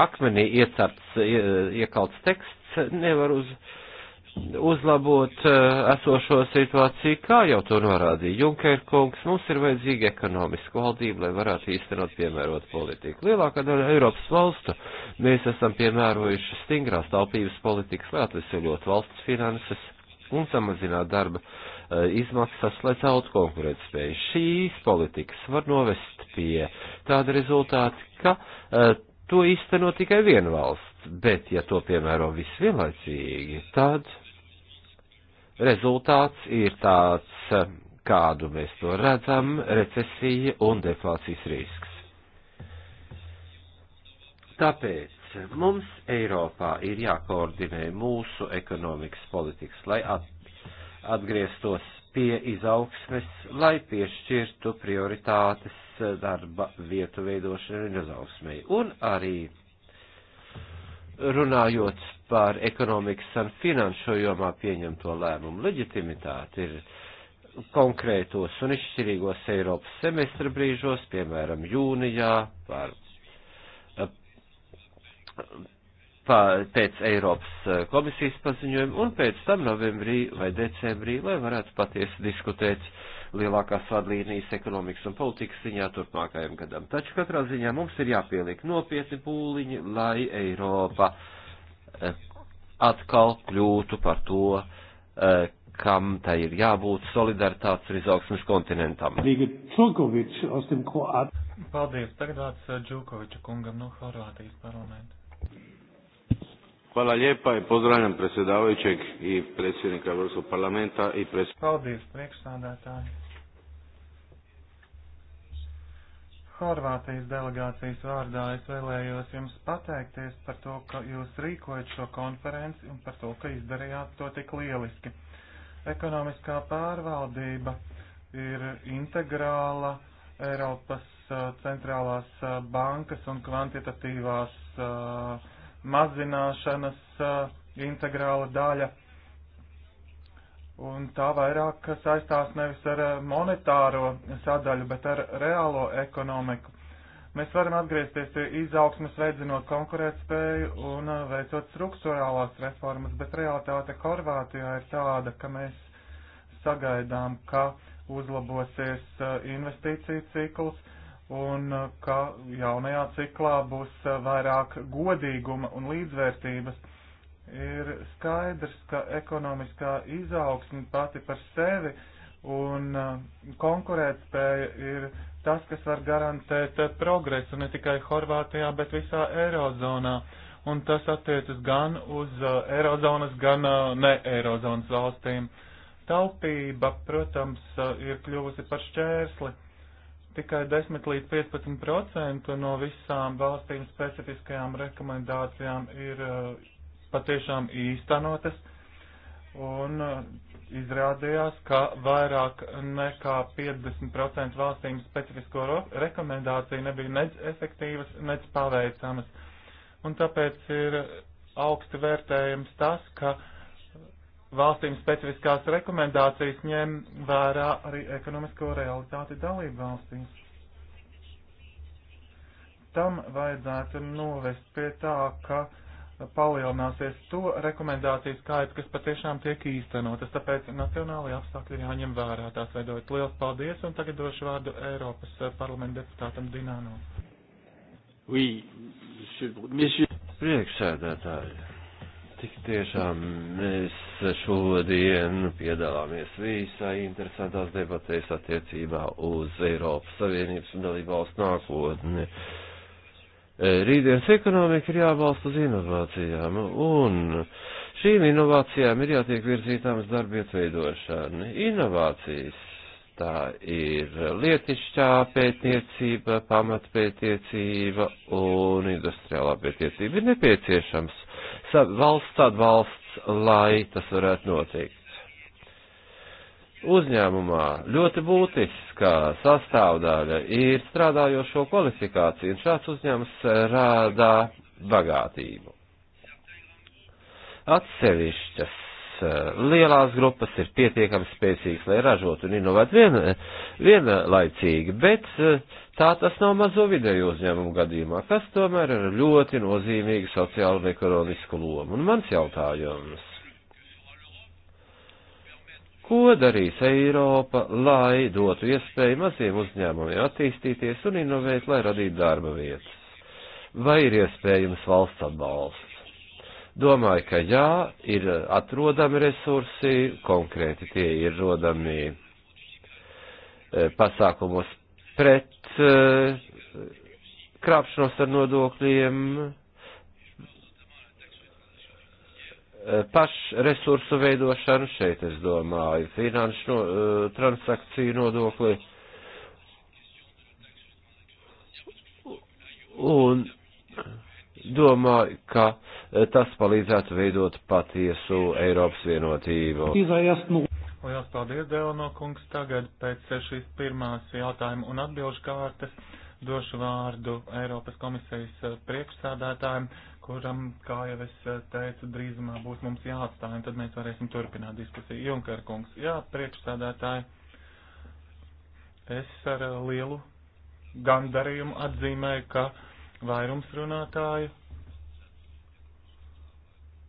akmenī iecerts, iekalts teksts nevar uz, uzlabot e, esošo situāciju, kā jau to norādīja Junker kungs. Mums ir vajadzīga ekonomiska valdība, lai varētu īstenot piemērot politiku. Lielākā daļa Eiropas valstu mēs esam piemērojuši stingrās taupības politikas, lai atvesaļot valsts finanses un samazināt darba uh, Eh, izmaksas, lai celtu konkurētspēju. Šīs politikas var novest pie tāda rezultāta, ka eh, to īsteno tikai viena valsts, bet ja to piemēro viss vienlaicīgi, tad rezultāts ir tāds, eh, kādu mēs to redzam, recesija un deflācijas risks. Tāpēc mums Eiropā ir jākoordinē mūsu ekonomikas politikas, lai at atgrieztos pie izaugsmes, lai piešķirtu prioritātes darba vietu veidošanai un izaugsmai. Un arī runājot par ekonomikas un finanšu jomā pieņemto lēmumu leģitimitāti ir konkrētos un izšķirīgos Eiropas semestra brīžos, piemēram, jūnijā, par pēc Eiropas eh, komisijas paziņojuma un pēc tam novembrī vai decembrī, lai varētu patiesi diskutēt lielākās vadlīnijas ekonomikas un politikas ziņā turpmākajam gadam. Taču katrā ziņā mums ir jāpieliek nopietni pūliņi, lai Eiropa eh, atkal kļūtu par to, eh, kam tai ir jābūt solidaritātes un izaugsmes kontinentam. Paldies, tagad vārds Džukoviča kungam no Horvātijas parlamenta. Hvala lijepa i pozdravljam predsjedavajućeg i predsjednika Europskog parlamenta i predsjednika. Paldies, priekšsādātāji. Horvātijas delegācijas vārdā es vēlējos jums pateikties par to, ka jūs rīkojat šo konferenci un par to, ka izdarījāt to tik lieliski. Ekonomiskā pārvaldība ir integrāla Eiropas uh, centrālās uh, bankas un kvantitatīvās uh, mazināšanas uh, integrāla daļa. Un tā vairāk saistās nevis ar monetāro sadaļu, bet ar reālo ekonomiku. Mēs varam atgriezties pie izaugsmes, veidzinot konkurētspēju un veicot struktūrālās reformas, bet realitāte Korvātijā ir tāda, ka mēs sagaidām, ka uzlabosies investīciju cikls, un uh, ka jaunajā ciklā būs uh, vairāk godīguma un līdzvērtības. Ir skaidrs, ka ekonomiskā izaugsme pati par sevi un uh, konkurētspēja ir tas, kas var garantēt progresu ne tikai Horvātijā, bet visā Eirozonā. Un tas attiecas gan uz Eirozonas, gan ne Eirozonas valstīm. Taupība, protams, ir kļuvusi par šķērsli tikai 10 līdz 15% no visām valstīm specifiskajām rekomendācijām ir eh, patiešām īstenotas. Un eh, izrādījās, ka vairāk nekā 50% valstīm specifisko rekomendāciju nebija nec efektīvas, nec paveicamas. Un tāpēc ir eh, augsti vērtējams tas, ka uh, valstīm specifiskās rekomendācijas ņem vērā arī ekonomisko realitāti dalību valstīs. Tam vajadzētu novest pie tā, ka palielināsies to rekomendāciju skaits, kas patiešām tiek īstenotas, tāpēc nacionālajā apstākļi ir jāņem vērā. Tās veidojot liels paldies, un tagad došu vārdu Eiropas eh, parlamenta deputātam Dināno. Oui, monsieur, monsieur. Priekšsēdētāji tik tiešām mēs šodien piedalāmies visai interesantās debatēs attiecībā uz Eiropas Savienības un dalību valstu nākotni. Rītdienas ekonomika ir jābalsta uz inovācijām, un šīm inovācijām ir jātiek virzītāmas darbietu veidošana. Inovācijas tā ir lietišķā pētniecība, pamatpētniecība un industriālā pētniecība ir nepieciešams valsts atbalsts, lai tas varētu notikt. Uzņēmumā ļoti būtiska sastāvdaļa ir strādājošo kvalifikācija, un šāds uzņēmums rādā bagātību. Atsevišķas eh, lielās grupas ir pietiekami spēcīgas, lai ražotu un inovētu vien, vienlaicīgi, bet uh, Tā tas nav mazo vidēju uzņēmumu gadījumā, kas tomēr ir ļoti nozīmīga sociāla un ekonomiska loma. Un mans jautājums. Ko darīs Eiropa, lai dotu iespēju maziem uzņēmumiem attīstīties un inovēt, lai radītu darba vietas? Vai ir iespējams valsts atbalsts? Domāju, ka jā, ir atrodami resursi, konkrēti tie ir rodami e, pasākumos pret uh, krāpšanos ar nodokļiem, eh, pašresursu veidošanu šeit, es domāju, finanšu no, eh, transakciju nodokli. Un domāju, ka tas palīdzētu veidot patiesu Eiropas vienotību. Lielas paldies, Dēlano kungs. Tagad pēc šīs pirmās jautājumu un atbilžu kārtas došu vārdu Eiropas komisijas eh, priekšsādātājiem, kuram, kā jau es eh, teicu, drīzumā būs mums jāatstāj, un tad mēs varēsim turpināt diskusiju. Junker kungs, jā, priekšsādātāji, es ar eh, lielu gandarījumu atzīmēju, ka vairums runātāju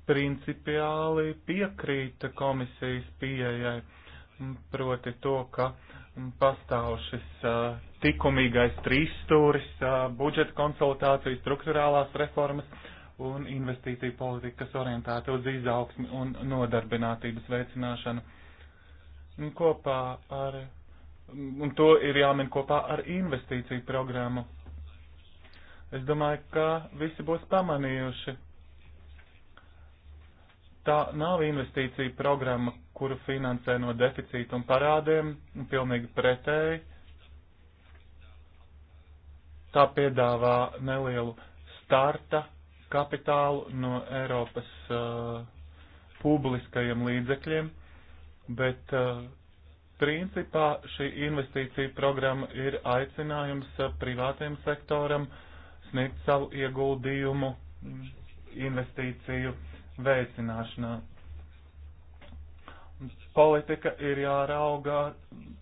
principiāli piekrīta komisijas pieejai, proti to, ka pastāv šis uh, tikumīgais trīsstūris uh, - budžeta konsultācijas, struktūrālās reformas un investīcija politika, kas orientēta uz izaugsmi un nodarbinātības veicināšanu. Un kopā ar, un to ir jāmin kopā ar investīciju programmu. Es domāju, ka visi būs pamanījuši, Tā nav investīcija programma, kuru finansē no deficīta un parādiem, un pilnīgi pretēji. Tā piedāvā nelielu starta kapitālu no Eiropas uh, publiskajiem līdzekļiem, bet uh, principā šī investīcija programma ir aicinājums uh, privātiem sektoram sniegt savu ieguldījumu mm, investīciju veicināšanā. Politika ir jārauga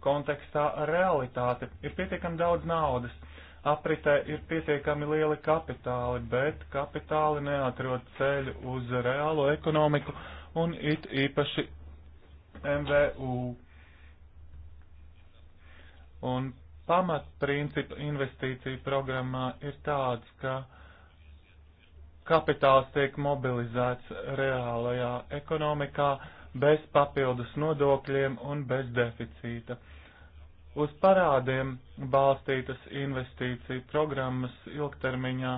kontekstā ar realitāti. Ir pietiekami daudz naudas, apritē ir pietiekami lieli kapitāli, bet kapitāli neatrod ceļu uz reālo ekonomiku un it īpaši MVU. Un pamatprincipa investīcija programmā ir tāds, ka kapitāls tiek mobilizēts reālajā ekonomikā bez papildus nodokļiem un bez deficīta. Uz parādiem balstītas investīciju programmas ilgtermiņā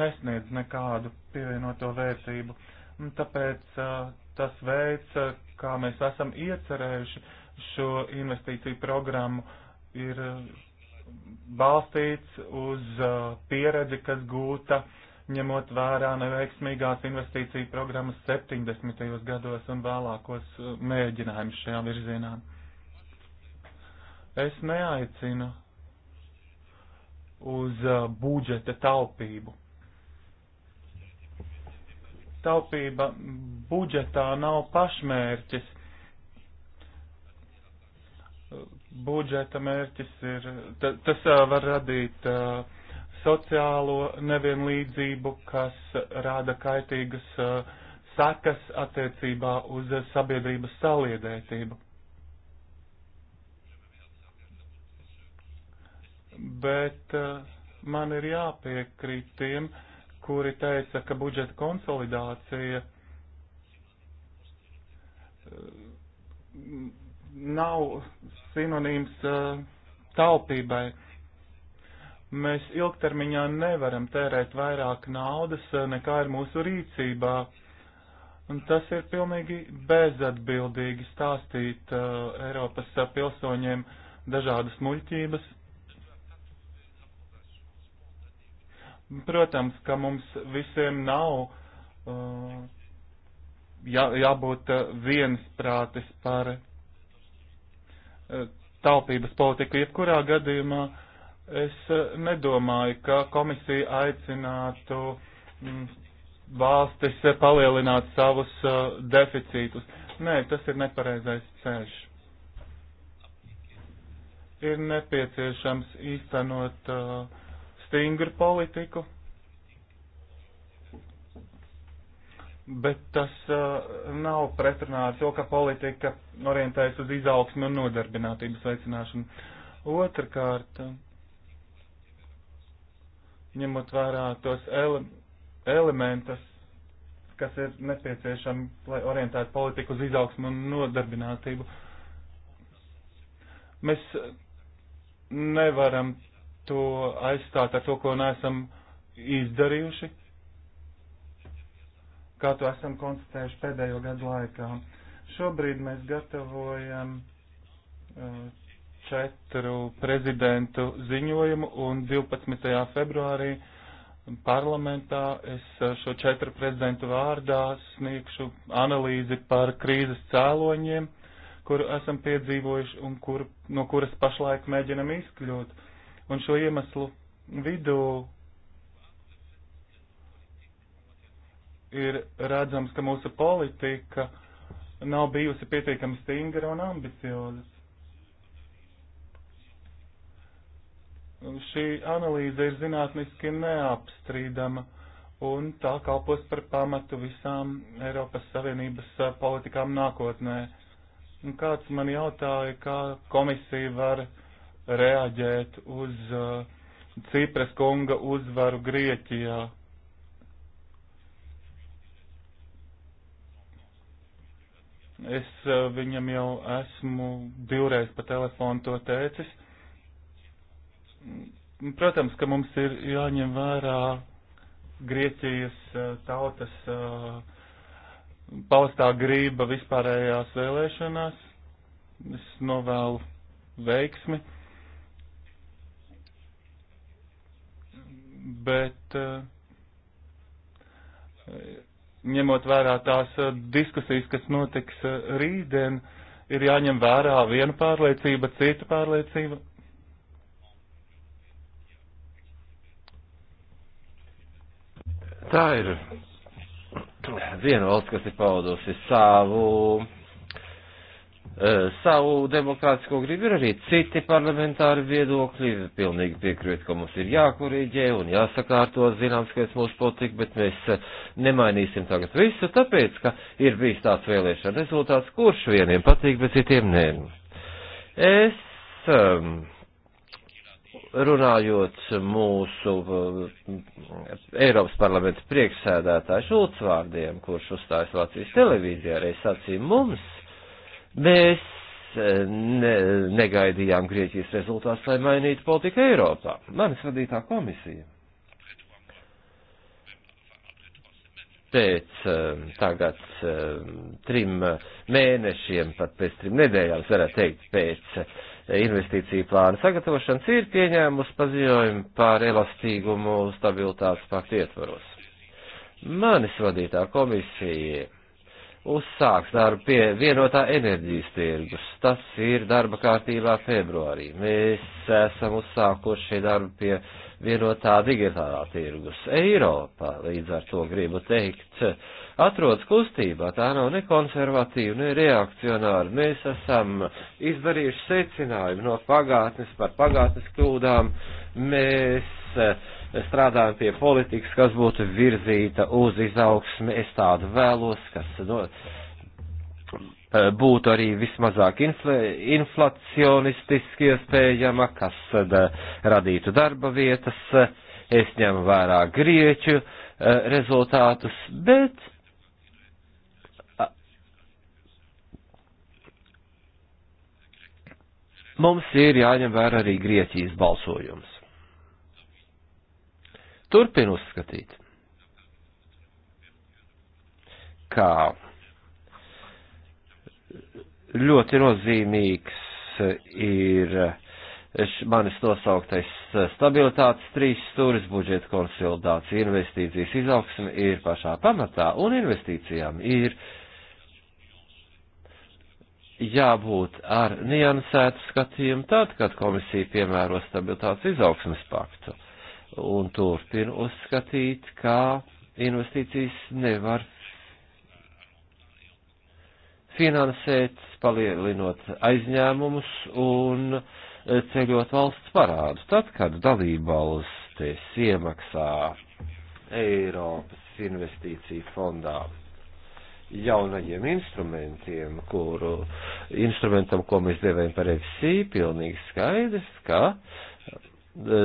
nesniedz nekādu pievienoto vērtību. Un tāpēc uh, tas veids, uh, kā mēs esam iecerējuši šo investīciju programmu, ir uh, balstīts uz pieredzi, kas gūta uh, ņemot vērā neveiksmīgās investīciju programmas 70. gados un vēlākos uh, mēģinājumus šajā virzienā. Es neaicinu uz uh, budžeta taupību. Taupība budžetā nav pašmērķis. Budžeta mērķis ir, tas uh, var radīt uh, sociālo nevienlīdzību, kas rāda kaitīgas uh, sakas attiecībā uz sabiedrības saliedētību. Bet uh, man ir jāpiekrīt tiem, kuri teica, ka budžeta konsolidācija uh, nav sinonīms taupībai. Mēs ilgtermiņā nevaram tērēt vairāk naudas, eh, nekā ir mūsu rīcībā. Un tas ir pilnīgi bezatbildīgi stāstīt uh, Eiropas uh, pilsoņiem dažādas muļķības. Protams, ka mums visiem nav uh, jā, jābūt uh, viensprātis par uh, taupības politiku. Jebkurā gadījumā uh, Es eh, nedomāju, ka komisija aicinātu mm, valstis eh, palielināt savus eh, deficītus. Nē, tas ir nepareizais ceļš. Ir nepieciešams īstenot stingru politiku, bet tas uh, nav pretrunā ar to, ka politika orientējas uz izaugsmu un nodarbinātības veicināšanu. Otrakārt, uh, ņemot vērā tos ele elementus, kas ir nepieciešami, lai orientētu politiku uz izaugsmu un nodarbinātību. Mēs nevaram to aizstāt ar to, ko neesam izdarījuši, kā to esam konstatējuši pēdējo gadu laikā. Šobrīd mēs gatavojam uh, četru prezidentu ziņojumu un 12. februārī parlamentā es šo četru prezidentu vārdā sniegšu analīzi par krīzes cēloņiem, kuru esam piedzīvojuši un kur, no kuras pašlaik mēģinam izkļūt. Un šo iemeslu vidū ir redzams, ka mūsu politika nav bijusi pietiekami stingra un ambicioza šī analīze ir zinātniski neapstrīdama un tā kalpos par pamatu visām Eiropas Savienības eh, politikām nākotnē. Un kāds man jautāja, kā komisija var reaģēt uz uh, Cipras kunga uzvaru Grieķijā. Es uh, viņam jau esmu divreiz pa telefonu to teicis Protams, ka mums ir jāņem vērā Grieķijas tautas paustā grība vispārējās vēlēšanās. Es novēlu veiksmi. Bet ņemot vērā tās diskusijas, kas notiks rītdien, ir jāņem vērā viena pārliecība, cita pārliecība Tā ir viena valsts, kas ir paudusi savu, eh, savu demokrātisko gribu, ir arī citi parlamentāri viedokļi. Pilnīgi piekrīt, ka mums ir jākorīģē un jāsakārto zināms, ka es mūsu politiku, bet mēs eh, nemainīsim tagad visu, tāpēc, ka ir bijis tāds vēlēšana rezultāts, kurš vieniem patīk, bet citiem nē. Es. Um, runājot mūsu eh, Eiropas parlamenta priekšsēdētāju Šulc vārdiem, kurš uzstājas Vācijas televīzijā, arī sacīja mums, mēs eh, ne, negaidījām Grieķijas rezultātus, lai mainītu politiku Eiropā. Manis vadītā komisija. Pēc eh, tagad trim mēnešiem, pat pēc trim nedēļām, varētu teikt, pēc investīciju plāna sagatavošanas ir pieņēmusi paziņojumu par elastīgumu stabilitātes paktu ietvaros. Manis vadītā komisija uzsāks darbu pie vienotā enerģijas tirgus. Tas ir darba kārtībā februārī. Mēs esam uzsākuši darbu pie vienotā digitālā tirgus Eiropā. Līdz ar to gribu teikt, uh, atrodas kustībā, tā nav ne konservatīva, ne reakcionāra. Mēs esam izdarījuši secinājumu no pagātnes par pagātnes kļūdām. Mēs eh, strādājam pie politikas, kas būtu virzīta uz izaugsmi. Es tādu vēlos, kas no, nu, eh, būtu arī vismazāk infla, inflacionistiski iespējama, kas da, radītu darba vietas. Es ņemu vērā grieķu eh, rezultātus, bet mums ir jāņem vērā arī Grieķijas balsojums. Turpin uzskatīt, kā ļoti nozīmīgs ir manis nosauktais stabilitātes trīs stūris, budžeta konsolidācija, investīcijas izaugsme ir pašā pamatā, un investīcijām ir uh, jābūt ar niansētu skatījumu tad, kad komisija piemēro stabilitātes izaugsmes paktu un turpina uzskatīt, kā investīcijas nevar finansēt, palielinot aizņēmumus un eh, ceļot valsts parādu. Tad, kad dalībvalstis iemaksā Eiropas investīciju fondām jaunajiem instrumentiem, kuru instrumentam, ko mēs devējam par FC, pilnīgi skaidrs, ka e,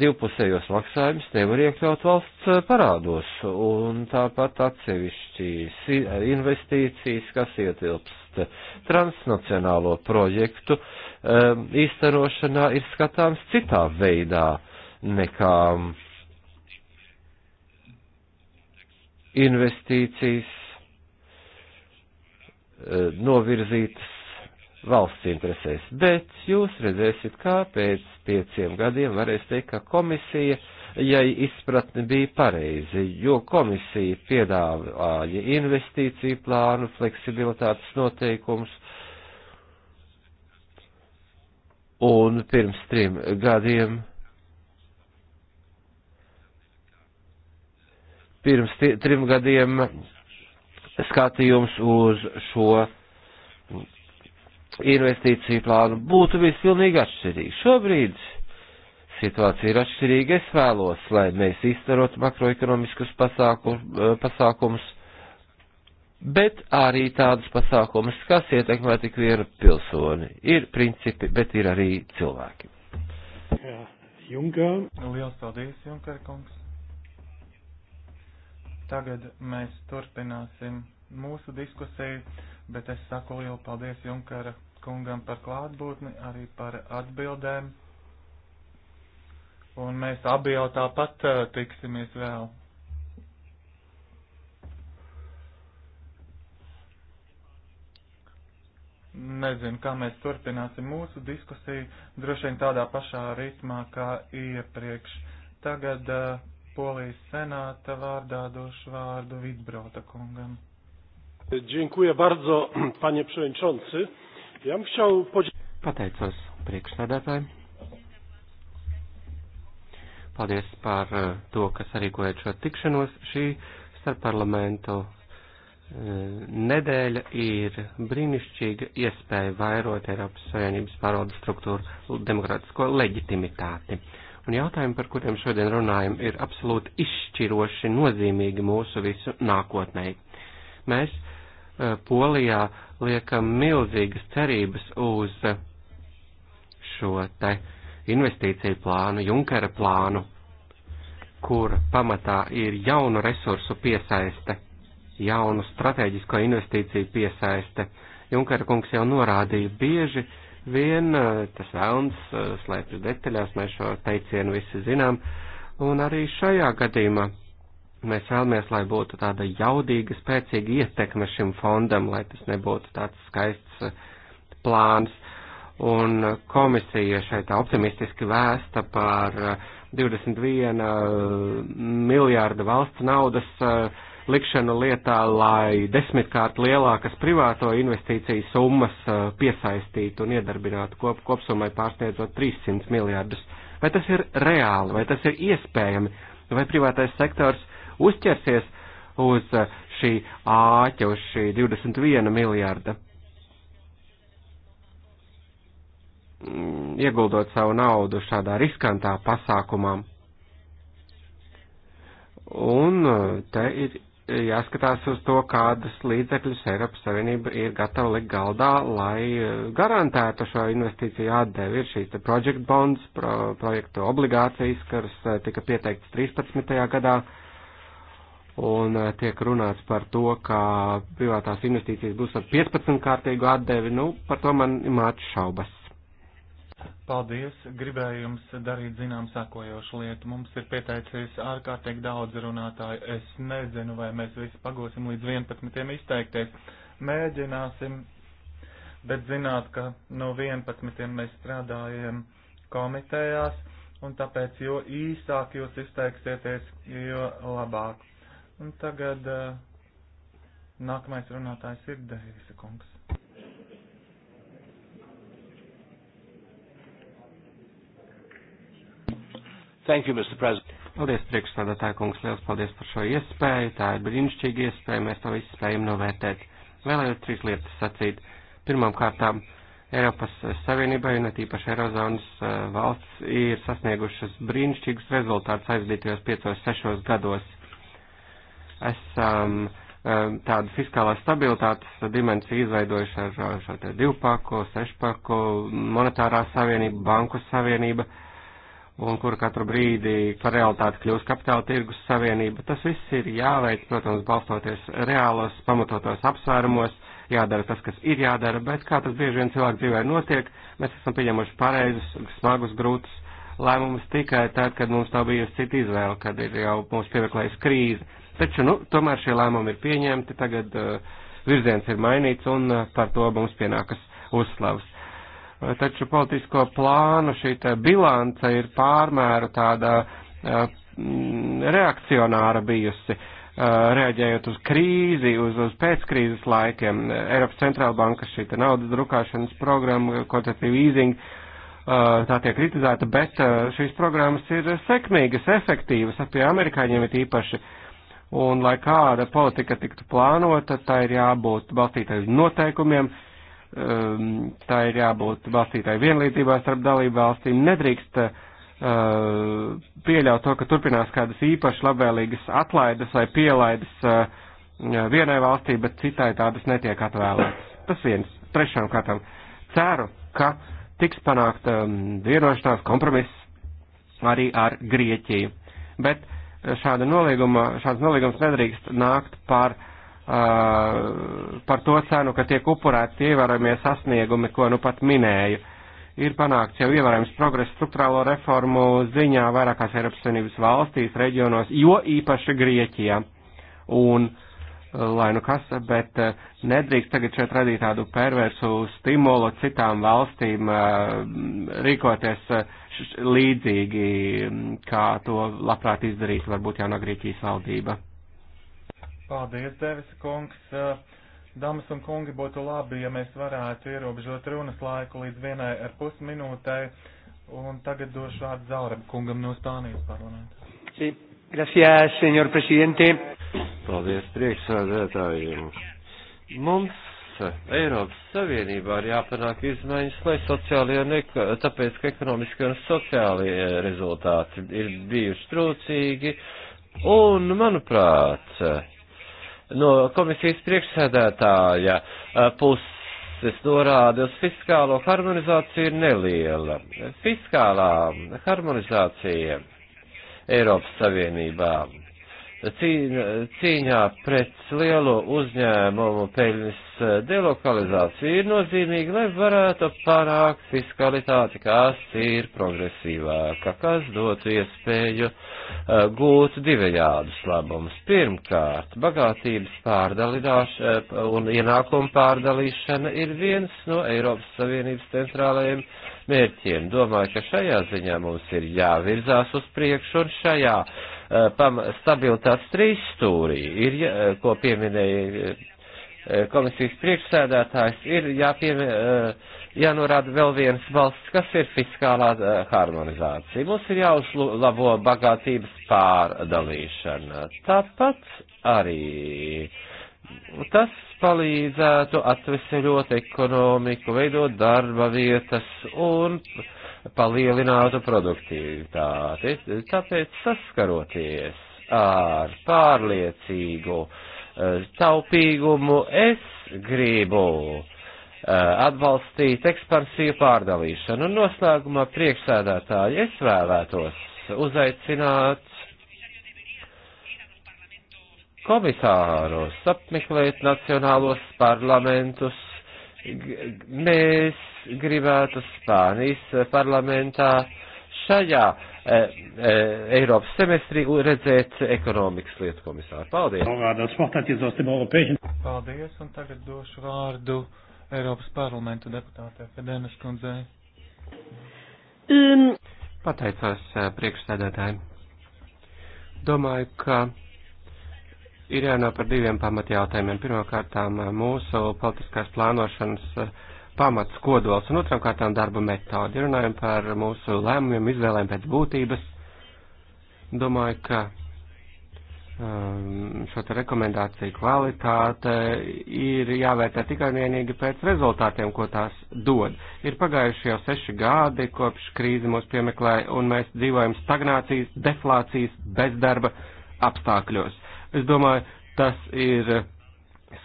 divpusējos maksājumus nevar iekļaut valsts e, parādos, un tāpat atsevišķīs investīcijas, kas ietilpst transnacionālo projektu, e, īstenošanā ir skatāms citā veidā nekā investīcijas Eh, novirzītas valsts interesēs. Bet jūs redzēsiet, kā pēc pieciem gadiem varēs teikt, ka komisija, ja izpratne bija pareizi, jo komisija piedāvāja investīciju plānu, fleksibilitātes noteikumus, un pirms trim gadiem pirms trim gadiem skatījums uz šo investīciju plānu būtu bijis pilnīgi atšķirīgs. Šobrīd situācija ir atšķirīga. Es vēlos, lai mēs izstarotu makroekonomiskus pasāku, eh, pasākumus, bet arī tādus pasākumus, kas ietekmē tik vienu pilsoni. Ir principi, bet ir arī cilvēki. Jā, Junker. Liels paldies, Junker kungs. Tagad mēs turpināsim mūsu diskusiju, bet es saku lielu paldies Junkara kungam par klātbūtni, arī par atbildēm. Un mēs abi jau tāpat uh, tiksimies vēl. Nezinu, kā mēs turpināsim mūsu diskusiju, droši vien tādā pašā ritmā kā iepriekš. Tagad uh, Polijas senāta vārdā došu vārdu Vidbrota kungam. Dziękuję bardzo, panie przewodniczący. Ja bym chciał Pateicos priekšsēdētājiem. Paldies par eh, to, ka sarīkojat šo tikšanos. Šī starpparlamentu eh, nedēļa ir brīnišķīga iespēja vairot Eiropas Savienības pārvaldes struktūru demokrātisko leģitimitāti. Uh, Un jautājumi, par kuriem šodien runājam, ir absolūti izšķiroši nozīmīgi mūsu visu nākotnē. Mēs eh, Polijā liekam milzīgas cerības uz eh, šo te investīciju plānu, Junkera plānu, kur pamatā ir jaunu resursu piesaiste, jaunu strateģisko investīciju piesaiste. Junkera kungs jau norādīja bieži, uh, Vien eh, tas vēlns eh, slēpjas detaļās, mēs šo teicienu visi zinām, un arī šajā gadījumā mēs vēlamies, lai būtu tāda jaudīga, spēcīga ietekme šim fondam, lai tas nebūtu tāds skaists eh, plāns. Un komisija šeit optimistiski vēsta par 21 miljārdu valsts naudas uh, likšanu lietā, lai desmitkārt lielākas privāto investīciju summas uh, piesaistītu un iedarbinātu kop, kopsummai pārsniedzot 300 miljārdus. Vai tas ir reāli, vai tas ir iespējami, vai privātais sektors uzķersies uz uh, šī āķa, uz šī 21 miljārda? Mm, ieguldot savu naudu šādā riskantā pasākumā. Un uh, te ir jāskatās uz to, kādas līdzekļus Eiropas Savienība ir gatava likt galdā, lai eh, garantētu šo investīciju atdevi. Ir šīs project bonds, pro, projektu obligācijas, kas eh, tika pieteikts 13. gadā, un eh, tiek runāts par to, ka privātās investīcijas būs ar 15 kārtīgu atdevi. Nu, par to man māc šaubas. Paldies! Gribēju jums darīt zinām sakojošu lietu. Mums ir pieteicies ārkārtīgi daudz runātāju. Es nezinu, vai mēs visi pagosim līdz 11. izteikties. Mēģināsim, bet zināt, ka no 11. mēs strādājam komitejās, un tāpēc jo īsāk jūs izteiksieties, jo labāk. Un tagad eh, nākamais runātājs ir Deivisa kungs. Thank you, Mr. President. Paldies, priekšstādātāja kungs, liels paldies par šo iespēju. Tā ir brīnišķīga iespēja, mēs to visu spējam novērtēt. Vēlējos trīs lietas sacīt. Pirmām kārtām, Eiropas Savienībai un tīpaši Eirozonas eh, valsts ir sasniegušas brīnišķīgus rezultātus aizdītajos piecos, sešos gados. Esam eh, tādu fiskālās stabilitātes dimensiju izveidojuši ar šo te divpaku, sešpaku, monetārā savienība, banku savienība. Uh, un kur katru brīdi par realitāti kļūst kapitāla tirgus savienība. Tas viss ir jāveic, protams, balstoties reālos, pamatotos apsvērumos, jādara tas, kas ir jādara, bet kā tas bieži vien cilvēku dzīvē notiek, mēs esam pieņemuši pareizus, smagus, grūtus lēmumus tikai tad, kad mums tā bijusi cita izvēle, kad ir jau mums piemeklējusi krīze. Taču, nu, tomēr šie lēmumi ir pieņemti, tagad uh, virziens ir mainīts un uh, par to mums pienākas uzslavas taču politisko plānu šī bilance ir pārmēru tāda eh, mm, reakcionāra bijusi, eh, reaģējot uz krīzi, uz, uz pēckrīzes laikiem. Eiropas centrālbankas šī naudas drukāšanas programma, kvantitīva īzinga, eh, tā tiek kritizēta, bet šīs programmas ir sekmīgas, efektīvas, pie amerikāņiem ir īpaši. Un, lai kāda politika tiktu plānota, tā ir jābūt balstītai uz noteikumiem, uh, Um, tā ir jābūt balstītāji vienlīdzībā starp dalību valstīm. Nedrīkst uh, pieļaut to, ka turpinās kādas īpaši labvēlīgas atlaides vai pielaides uh, vienai valstī, bet citai tādas netiek atvēlētas. Tas viens. Trešām kārtām. Ceru, ka tiks panākt um, vienošanās kompromiss arī ar Grieķiju. Bet uh, šāda nolīguma, šāds nolīgums nedrīkst nākt par uh, par to cenu, ka tiek upurēti ievērojamie sasniegumi, ko nu pat minēju. Ir panākts jau ievērojams progress struktūrālo reformu ziņā vairākās Eiropas Savienības valstīs, reģionos, jo īpaši Grieķijā. Un, lai nu kas, bet nedrīkst tagad šeit radīt tādu perversu stimulu citām valstīm rīkoties līdzīgi, kā to labprāt izdarīt varbūt jaunā Grieķijas valdība. Paldies, Devis kungs. Eh, Dāmas un kungi, būtu labi, ja mēs varētu ierobežot runas laiku līdz vienai ar pus minūtei. Un tagad došu vārdu Zaurab kungam no Spānijas parlamenta. Sí. Gracias, señor presidente. Paldies, priekšsādētāji. Mums eh, Eiropas Savienībā ir jāpanāk izmaiņas, lai sociālajie, neko, tāpēc, ka ekonomiskie un sociālie rezultāti ir bijuši trūcīgi. Un, manuprāt, no komisijas priekšsēdētāja eh, puses norāde uz fiskālo harmonizāciju ir neliela. Fiskālā harmonizācija Eiropas Savienībā cīņā pret lielo uzņēmumu peļņas eh, delokalizāciju ir nozīmīgi, lai varētu panākt fiskalitāti, kas ir progresīvāka, kas dotu iespēju uh, gūt divējādus labumus. Pirmkārt, bagātības pārdalīšana eh, un ienākumu pārdalīšana ir viens no Eiropas Savienības centrālajiem mērķiem. Domāju, ka šajā ziņā mums ir jāvirzās uz priekšu un šajā uh, Eh, stabilitātes trīs stūrī, ir, eh, ko pieminēja eh, komisijas priekšsēdētājs, ir jāpiemē, jānorāda vēl viens valsts, kas ir fiskālā harmonizācija. Mums ir jāuzlabo bagātības pārdalīšana. Tāpat arī tas palīdzētu atveseļot ekonomiku, veidot darba vietas un uh, palielinātu produktivitāti. Tāpēc saskaroties ar pārliecīgu e, taupīgumu, es gribu e, atbalstīt ekspansīvu pārdalīšanu. Un noslēgumā priekšsēdētāji es vēlētos uzaicināt komisārus apmeklēt nacionālos parlamentus Mēs gribētu Spānijas parlamentā šajā e, e, Eiropas semestrī redzēt ekonomikas lietu komisāru. Paldies! Paldies, un tagad došu vārdu Eiropas parlamentu deputātē Fedenes kundzei. Um. Pateicos eh, priekšsēdētājiem. Domāju, ka ir jārunā par diviem pamatjautājumiem. Pirmkārtām eh, mūsu politiskās plānošanas eh, pamats kodols un otram kārtām darba metodi. Runājam par mūsu lēmumiem, izvēlēm pēc būtības. Domāju, ka ehm, šo te rekomendāciju kvalitāte ir jāvērtē tikai un vienīgi pēc rezultātiem, ko tās dod. Ir pagājuši jau seši gadi, kopš krīze mūs piemeklēja, un mēs dzīvojam stagnācijas, deflācijas, bezdarba apstākļos. Uh, Es domāju, tas ir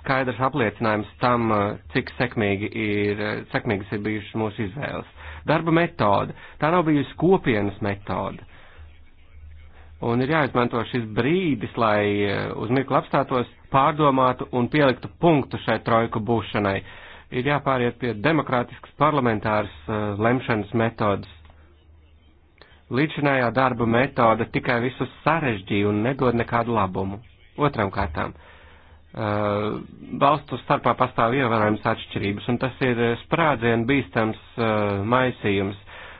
skaidrs apliecinājums tam, cik sekmīgi ir, sekmīgas ir bijušas mūsu izvēles. Darba metode. Tā nav bijusi kopienas metode. Un ir jāizmanto šis brīdis, lai uh, uz mirkli apstātos, pārdomātu un pieliktu punktu šai trojku būšanai. Ir jāpāriet pie demokrātiskas parlamentāras uh, lemšanas metodas. Līdzinājā darba metode tikai visus sarežģīja un nedod nekādu labumu. Otram kārtām. Uh, valstu starpā pastāv ievērojams atšķirības, un tas ir sprādzien bīstams uh, maisījums.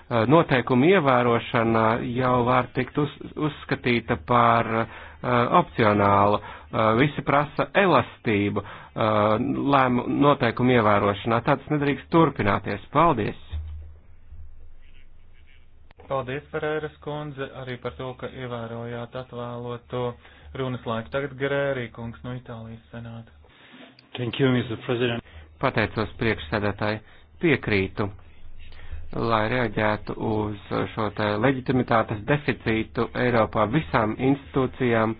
Uh, noteikumu ievērošana jau var tikt uz, uzskatīta par uh, opcionālu. Uh, visi prasa elastību uh, lēmu noteikumu ievērošanā. Tāds nedrīkst turpināties. Paldies! Paldies, Ferēras kundze, arī par to, ka ievērojāt atvēloto. To runas laiku. Tagad Gerērī kungs no Itālijas senāta. Thank you, Mr. President. Pateicos priekšsēdētāji. Piekrītu, lai reaģētu uz šo te leģitimitātes deficītu Eiropā visām institūcijām.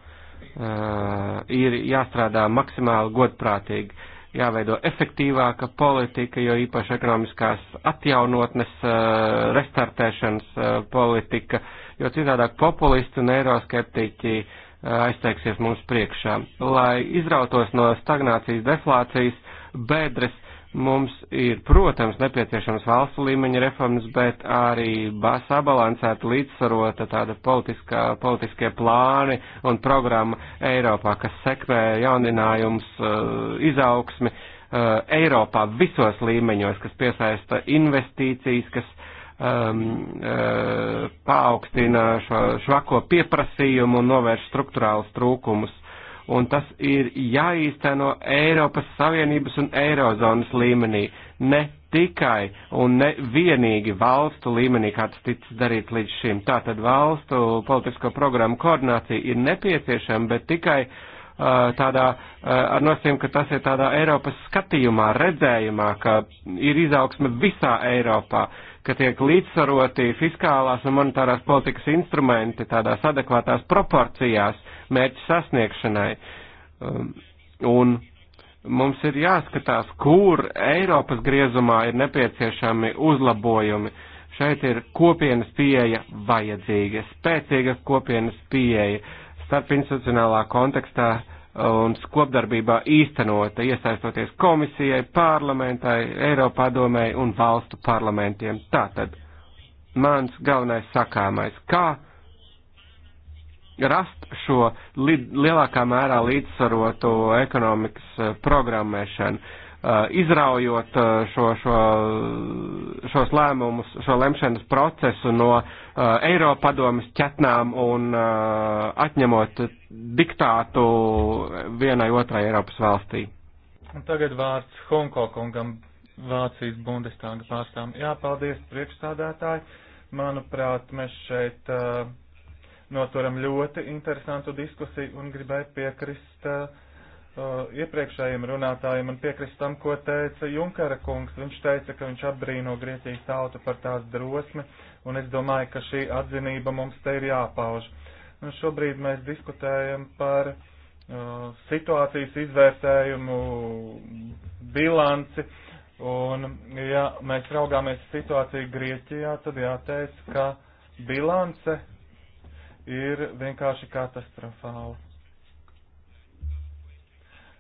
Uh, ir jāstrādā maksimāli godprātīgi, jāveido efektīvāka politika, jo īpaši ekonomiskās atjaunotnes, uh, restartēšanas uh, politika, jo citādāk populisti un eiroskeptiķi uh, aizteiksies mums priekšā. Lai izrautos no stagnācijas, deflācijas, bedres, mums ir, protams, nepieciešams valstu līmeņa reformas, bet arī sabalansēta, līdzsvarota tāda politiskā, politiskie plāni un programma Eiropā, kas sekmē jauninājums, izaugsmi Eiropā visos līmeņos, kas piesaista investīcijas, kas um, uh, paaugstina šo švako pieprasījumu un novērš struktūrālus trūkumus. Un tas ir jāīsteno Eiropas Savienības un Eirozonas līmenī, ne tikai un ne vienīgi valstu līmenī, kā tas ticis darīts līdz šim. Tātad valstu politisko programmu koordinācija ir nepieciešama, bet tikai uh, tādā, uh, ar nosim, ka tas ir tādā Eiropas skatījumā, redzējumā, ka ir izaugsme visā Eiropā. Uh, ka tiek līdzsvaroti fiskālās un monetārās politikas instrumenti tādās adekvātās proporcijās mērķu sasniegšanai. Um, un mums ir jāskatās, kur Eiropas griezumā ir nepieciešami uzlabojumi. Šeit ir kopienas pieeja vajadzīga, spēcīga kopienas pieeja starp institucionālā kontekstā un skopdarbībā īstenota, iesaistoties komisijai, parlamentai, Eiropadomēji un valstu parlamentiem. Tātad, mans galvenais sakāmais, kā rast šo li lielākā mērā līdzsvarotu ekonomikas eh, programmēšanu, eh, izraujot eh, šo, šo, šos lēmumus, šo lemšanas procesu no Eiropadomas ķetnām un atņemot diktātu vienai otrai Eiropas valstī. Un tagad vārds Hongkongam, Vācijas Bundestāga pārstāvam. Jā, paldies priekšstādātāji. Manuprāt, mēs šeit uh, noturam ļoti interesantu diskusiju un gribēju piekrist uh, iepriekšējiem runātājiem un piekrist tam, ko teica Junkara kungs. Viņš teica, ka viņš apbrīno Grieķijas tautu par tās drosmi, un es domāju, ka šī atzinība mums te ir jāpauž. Uh, Un šobrīd mēs diskutējam par uh, situācijas izvērtējumu bilanci. Un, ja mēs raugāmies situāciju Grieķijā, tad jāteic, ka bilance ir vienkārši katastrofāla.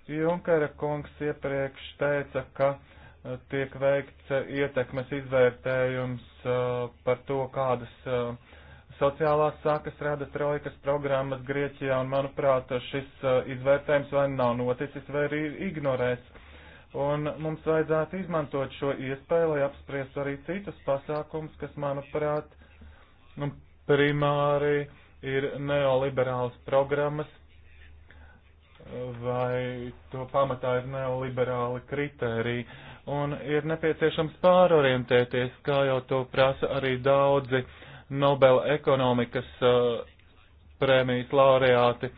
Junkara kungs iepriekš teica, ka uh, tiek veikts uh, ietekmes izvērtējums uh, par to, kādas uh, Sociālās sākas rada trojkas programmas Grieķijā, un, manuprāt, šis uh, izvērtējums vai nav noticis, vai arī ir ignorēts. Un mums vajadzētu izmantot šo iespēju, lai apspriestu arī citus pasākums, kas, manuprāt, nu, primāri ir neoliberālas programmas, vai to pamatā ir neoliberāli kritēriji. Un ir nepieciešams pārorientēties, kā jau to prasa arī daudzi uh, Nobela ekonomikas uh, prēmijas laureāti.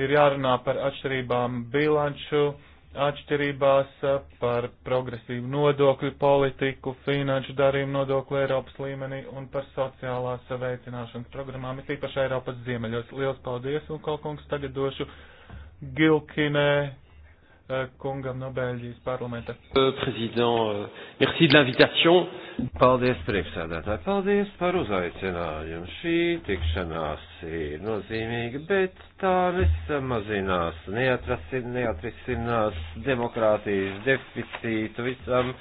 Ir jārunā par atšķirībām bilanču atšķirībās, uh, par progresīvu nodokļu politiku, finanšu darījumu nodokli Eiropas līmenī un par sociālās veicināšanas programmām, it īpaši Eiropas ziemeļos. Liels paldies un kaut kungs tagad došu Gilkinē Eh, kungam no Bēļģijas parlamenta. Eh, eh, paldies, priekšsēdētāji, paldies par uzaicinājumu. Šī tikšanās ir nozīmīga, bet tā nesamazinās, neatrasin, neatrisinās demokrātijas deficītu visam,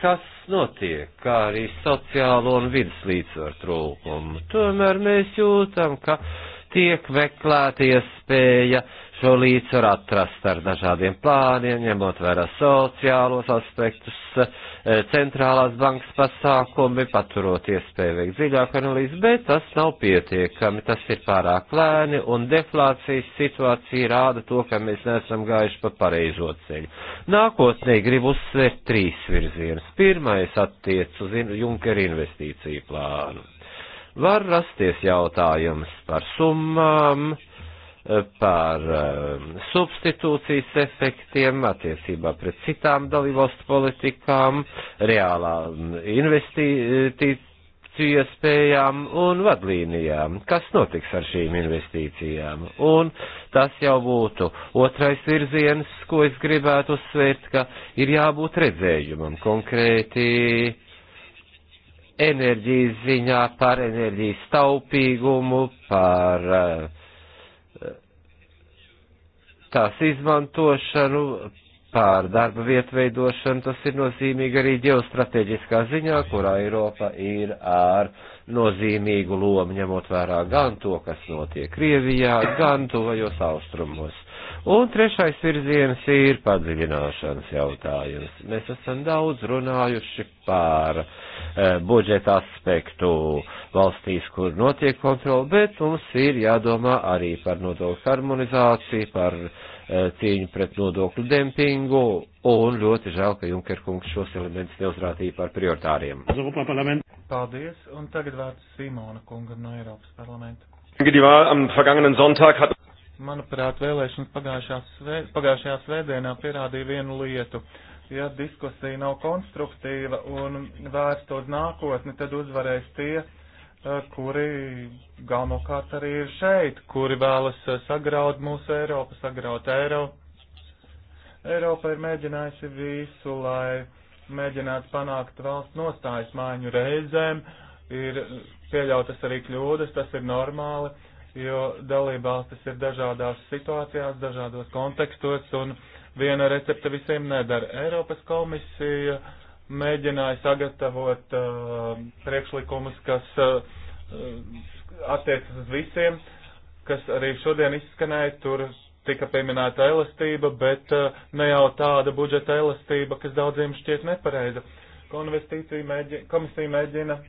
kas notiek, kā arī sociālo un vidas līdzsvaru trūkumu. Tomēr mēs jūtam, ka tiek veklēties spēja šo līdzsvaru atrast ar dažādiem plāniem, ņemot vērā sociālos aspektus, e, centrālās bankas pasākumi, paturot iespēju veikt dziļāku analīzi, bet tas nav pietiekami, tas ir pārāk lēni, un deflācijas situācija rāda to, ka mēs neesam gājuši pa pareizo ceļu. Nākotnē gribu uzsvērt trīs virzienus. Pirmais attiec uz Junkera investīciju plānu. Var rasties jautājums par summām, uh, Eh, par eh, substitūcijas efektiem attiecībā pret citām dalībvalstu politikām, reālā mm, investīciju iespējām un vadlīnijām, kas notiks ar šīm investīcijām. Un tas jau būtu otrais virziens, ko es gribētu uzsvērt, ka ir jābūt redzējumam konkrēti enerģijas ziņā par enerģijas taupīgumu, par uh, tās izmantošanu, pār darba vietu veidošanu, tas ir nozīmīgi arī ģeostrateģiskā ziņā, kurā Eiropa ir ar nozīmīgu lomu, ņemot vērā gan to, kas notiek Krievijā, gan tuvajos austrumos. Un trešais virziens ir padziļināšanas jautājums. Mēs esam daudz runājuši par e, budžeta aspektu valstīs, kur notiek kontroli, bet mums ir jādomā arī par nodokļu harmonizāciju, par e, cīņu pret nodokļu dempingu, un ļoti žēl, ka Junker kungs šos elementus neuzrādīja par prioritāriem. Paldies, un tagad vārds Simona kunga no Eiropas parlamenta. Die Wahl am vergangenen Sonntag hat Manuprāt, vēlēšanas pagājušajā svētdienā pierādīja vienu lietu. Ja diskusija nav konstruktīva un vērsta uz nākotni, tad uzvarēs tie, eh, kuri galvenokārt arī ir šeit, kuri vēlas eh, sagraut mūsu Eiropu, sagraut eiro. Eiropa ir mēģinājusi visu, lai mēģinātu panākt valsts nostājas mājiņu reizēm, ir pieļautas arī kļūdas, tas ir normāli, jo dalībvalstis ir dažādās situācijās, dažādos kontekstos, un viena recepte visiem nedara. Eiropas komisija mēģināja sagatavot uh, priekšlikumus, kas uh, attiecas uz visiem, kas arī šodien izskanēja, tur tika pieminēta elastība, bet uh, ne jau tāda budžeta elastība, kas daudziem šķiet nepareiza. Konvestīcija mēģina, komisija mēģina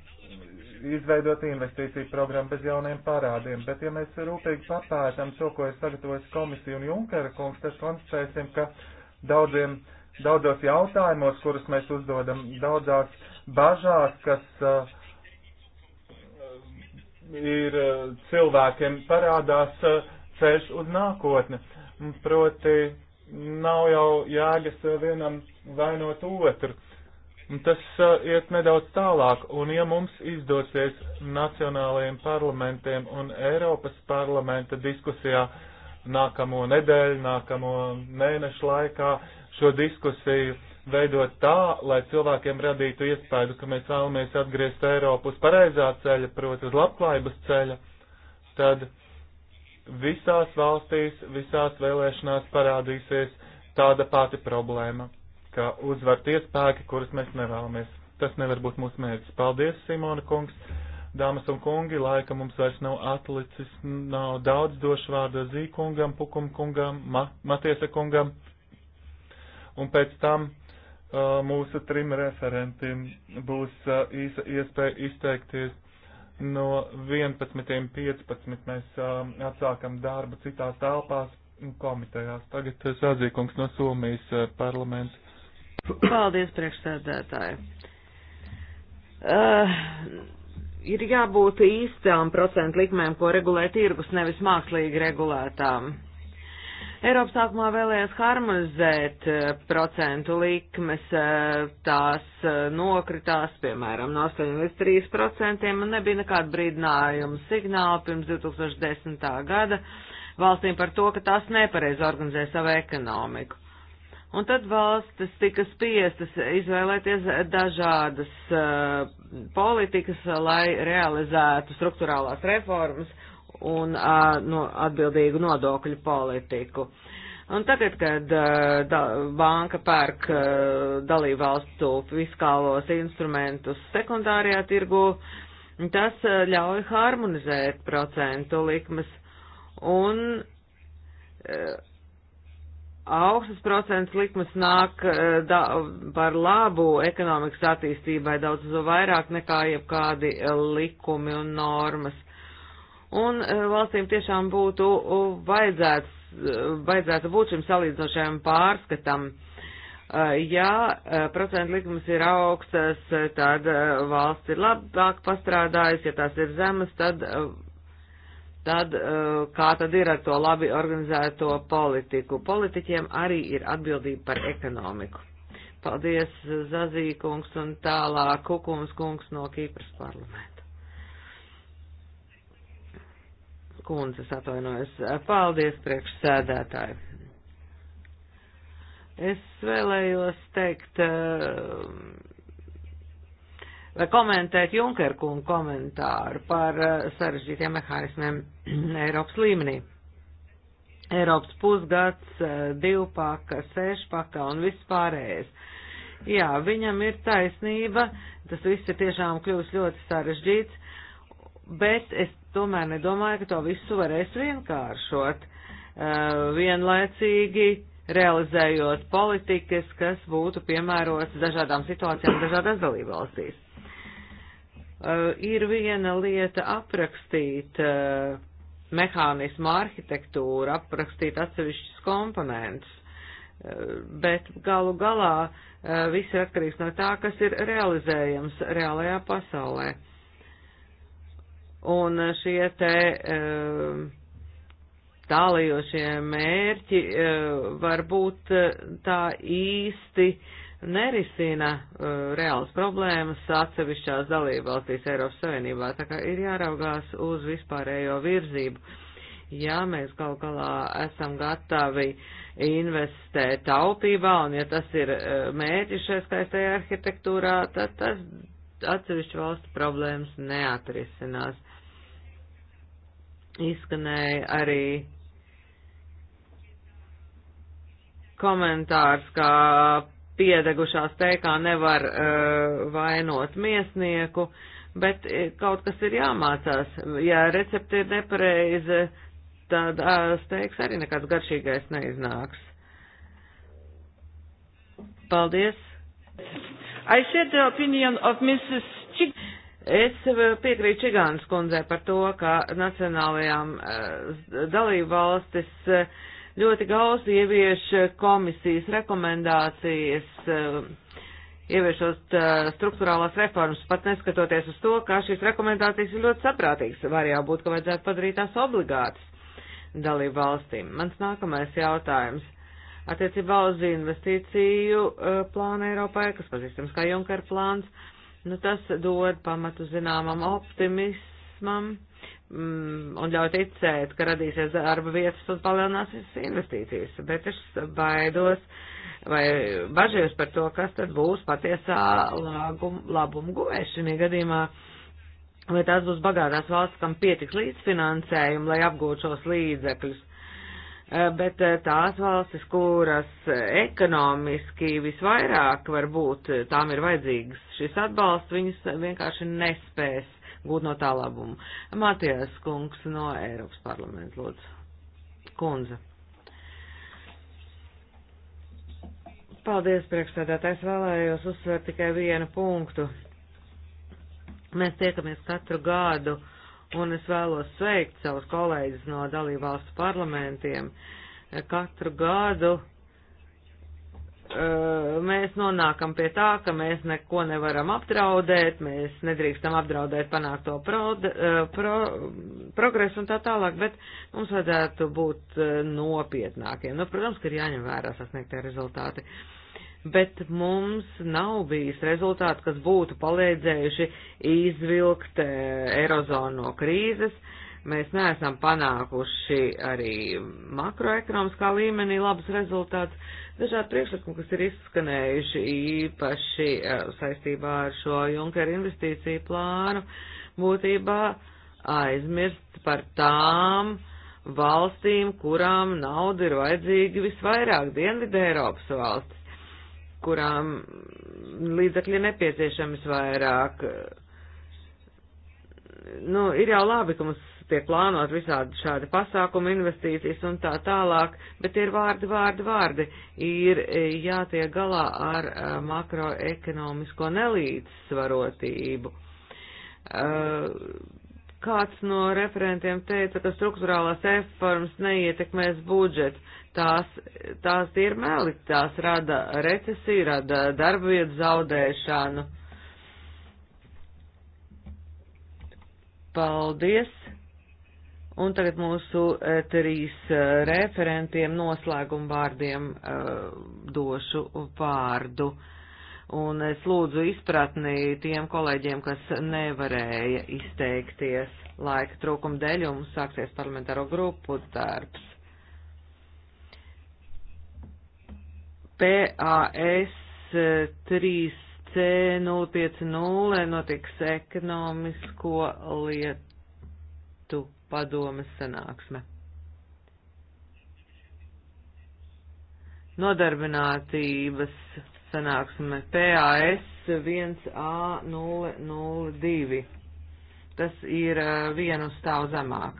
izveidot investīciju programmu bez jauniem parādiem, bet ja mēs rūpīgi papētam šo, ko ir sagatavojis komisija un Junkera kungs, tad konstatēsim, ka daudziem, daudzos jautājumos, kurus mēs uzdodam, daudzās bažās, kas uh, ir uh, cilvēkiem parādās uh, ceļš uz nākotni. Proti, nav jau jēgas vienam vainot otru Tas uh, iet nedaudz tālāk, un ja mums izdosies nacionālajiem parlamentiem un Eiropas parlamenta diskusijā nākamo nedēļu, nākamo mēnešu laikā šo diskusiju veidot tā, lai cilvēkiem radītu iespēju, ka mēs vēlamies atgriezt Eiropu uz pareizā ceļa, proti uz labklājības ceļa, tad visās valstīs, visās vēlēšanās parādīsies tāda pati problēma ka uzvar tie spēki, kurus mēs nevēlamies. Tas nevar būt mūsu mērķis. Paldies, Simona kungs! Dāmas un kungi, laika mums vairs nav atlicis, nav daudz došu vārdu Zīkungam, Pukum kungam, Ma Matiesa kungam, un pēc tam uh, mūsu trim referentiem būs uh, īsa iespēja izteikties. No 11.15 mēs uh, atsākam darbu citās telpās, komitejās. Tagad uh, Sadzīkungs no Somijas uh, parlamenta. Paldies, priekšsēdētāji. Uh, ir jābūt īstām procentu likmēm, ko regulē tirgus, nevis mākslīgi regulētām. Eiropas sākumā vēlējās harmonizēt eh, procentu likmes, eh, tās nokritās, piemēram, no 8 līdz 3 procentiem, un nebija nekāda brīdinājuma signāla pirms 2010. gada valstīm par to, ka tās nepareiz organizē savu ekonomiku. Un tad valstis tika spiestas izvēlēties dažādas uh, politikas, lai realizētu struktūrālās reformas un uh, no, atbildīgu nodokļu politiku. Un tagad, kad uh, da, banka pērk uh, dalību valstu fiskālos instrumentus sekundārajā tirgu, tas uh, ļauj harmonizēt procentu likmes un uh, augstas procents likmes nāk eh, da, par labu ekonomikas attīstībai daudz vairāk nekā jebkādi eh, likumi un normas. Un eh, valstīm tiešām būtu vajadzēts, vajadzētu būt šim salīdzinošajam pārskatam. Ja procentu likmes ir augstas, tad valsts ir labāk pastrādājusi, ja tās ir zemas, tad Tad, uh, kā tad ir ar to labi organizēto politiku? Politiķiem arī ir atbildība par ekonomiku. Paldies, Zazīkungs un tālāk Kukums kungs no Kīpras parlamenta. Kundzes atvainojas. Paldies, priekšsēdētāji. Es vēlējos teikt uh, vai komentēt Junkerkungu komentāru par eh, sarežģītiem mehānismiem Eiropas līmenī. Eiropas pusgads, eh, divpaka, sešpaka un viss pārējais. Jā, viņam ir taisnība, tas viss ir tiešām kļūst ļoti sarežģīts, bet es tomēr nedomāju, ka to visu varēs vienkāršot, eh, vienlaicīgi realizējot politikas, kas būtu piemērotas dažādām situācijām dažādās dalībvalstīs. Eh, ir viena lieta aprakstīt uh, mehānismu arhitektūru, aprakstīt atsevišķus komponentus, uh, eh, bet galu galā uh, viss ir atkarīgs no tā, kas ir realizējams reālajā pasaulē. Un šie te tālajošie mērķi var būt tā īsti uh, nerisina uh, reāls problēmas atsevišķās dalībvalstīs Eiropas Savienībā, tā kā ir jāraugās uz vispārējo virzību. Ja mēs kaut galā esam gatavi investēt taupībā, un ja tas ir uh, mērķis šai skaistajā arhitektūrā, tad tas atsevišķu valstu problēmas neatrisinās. Izskanēja arī komentārs, kā piedegušās teikā nevar uh, vainot miesnieku, bet eh, kaut kas ir jāmācās. Ja recepte ir nepareiza, tad uh, eh, steiks arī nekāds garšīgais neiznāks. Paldies! I share the opinion of Mrs. Chig es piekrītu Čigānas kundzei par to, ka nacionālajām uh, dalību valstis uh, ļoti gausi ievieš eh, komisijas rekomendācijas, eh, ieviešot eh, struktūrālās reformas, pat neskatoties uz to, ka šīs rekomendācijas ir ļoti saprātīgas. Var jau būt, ka vajadzētu padarīt tās obligātas dalību valstīm. Mans nākamais jautājums attiecībā uz investīciju uh, plānu Eiropai, kas pazīstams kā Junker plāns, nu tas dod pamatu zināmam optimismu plurālismam mm, un ļauj ticēt, ka radīsies darba vietas un palielināsies investīcijas, bet es baidos vai bažījos par to, kas tad būs patiesā lāgum, labumu guvēšanī gadījumā, vai tās būs bagātās valsts, kam pietiks līdzfinansējumu, lai apgūtu šos līdzekļus. Eh, bet eh, tās valstis, kuras ekonomiski visvairāk var būt, eh, tām ir vajadzīgs šis atbalsts, viņas vienkārši nespēs gūt no tā labumu. Matijas kungs no Eiropas parlamenta, lūdzu. Kunze. Paldies, priekšsēdētājs, vēlējos uzsvērt tikai vienu punktu. Mēs tiekamies katru gadu, un es vēlos sveikt savus kolēģus no dalībvalstu parlamentiem. Katru gadu Eh, mēs nonākam pie tā, ka mēs neko nevaram apdraudēt, mēs nedrīkstam apdraudēt panākto eh, pro, progresu un tā tālāk, bet mums vajadzētu būt eh, nopietnākiem. Nu, protams, ka ir jāņem vērā sasniegtie rezultāti. Bet mums nav bijis rezultāti, kas būtu palīdzējuši izvilkt Eirozonu no krīzes. Uh, Mēs neesam panākuši arī makroekonomiskā līmenī labus rezultātus. Dažādi priekšlikumi, kas ir izskanējuši īpaši eh, saistībā ar šo Junkera investīciju plānu, būtībā aizmirst par tām valstīm, kurām nauda ir vajadzīga visvairāk, Dienvidē Eiropas valstis kurām līdzekļi nepieciešams vairāk. Nu, ir jau labi, ka mums tiek plānot visādi šādi pasākumi, investīcijas un tā tālāk, bet ir vārdi, vārdi, vārdi. Ir e, jātiek galā ar e, makroekonomisko nelīdzsvarotību. E, kāds no referentiem teica, ka struktūrālās reformas neietekmēs budžetu. Tās, tās ir meli, tās rada recesiju, rada darbvietu zaudēšanu. Paldies! Un tagad mūsu e, trīs e, referentiem noslēguma vārdiem e, došu vārdu. Un es lūdzu izpratni tiem kolēģiem, kas nevarēja izteikties laika trūkuma dēļ, jo mums sāksies parlamentāro grupu darbs. PAS 3C050 notiks ekonomisko lietu padomes sanāksme. Nodarbinātības sanāksme PAS 1A002. Tas ir eh, vienu stāvu zemāk.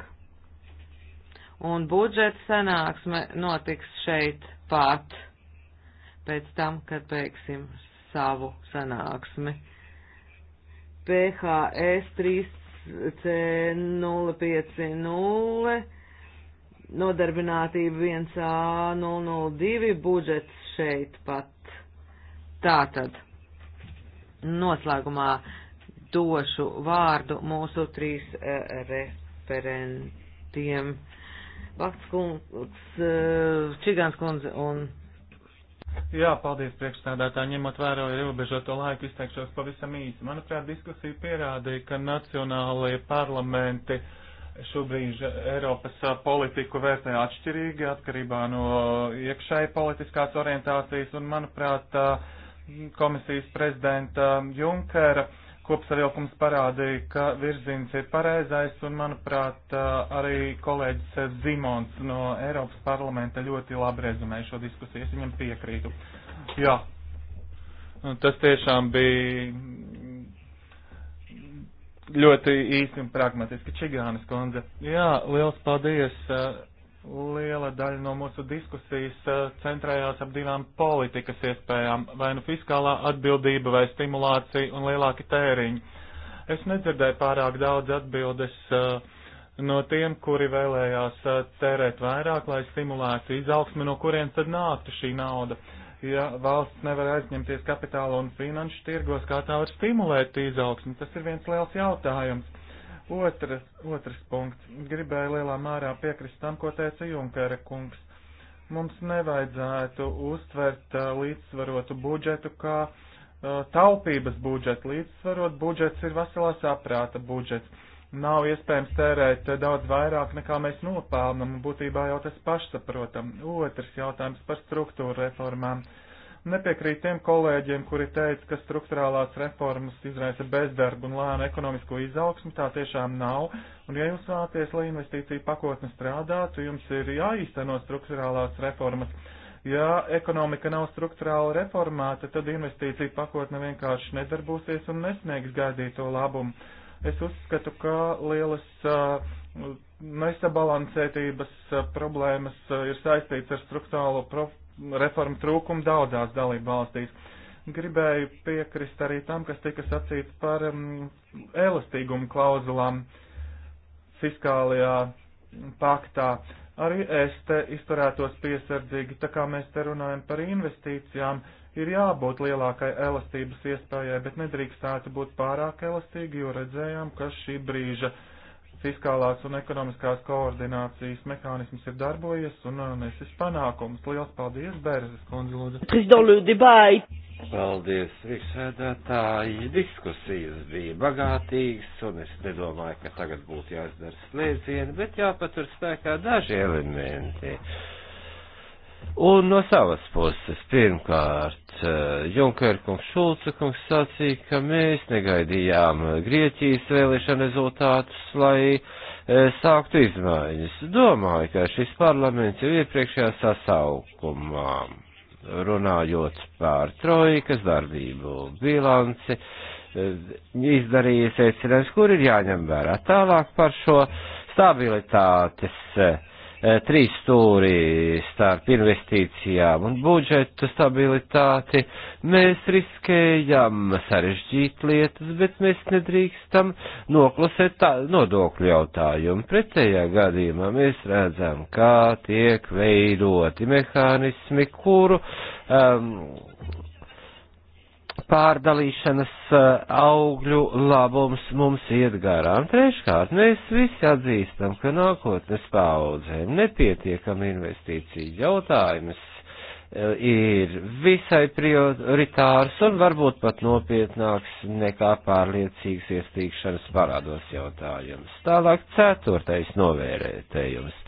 Un budžeta sanāksme notiks šeit pat pēc tam, kad beigsim savu sanāksmi. PHS 3 C050, nodarbinātība 1A002, budžets šeit pat. Tātad, noslēgumā došu vārdu mūsu trīs uh, referentiem. Vakts kungs, uh, e, Čigāns kundze un Jā, paldies priekšstādātā. Ņemot vērā ierobežoto laiku, izteikšos pavisam īsi. Manuprāt, diskusija pierādīja, ka nacionālajie parlamenti šobrīd Eiropas politiku vērtē atšķirīgi atkarībā no iekšēji politiskās orientācijas un, manuprāt, komisijas prezidenta Junkera kopsavilkums parādīja, ka virziens ir pareizais, un, manuprāt, arī kolēģis Zimons no Eiropas parlamenta ļoti labi rezumēja šo diskusiju. Es viņam piekrītu. Jā, nu, tas tiešām bija ļoti īsti un pragmatiski. Čigānis kundze. Jā, liels paldies. Uh, liela daļa no mūsu diskusijas eh, centrējās ap divām politikas iespējām - vai nu fiskālā atbildība, vai stimulācija un lielāki tēriņi. Es nedzirdēju pārāk daudz atbildes eh, no tiem, kuri vēlējās eh, tērēt vairāk, lai stimulētu izaugsmi, no kurien tad nāktu šī nauda. Ja valsts nevar aizņemties kapitāla un finanšu tirgos, kā tā var stimulēt izaugsmi, tas ir viens liels jautājums Otras, otrs punkts. Gribēju lielā mērā piekrist tam, ko teica Junkera kungs. Mums nevajadzētu uztvert līdzsvarotu budžetu kā taupības budžetu. Līdzsvarot budžets ir veselā saprāta budžets nav iespējams tērēt daudz vairāk nekā mēs nopelnam, un būtībā jau tas pašsaprotam. Otrs jautājums par struktūra reformām nepiekrīt tiem kolēģiem, kuri teica, ka struktūrālās reformas izraisa bezdarbu un lēnu ekonomisko izaugsmu. Tā tiešām nav. Un ja jūs vēlaties, lai investīcija pakotne strādātu, jums ir jāīsteno struktūrālās reformas. Ja ekonomika nav struktūrāli reformēta, tad investīcija pakotne vienkārši nedarbosies un nesniegs gaidīto labumu. Es uzskatu, ka lielas uh, nesabalansētības uh, problēmas uh, ir saistīts ar struktūrālo profilu reformu trūkumu daudzās dalību valstīs. Gribēju piekrist arī tam, kas tika sacīts par um, elastīgumu klauzulām fiskālajā paktā. Arī es te izturētos piesardzīgi, tā kā mēs te runājam par investīcijām, ir jābūt lielākai elastības iespējai, bet nedrīkstētu būt pārāk elastīgi, jo redzējām, ka šī brīža uh, fiskālās un ekonomiskās koordinācijas mehānisms ir darbojies un nesis uh, panākums. Liels paldies, Bērzes kundze, lūdzu. Paldies, priekšsēdētāji. Diskusijas bija bagātīgas, un es nedomāju, ka tagad būtu jāizdara slēdzieni, bet jāpatur spēkā daži elementi. Uh, Un no savas puses, pirmkārt, eh, Junkerkungs Šulcekungs sacīja, ka mēs negaidījām Grieķijas vēlēšana rezultātus, lai eh, sāktu izmaiņas. Domāju, ka šis parlaments jau iepriekšējā sasaukumā, runājot par trojkas darbību bilanci, eh, izdarīja secinājums, kur ir jāņem vērā tālāk par šo stabilitātes Eh, trīs stūri starp investīcijām un budžetu stabilitāti, mēs riskējam sarežģīt lietas, bet mēs nedrīkstam noklusēt tā, nodokļu jautājumu. Pretējā gadījumā mēs redzam, kā tiek veidoti mehānismi, kuru um, pārdalīšanas eh, augļu labums mums iet garām. Treškārt, mēs visi atzīstam, ka nākotnes paudzēm nepietiekam investīciju jautājumus eh, ir visai prioritārs un varbūt pat nopietnāks nekā pārliecīgs iestīkšanas parādos jautājums. Tālāk ceturtais novērtējums.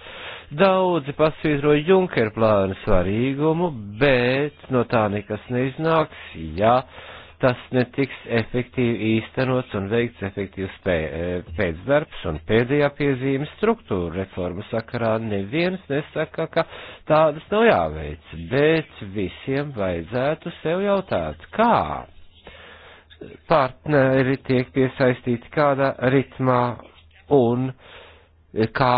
Daudzi pasvītro Junker plānu svarīgumu, bet no tā nekas neiznāks, ja tas netiks efektīvi īstenots un veikts efektīvs e, pēcdarbs un pēdējā piezīme struktūra reforma sakarā neviens nesaka, ka tādas nav jāveic, bet visiem vajadzētu sev jautāt, kā partneri tiek piesaistīti kādā ritmā un uh, kā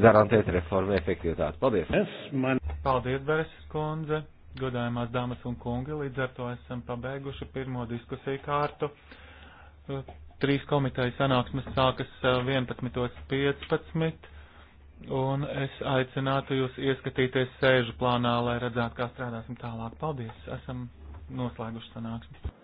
garantēt reformu efektivitāti. Paldies! Es man... Paldies, Bereses kundze! Godājumās dāmas un kungi, līdz ar to esam pabeiguši pirmo diskusiju kārtu. Trīs komiteja sanāksmes sākas 11.15, un es aicinātu jūs ieskatīties sēžu plānā, lai redzētu, kā strādāsim tālāk. Paldies! Esam noslēguši sanāksmi.